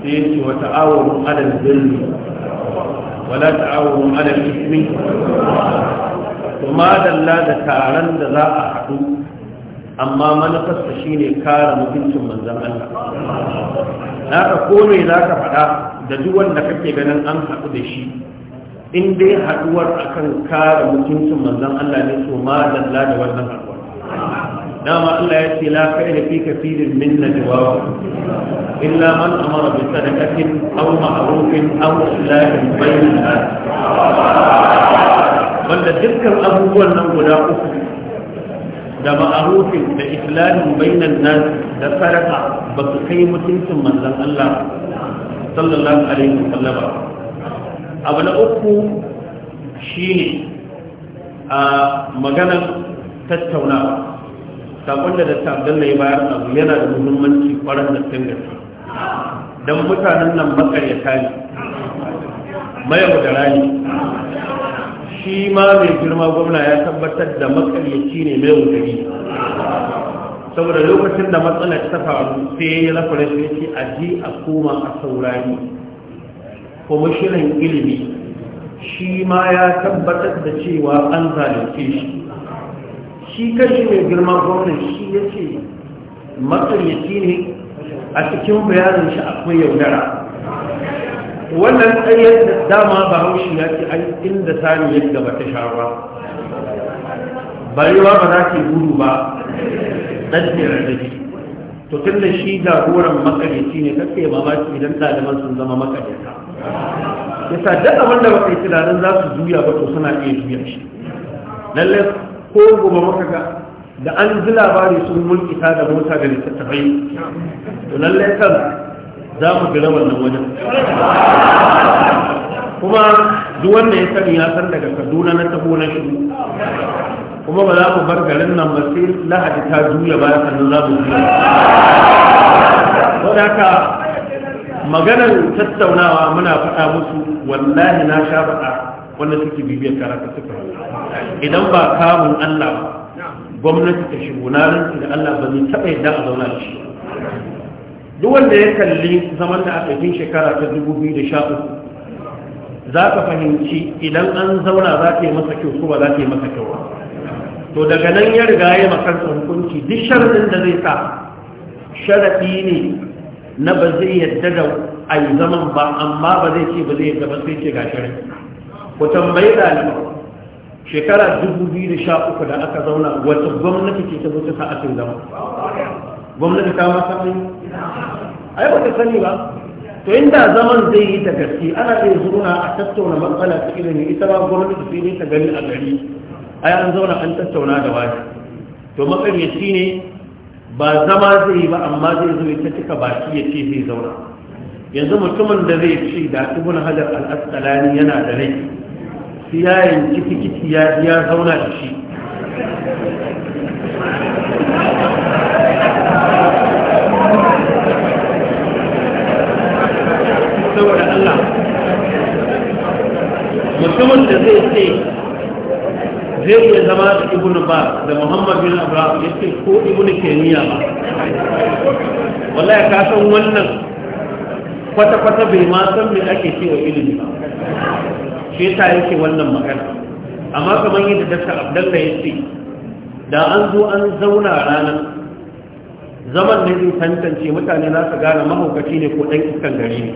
sai ya ce wa ta'awun alal birni wala ta'awun alal ismi to ma da taron da za a haɗu amma manufarsa ne kare mutuncin manzan Allah ka komai za ka faɗa da duk wanda kake ganin an haɗu da shi in dai haɗuwar akan kare mutuncin manzan Allah ne so ma dalla da wannan haɗuwar dama Allah ya ce la kai da fi filin min na najwa illa man amara bi sadaqatin aw ma'rufin aw islahin bainan nas wanda dukkan abubuwan nan guda uku da ma'arufin da islamin bainan nan da sadaka ba su kai mutuncin manzan Allah sallallahu alaihi wasallam abu na uku shine a maganar tattaunawa sakon da ta da ya bayar abu yana da muhimmanci kwarar da gaske don mutanen nan ya ne mayar da rani shi ma mai girma gwamna ya tabbatar da makaryaci ne mai wutari saboda lokacin da matsalar ta faru sai ya lafa rashin a ji a koma a saurari kuma shirin ilimi shi ma ya tabbatar da cewa an zalunce shi shi kashi mai girma gwamna shi ya ce makaryaci ne a cikin bayanin shi akwai yaudara wannan ayyar da dama ba haushi ya ce an inda sami yadda ba ta sha ba ba za ke gudu ba ɗan tsere da shi to tun da shi jagoran makarici ne ba shi idan ɗaliban sun zama ya sa duk abin da baka yi tunanin za su juya ba to suna iya juya shi lallai ko gobe maka ga da an ji labari sun ta da mota da littattafai to lallai kan za mu gira nan wajen kuma duk wanda ya sani ya san daga kaduna na taho na shi kuma ba za mu bar garin nan ba sai lahadi ta juya ba sannan za mu juya saboda maganar tattaunawa muna faɗa musu wallahi na sha faɗa wanda suke bibiyar karatu suka idan ba kamun Allah gwamnati ta shigo na da Allah ba zai taɓa yadda a zauna da shi duk wanda ya kalli zaman da aka yi shekara ta 2013 za ka fahimci idan an zauna za ka yi masa kyau kuma za ka yi masa kyau to daga nan ya riga ya makarsa hukunci duk sharadin da zai sa sharadi ne na ba zai yadda da a yi zaman ba amma ba zai ce ba zai yadda ba sai ce ga sharadi ku tambayi ɗaliban shekara 2013 da aka zauna wata gwamnati ce ta zo ta sa a zama gwamnati ta masa ne? A yi wata sani ba to inda zaman zai yi ta gaske ana iya zuwa a tattauna matsala ta ne, ita ba gwamnati su yi ta gani a gari yi an zauna an tattauna da wani to makaryaci ne ba zama zai yi ba amma zai zo ya cika baki ya ce zai zauna yanzu mutumin da zai ce da ibn hajar al-asqalani yana da rai siyayin kitikiti ya ya zauna da shi mutumin da zai ce zai iya zama da ibn ba da muhammad bin abraham ya ce ko ibn keniya ba wallahi ka san wannan kwata-kwata bai ma san mai ake cewa ilimi ba shi yi yake wannan magana amma kamar yadda dakta abdalla ya ce da an zo an zauna ranar zaman ne zai tantance mutane za su gane mahaukaci ne ko ɗan iskan gari ne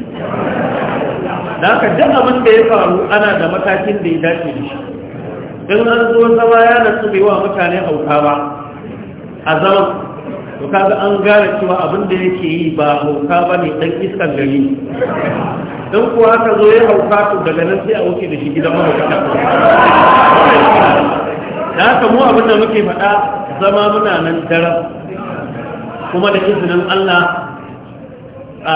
da aka duk abin da ya faru ana da matakin da ya dace da shi in an zo zama ya nasu bai wa mutane hauka ba a zaman to kaga an gane cewa abin da yake yi ba hauka ba ne ɗan iskan gari ne don kuwa aka zo ya hauka to daga nan sai a wuce da shi gidan mahaukaci da aka mu abin da muke faɗa zama muna nan daram kuma da izinin Allah a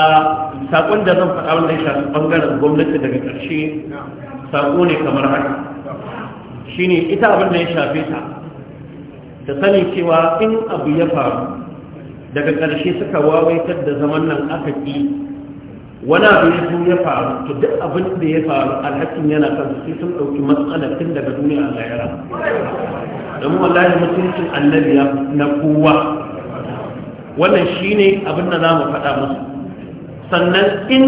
sakon da zan faɗa wanda ya shafi ɓangaren gwamnati daga ƙarshe saƙo ne kamar haka shine ita abin da ya shafe ta Da sani cewa in abu ya faru daga ƙarshe suka wawaitar da zaman nan aka ƙi wani abu ya sun ya faru to duk abin da ya faru alhakin yana kansu sai sun ɗauki matsalar tun daga duniya a layara domin wallahi mutuncin annabiya na kowa wannan shi ne abin da za mu faɗa musu sannan in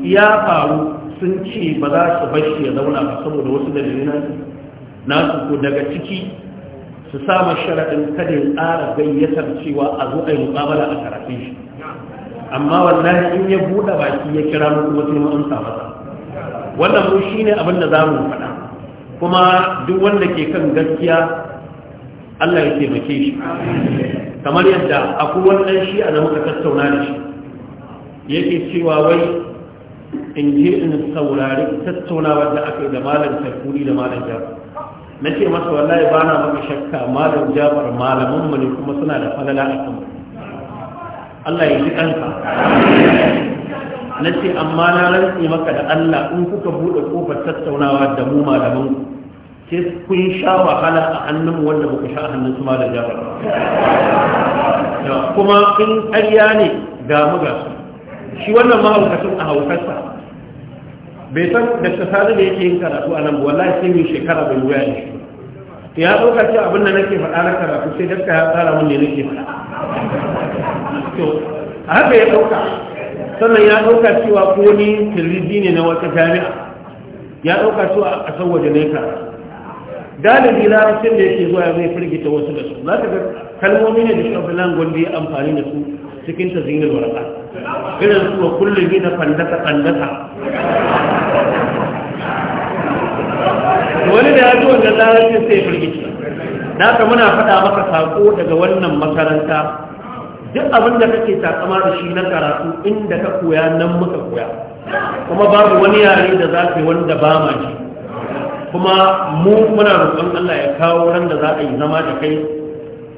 ya faru sun ce ba za su bashi ya zauna ba saboda wasu dalilan nasu ko daga ciki su sama sharaɗin kada ya tsara gayyatar cewa a zo a yi muƙabala a karafin shi amma wannan in ya buɗe baki ya kira mu kuma sai mu amsa masa wannan mu shine abin da zamu faɗa kuma duk wanda ke kan gaskiya Allah ya taimake shi kamar yadda akwai wani ɗan shi a zama muka tattauna da shi yake cewa wai in je in saurari tattaunawar da aka yi da malam sarkuri da malam jabar na ce masa wallahi ba na maka shakka malam jabar malaman mu ne kuma suna da falala a kan Allah ya ji kanka na ce amma na rantse maka da Allah in kuka buɗe kofar tattaunawa da mu malamanku. ke kun sha wahala a hannun wanda ba ku sha a hannun su malam da jafar kuma kun ariya ne ga muga shi wannan mahaukacin a haukarsa bai san da tsasari da yake yin karatu a nan wallahi sai mai shekara bai wuya ne ya ɗauka ce abin da nake faɗa na karatu sai dakka ya tsara mun ne nake faɗa to haka ya ɗauka sannan ya ɗauka cewa ko ni tiridi ne na wata jami'a ya ɗauka cewa a san waje ne karatu galibi larabcin da yake zuwa zai firgita wasu da su za ka ga kalmomi ne da shi langon da ya amfani da su cikin ta zingil waraka irin su wa kullum yi na fandata fandata wani da ya ji wannan larabcin sai firgita na ka muna faɗa maka sako daga wannan makaranta duk abin da kake takama da shi na karatu inda ka koya nan muka koya kuma babu wani yare da za ka yi wanda ba ma shi kuma mu muna roƙon Allah ya kawo ran da za a yi zama da kai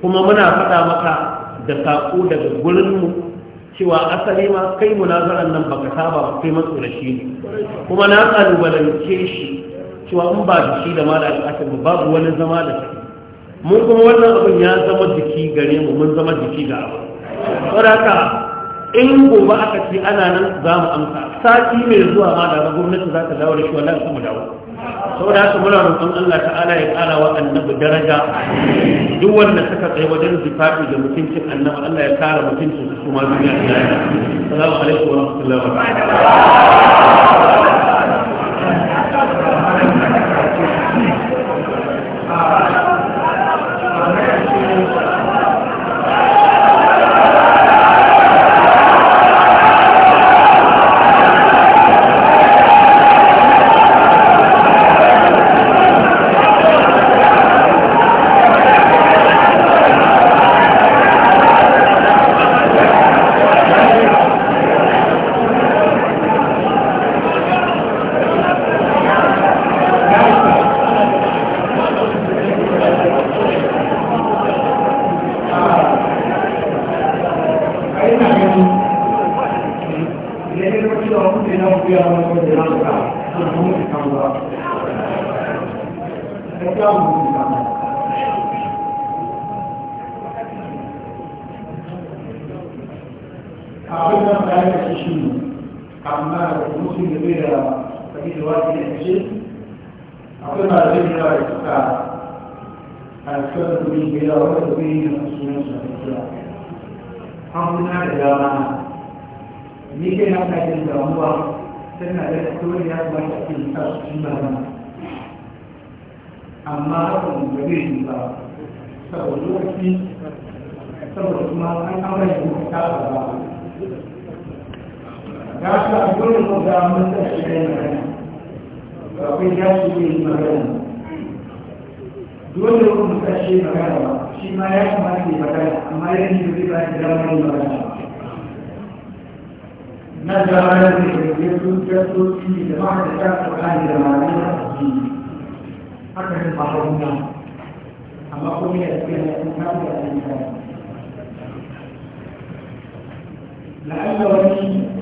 kuma muna faɗa maka da saƙo daga gurinmu cewa asali ma kai munazaran nan baka saba ba kai shi ne kuma na kalubalance shi cewa in ba da shi da da al'asar mu babu wani zama da kai mun kuma wannan abin ya zama jiki gare mu mun zama jiki ga abu saboda in gobe aka ce ana nan za mu amsa sati mai zuwa ma da gwamnati za ta dawo da shi wallahi kuma dawo da haka muna roƙon Allah ta'ala ya ƙara wa annabi daraja duk wanda suka tsaye wajen zifafi da mutuncin annabi Allah ya kara mutuncin su ma duniya da lafiya assalamu alaikum wa rahmatullahi wa barakatuh كافة كل قضاء من تشتري مكان فأقول جاسي في المكان دول يكون مستشفي مكان شيء ما يكون في مكان أما يجب في مكان جامعي مكان نزل على الكتب تكتب في جماعة الشعب القرآن الجماعية حتى في محرمنا أما قل لي أسئلة الإنسان ولا الإنسان لعل ولي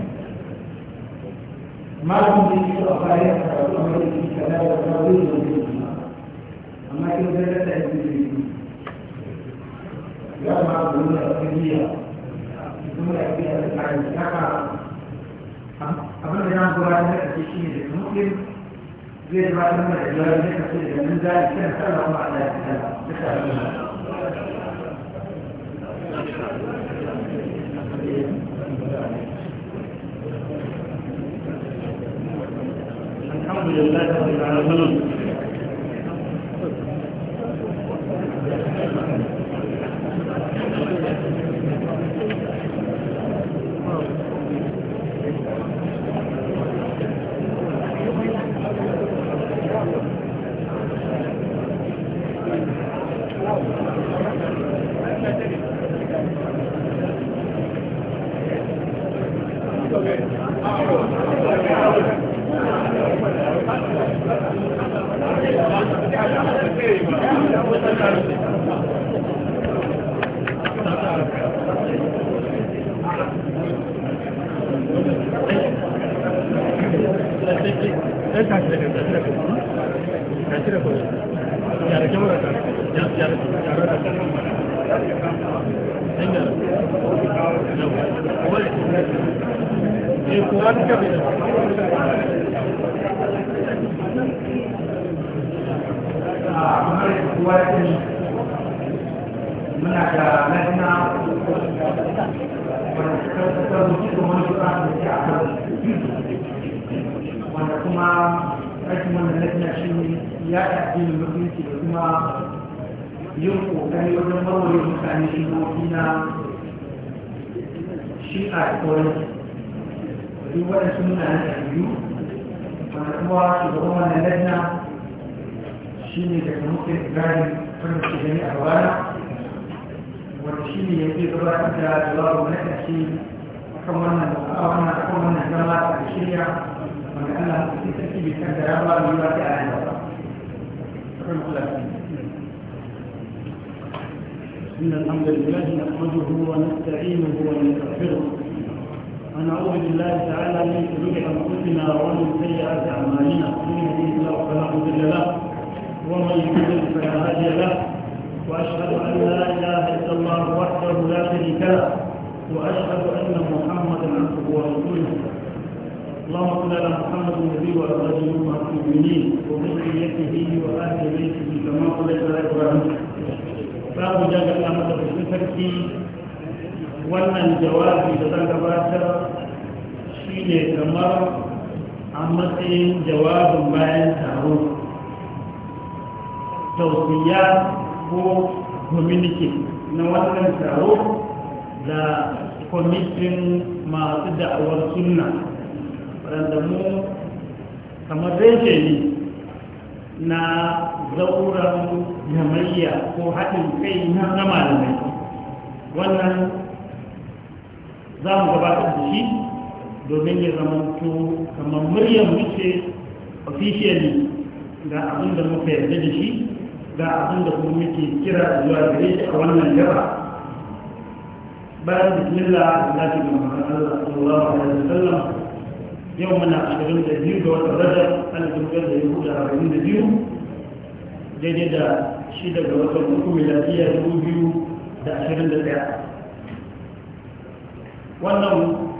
معلوم في الأخرى يحصل في كتابة طويلة أما كيف تتعب في يجمع الدنيا الكبيرة ثم يأتي على المعنى قبل أن ننظر إلى التشكيل المسلم زيد ما تم إجراء من ذلك كان سلم الله عليه وسلم لله رب العالمين الله تعالى من سلوك انفسنا ومن سيئات اعمالنا من يهده الله فلا مضل له ومن يضلل فلا هادي له واشهد ان لا اله الا الله وحده لا شريك له واشهد ان محمدا عبده ورسوله اللهم صل على محمد النبي وعلى آله وصحبه المؤمنين وذريته واهل بيته كما صليت على ابراهيم babu daga kamata da وانا الجواب في da zan shi ne kamar a matsayin jawabin bayan taro tausiya ko dominikin na wannan taro da kwamitin masu da'awar sunna wadanda mu kamar reshe ne na zauren jamaiya ko haɗin kai na malamai wannan za mu gabatar da shi domin ya to kamar muryar wuce officially ga abin da muka yarda da shi ga abin da kuma muke kira zuwa gare shi a wannan gaba bayan bismillah da ta gama Allah sallallahu alaihi wasallam yau muna ashirin da biyu ga wata rada alifin biyar da yahuda rayu da biyu daidai da shi daga wata uku miladiyya dubu biyu da ashirin da daya wannan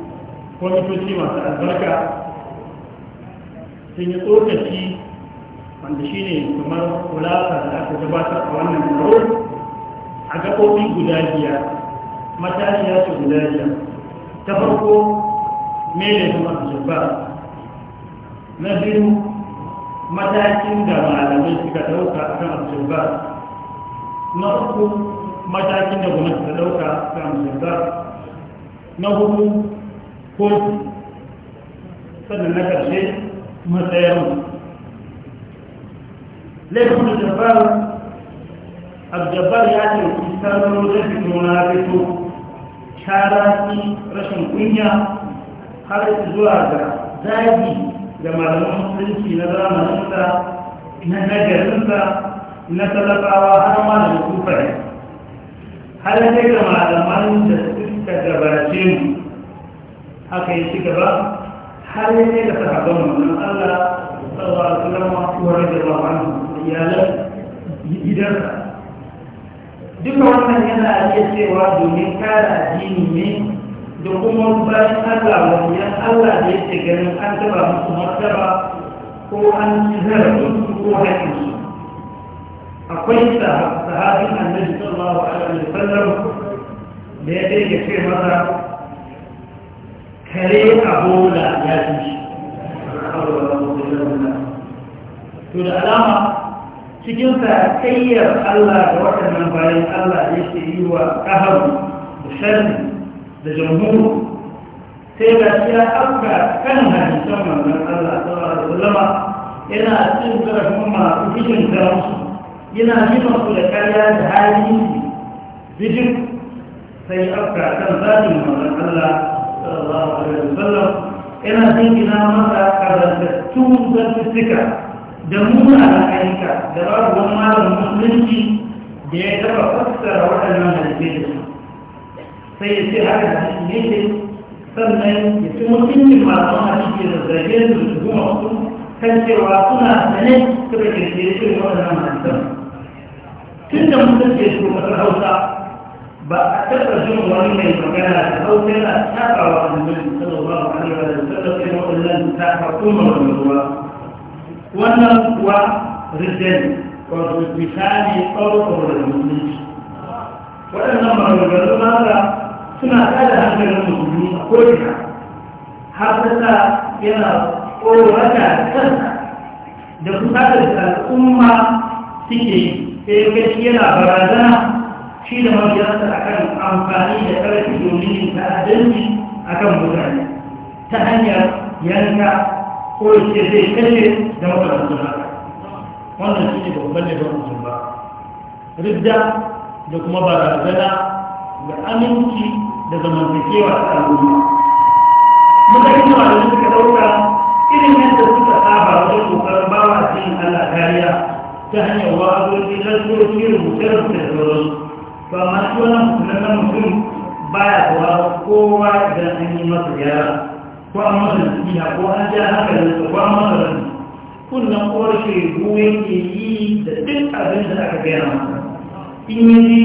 kwamitoci masu albarka sun yi tsokaci wanda shi ne kamar kulasa da aka gabatar a wannan taro a gaɓoɓi guda biyar matashiya su guda biyar ta farko mele da masu na biyu matakin da malamai suka ɗauka a kan jabba na uku matakin da gwamnati ta ɗauka a kan jabba na hudu ko sannan na ƙarshe matsayarmu laifin da jabbar abjabbar ya ce kisarar zai fito na fito sharasi rashin kunya har zuwa ga zagi da malaman musulunci na zamaninsa na nagarinsa na talabawa har ma da kufare har sai ga malaman da suka gabace mu haka yi ci gaba har ya kai da sahabban wannan Allah a alaihi wasallam da radiyallahu anhu iyalan gidansa duk wannan yana iya cewa domin kare jini ne da kuma bayan Allah wani Allah da yake ganin an taba musu martaba ko an zarafi ko haƙƙinsu akwai sahabin annabi sallallahu alaihi wasallam da ya ce ke ce maza kare a bola ya fi shi to da alama cikin sakayyar Allah da waɗannan bayan Allah ya ke yi wa ƙaharu da sharri da jamhuru sai ga shi ya afka kan hadisan manzon Allah sallallahu alaihi wasallama yana cin zarafin masu cikin karamsu yana yi masu da karya da hali bijin sai afka kan zafin manzon Allah sallallahu alaihi wasallam yana jingina masa karantattun zartuttuka da munanan ayyuka da babu wani malamin musulunci da ya taɓa fassara waɗannan hadisai sai ya ce haka da shi yake sannan ya ci mutuncin masu hadisi da zarge su da goma su kan cewa suna sane suka kirkiri irin waɗannan hadisan tun da mutum ke shugaban hausa ba a taɓa jin wani mai magana da hausa yana taɓa wa annabi sallallahu alaihi wa sallam irin wannan tafa kuma wani ruwa wannan kuwa rijal wato misali ƙwarƙwar da musulunci waɗannan maganganu mata suna kada hankalin musulmi a ko'ina har ta yana tsorata kansa da kusa da al'umma suke yi sai gaskiya yana barazana shi da mafiyarsa a kan amfani da ƙarfi domin yin ta'addanci a kan mutane ta hanyar yanka ko ce zai kashe da makarantun haka wannan shi ne babban da mutum ba ridda da kuma barazana da aminci da zamantakewa a al'umma mutane da malamai suka ɗauka irin yadda suka saba wajen kokarin bawa cikin allah kariya ta hanyar wa'azoji na tsoron rubuce-rubuce da sauransu ba masu wannan hukunan mutum ba ya kuwa kowa idan an yi masa gyara ko an masa nasiha ko an ja haka sa ko an masa rani kunnan kowar shegu yake yi da duk abin da aka gaya masa in yi ji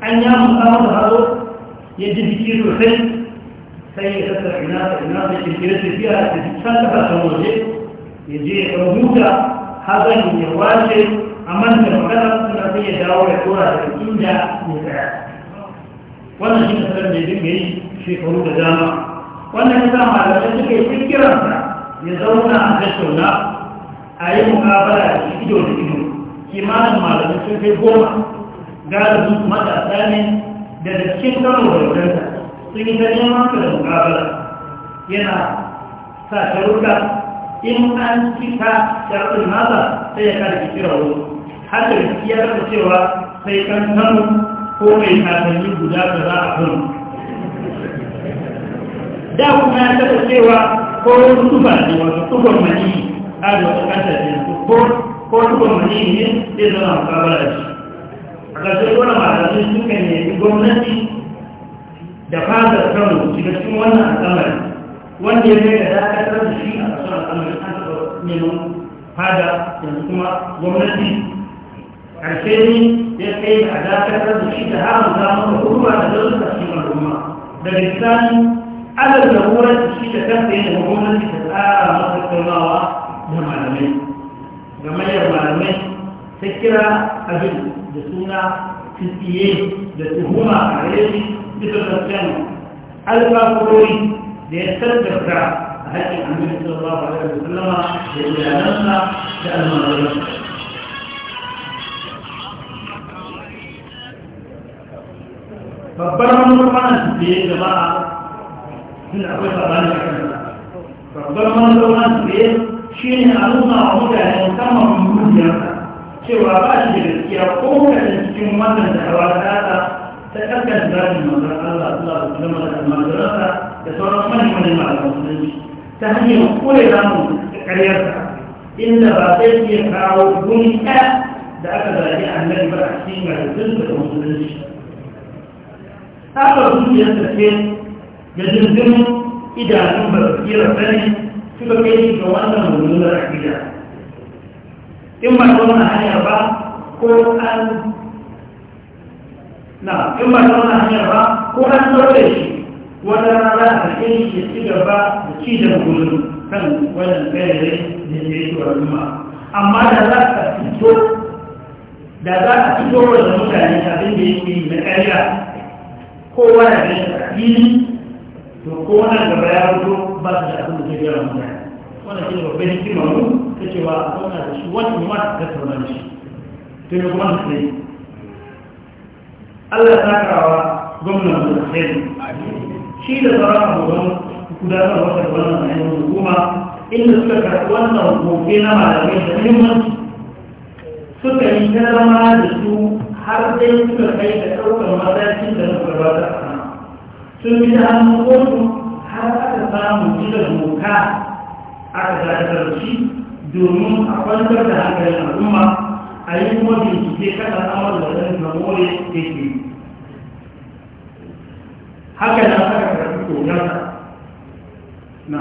an ya musa masa hazo ya ji jiki sosai sai ya tattara ina ta ina ta kirkira tafiya ta fi can waje ya je ya ɗau huta hazan ya wace amma da magana suna sai ya dawo da tura da inda ya tsaya wannan shi nasarar da yake yi shekaru da dama wannan ya sa malamai suka yi kiransa ya zauna a tattauna a yi mukabala da shi ido da ido kimanin malamai sun kai goma galibin kuma da tsani da da cikin kano da wadanta sun yi ta neman da mukabala yana sa sharuɗa in an cika sharuɗin nasa sai ya kada ki kira wasu haka ya zama cewa sai kan kano ko mai kasanni guda da za a kano da kuma ya taɓa cewa ko wani tufa ne wasu tufan mani a da wata kasa ne ko ko tufan mani ne zai zama mukabala shi a ƙarshe wani malamai suka nemi gwamnati da fadar kano shiga cikin wannan al'amari wanda ya kai da dakatar da shi a kasuwar al'amari an taɓa neman fada yanzu kuma gwamnati عشان يكيد عداك تدشي تهام زامن الحكومة تدل تحكيم الأمة بالإنسان على الضرورة تشي تكفي الحكومة التي تتآرى مصر الله جمالمين جمالية معلمين فكرة أجل بسنة تسيئين بسهومة عليه بتغسل الفاقروري ليستدفع هذه النبي صلى الله عليه وسلم لأننا سألنا الله babbar manufar ana tsaye jama'a tun akwai sabani a kan babbar manufar ana tsaye shi ne a nuna wa mutane musamman mutuwar cewa ba shi da gaskiya ko kasan cikin wannan da hawa ta ta ƙarƙar zafin mazan Allah Allah da kuma da almajiransa da sauran manyan malaman musulunci ta hanyar kore namun ƙaryarsa inda ba sai ke kawo gumi ɗaya da aka zage annabi ba a cikin garisun da musulunci haka zuciyar da ce da jirgin idanun basira bane suka kai shi ga wannan mummunar akida in ba ta wani hanyar ba ko an na in ba ta wani hanyar ba ko an sauke shi wata rana a cikin shi ya ci gaba da ci da gudun kan wannan kayayyar da ya yi wa zuma amma da za ka fito da za a fito wajen mutane abin da yi na ƙarya kowa na ne fili to kowa na gaba ya rubo ba su da abin da zai gyara mutane wannan shi ne babban hikima mu ta cewa a zauna da shi wani ma ta tattauna da shi to ne kuma su ne Allah ta karawa gwamnan mu da sai shi da sauran abubuwan gudanar wata da wannan ayyukan hukuma inda suka karɓi wannan koke na malamai da muhimmanci suka yi ta zama da su har dai suka kai da ɗaukar matakin da suka ba da sun bi da hannun kotu har aka samu a doka a zartarci domin a kwantar da hankalin al'umma a yi kuma bincike kan al'amar da wani more da ke haka na aka karfi kogarsa na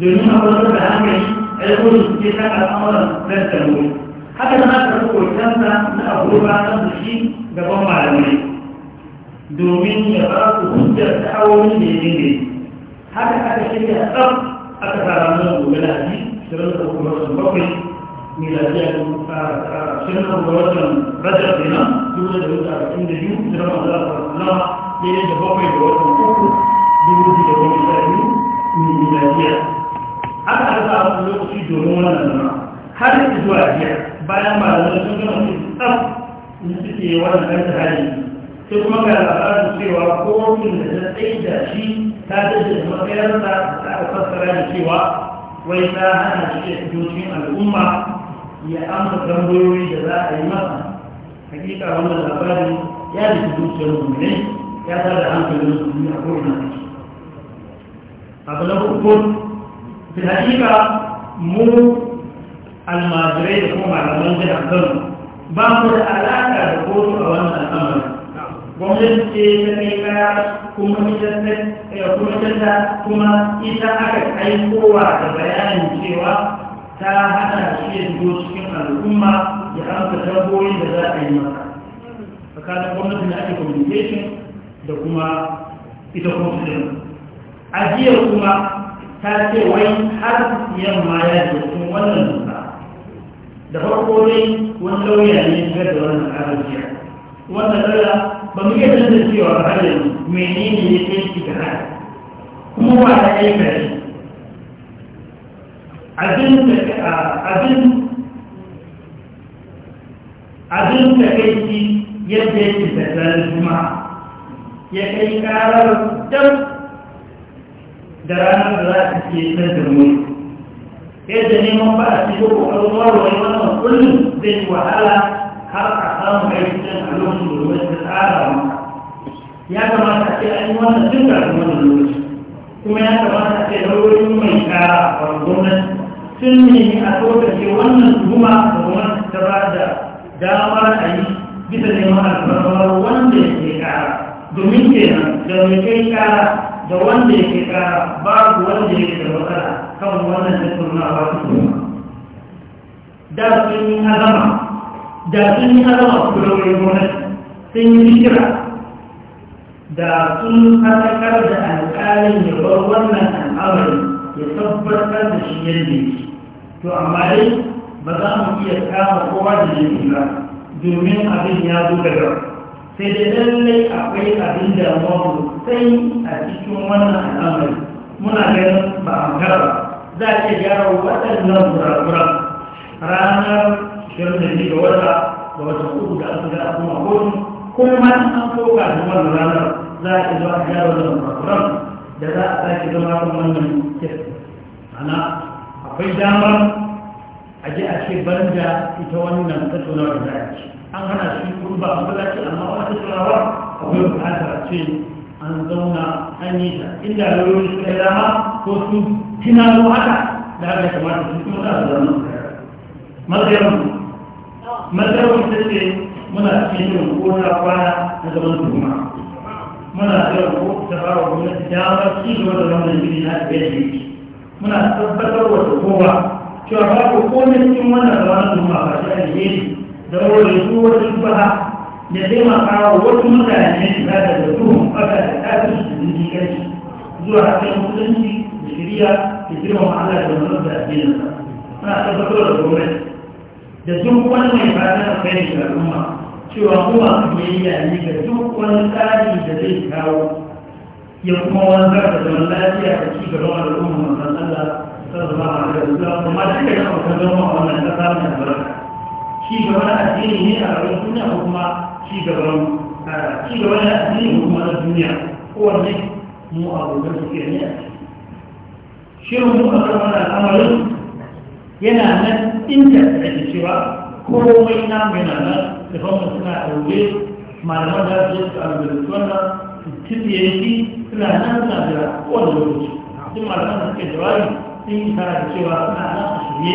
domin a kwantar da hankali a yi kuma bincike kan al'amar da more حتى ما تقول كنت من أبوه أعلم شيء بقوم معلومين دومين يقرأت حجة تحول من الإنجليز حتى حتى شيء أقرب أكثر من الأبوه شرطة أبوه بقي ميلادية شرطة أبوه رجع بنا دولة دولة أبوه جرم الله الله بين جهوه بقوه بقوه بقوه بقوه بقوه بقوه بقوه بقوه بقوه بقوه بقوه بقوه بقوه بقوه بقوه بقوه bayan malamai sun gama su tsaf in suke wani kan hali sai kuma ga labarin cewa kotun da ta tsaye da shi ta matsayar matsayarsa ta aka fassara da cewa wai ta hana shi ke fito al'umma ya amsa tambayoyi da za a yi masa hakika wanda labarin ya da zuciyar mummune ya ta da hankalin mummune a kowane ciki abu na hukun da hakika mu almajirai da kuma malaman jihar kano ba mu da alaƙa da kotu a wannan amurka gwamnati ce ta kai kaya kuma mijanta eh, kuma ita aka aikowa da bayanin cewa ta hana shi ya shigo cikin al'umma ya amsa tambayoyin da za a yi maka tsakanin gwamnati na ake communication da kuma ita kuma a ajiyar kuma ta ce wai har yamma ya ce cikin wannan duka da farko dai wani lauya ne ga da wannan arabiya wannan lauya ba mu iya sanin cewa a halin ne ya ke ci ga haka kuma ba da abin da kai shi yadda yake da tsarin juma'a ya kai karar dab da ranar da za ta ke da mulki yadda neman ba a cikin kokarin wani wannan kullum zai wahala har a samu aiki don a lokacin domin ta tsara maka ya kamata ce an yi wannan duk da wannan lokaci kuma ya kamata ce lauyoyin mai kara a gwamnati sun nemi a tsokace wannan tuhuma da gwamnati ta ba da damar a yi bisa neman alfarmar wanda ya ke kara domin kenan da mai kai kara da wanda ya ke kara babu wanda ya ke da matsala kawai wannan tattaunawa ta kuma da sun yi azama da sun yi azama su wani gwamnati sun yi shira da sun haɗakar da alƙalin ya bar wannan al'amari ya tabbatar da shi yadda yake to amma dai ba za mu iya kama kowa da yake ba domin abin ya zo daga sai da lallai akwai abin da mawa sai a cikin wannan al'amari muna ganin ba a ba za a iya gyara waɗannan kurakuran ranar 22 ga wata da wata uku da aka ga kuma kotu kuma in an koka da wannan ranar za a iya zuwa gyara wannan kurakuran da za a sake zama kan wannan ana akwai damar a ji a ce banda ita wannan tattaunawar da ake an hana shi kurba a kula ce amma wata tattaunawa akwai bukatar ce an zauna an yi ta inda lauyoyi suka dama ko su tunano haka da haka kamata su kuma za su zama matsayarmu matsayarmu ta ce muna cikin yin kona kwana na zaman tuhuma muna yawan ko ta fara gwamnati damar ci gaba da wannan gini na da yake muna tabbatar wa da kowa cewa babu komai cikin wannan zaman tuhuma ba shi alheri da wani ruwa da da taimaka wa wasu mutane shiga daga duhun ƙasa da kafin su zuci kashi zuwa hakan mutunci da shirya da girma Allah da wani da addininsa suna tabbatar da gwamnati da duk wani mai fatan alkhairi ga al'umma cewa kuma biyayya ne ga duk wani tsari da zai kawo ya kuma wanzar da zaman lafiya da ci gaban al'umma manzon Allah a alaihi wasallam kuma duka da abokan zama a wannan kasa mai albarka ci gaban addini ne a rayuwar duniya ko kuma ci gaban ci gaban na addini kuma na duniya kowane mu abokan tafiya ne a ciki shirin mu a kan yana nan inda ake cewa komai na mai na nan da kuma suna ɗauke malaman da su suka albarci wannan tafiye shi suna nan suna jira kowane lokaci duk malaman da suke jawabi sun yi tara da cewa suna nan a shirye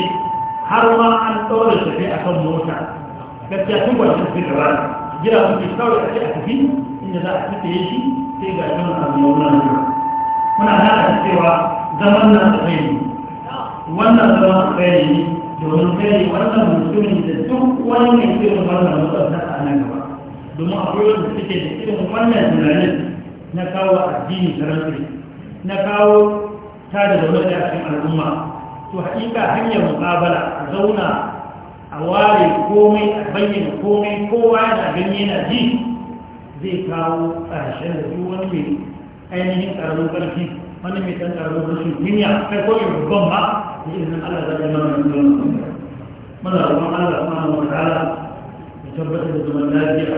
har ma an ɗaura shafi a kan mota gaskiya sun kwanci su jawabi jira suke kawai a ce a tafi inda za a fita ya shi sai ga shi wani abu yau nan muna hana cewa zaman nan tsaye ne wannan zaman a tsaye ne domin tsaye wannan ne da duk wani ne mai irin wannan matsalar a nan gaba domin akwai wanda suke da irin wannan tunanin na kawo addini sarari na kawo ta da zaune da cikin al'umma to haƙiƙa hanyar muƙabala zauna a ware komai a bayyana komai kowa yana gani yana ji zai kawo ƙarshen da duk wani mai ainihin ƙaramin ƙarfi wani mai ɗan ƙaramin rashin kunya kai ko mai babban ba da izinin Allah zai zama mai zuwa mana kuma Allah subhanahu wa ta'ala ya tabbatar da zaman lafiya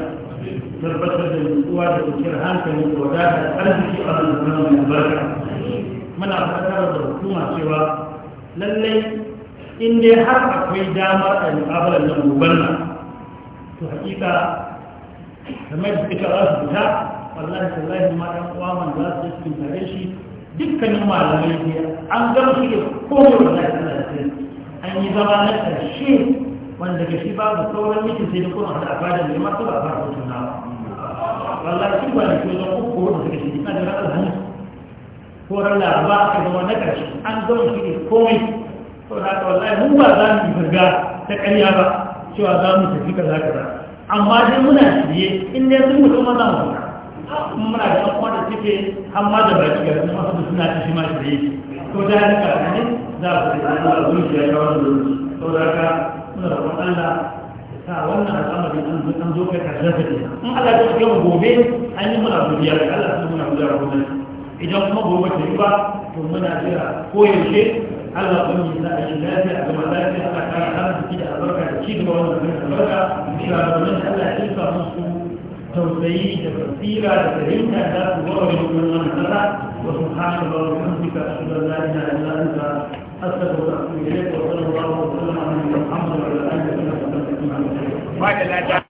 tabbatar da nutsuwa da kwanciyar hankali da wadata da arziki a wannan zaman mai albarka muna fatar da hukuma cewa lallai in har akwai damar a mu'amalar na gobanna to haƙiƙa, kamar da suka za su fita wallahi sallahi ma ɗan kwaman za su cikin tare shi dukkanin malamai ne an gama shi da komai wallahi sallahi an yi zama na ƙarshe wanda ga shi babu sauran mutum sai da kuma hada a fadar ne masu ba a fara suna ba wallahi shi ba da ke zama uku wanda suka shi ina da ranar hannu ko ran laraba aka zama na ƙarshe an gama shi da komai to da haka wallahi mu ba za mu firga ta ƙarya ba cewa za mu tafi kaza kaza amma dai muna shirye in dai sun mutum ma mu fita muna da abubuwa da suke An ma da baki ga kuma da suna ta shi ma shirye to da haka ne za ku da Allah zuciya ta wannan lokaci to da haka muna da Allah ta wannan al'amari an zo an zo kai ka ta ke in Allah ya kai mu gobe an yi muna godiya ga Allah sun muna godiya ga idan kuma gobe ta yi ba to muna jira ko yaushe Allah kun yi sa a yi lafiya da lafiya Allah kara kara da shi da albarka da ci gaba wanda zai albarka cewa domin Allah ya sa musu tausayi da basira da fahimta da su warware wannan matsala wa subhanallahi wa bihamdika ashhadu an la ilaha illa anta astaghfiruka wa atubu ilayk wa sallallahu alaihi wa sallam ala muhammad wa ala alihi wa sahbihi ajma'in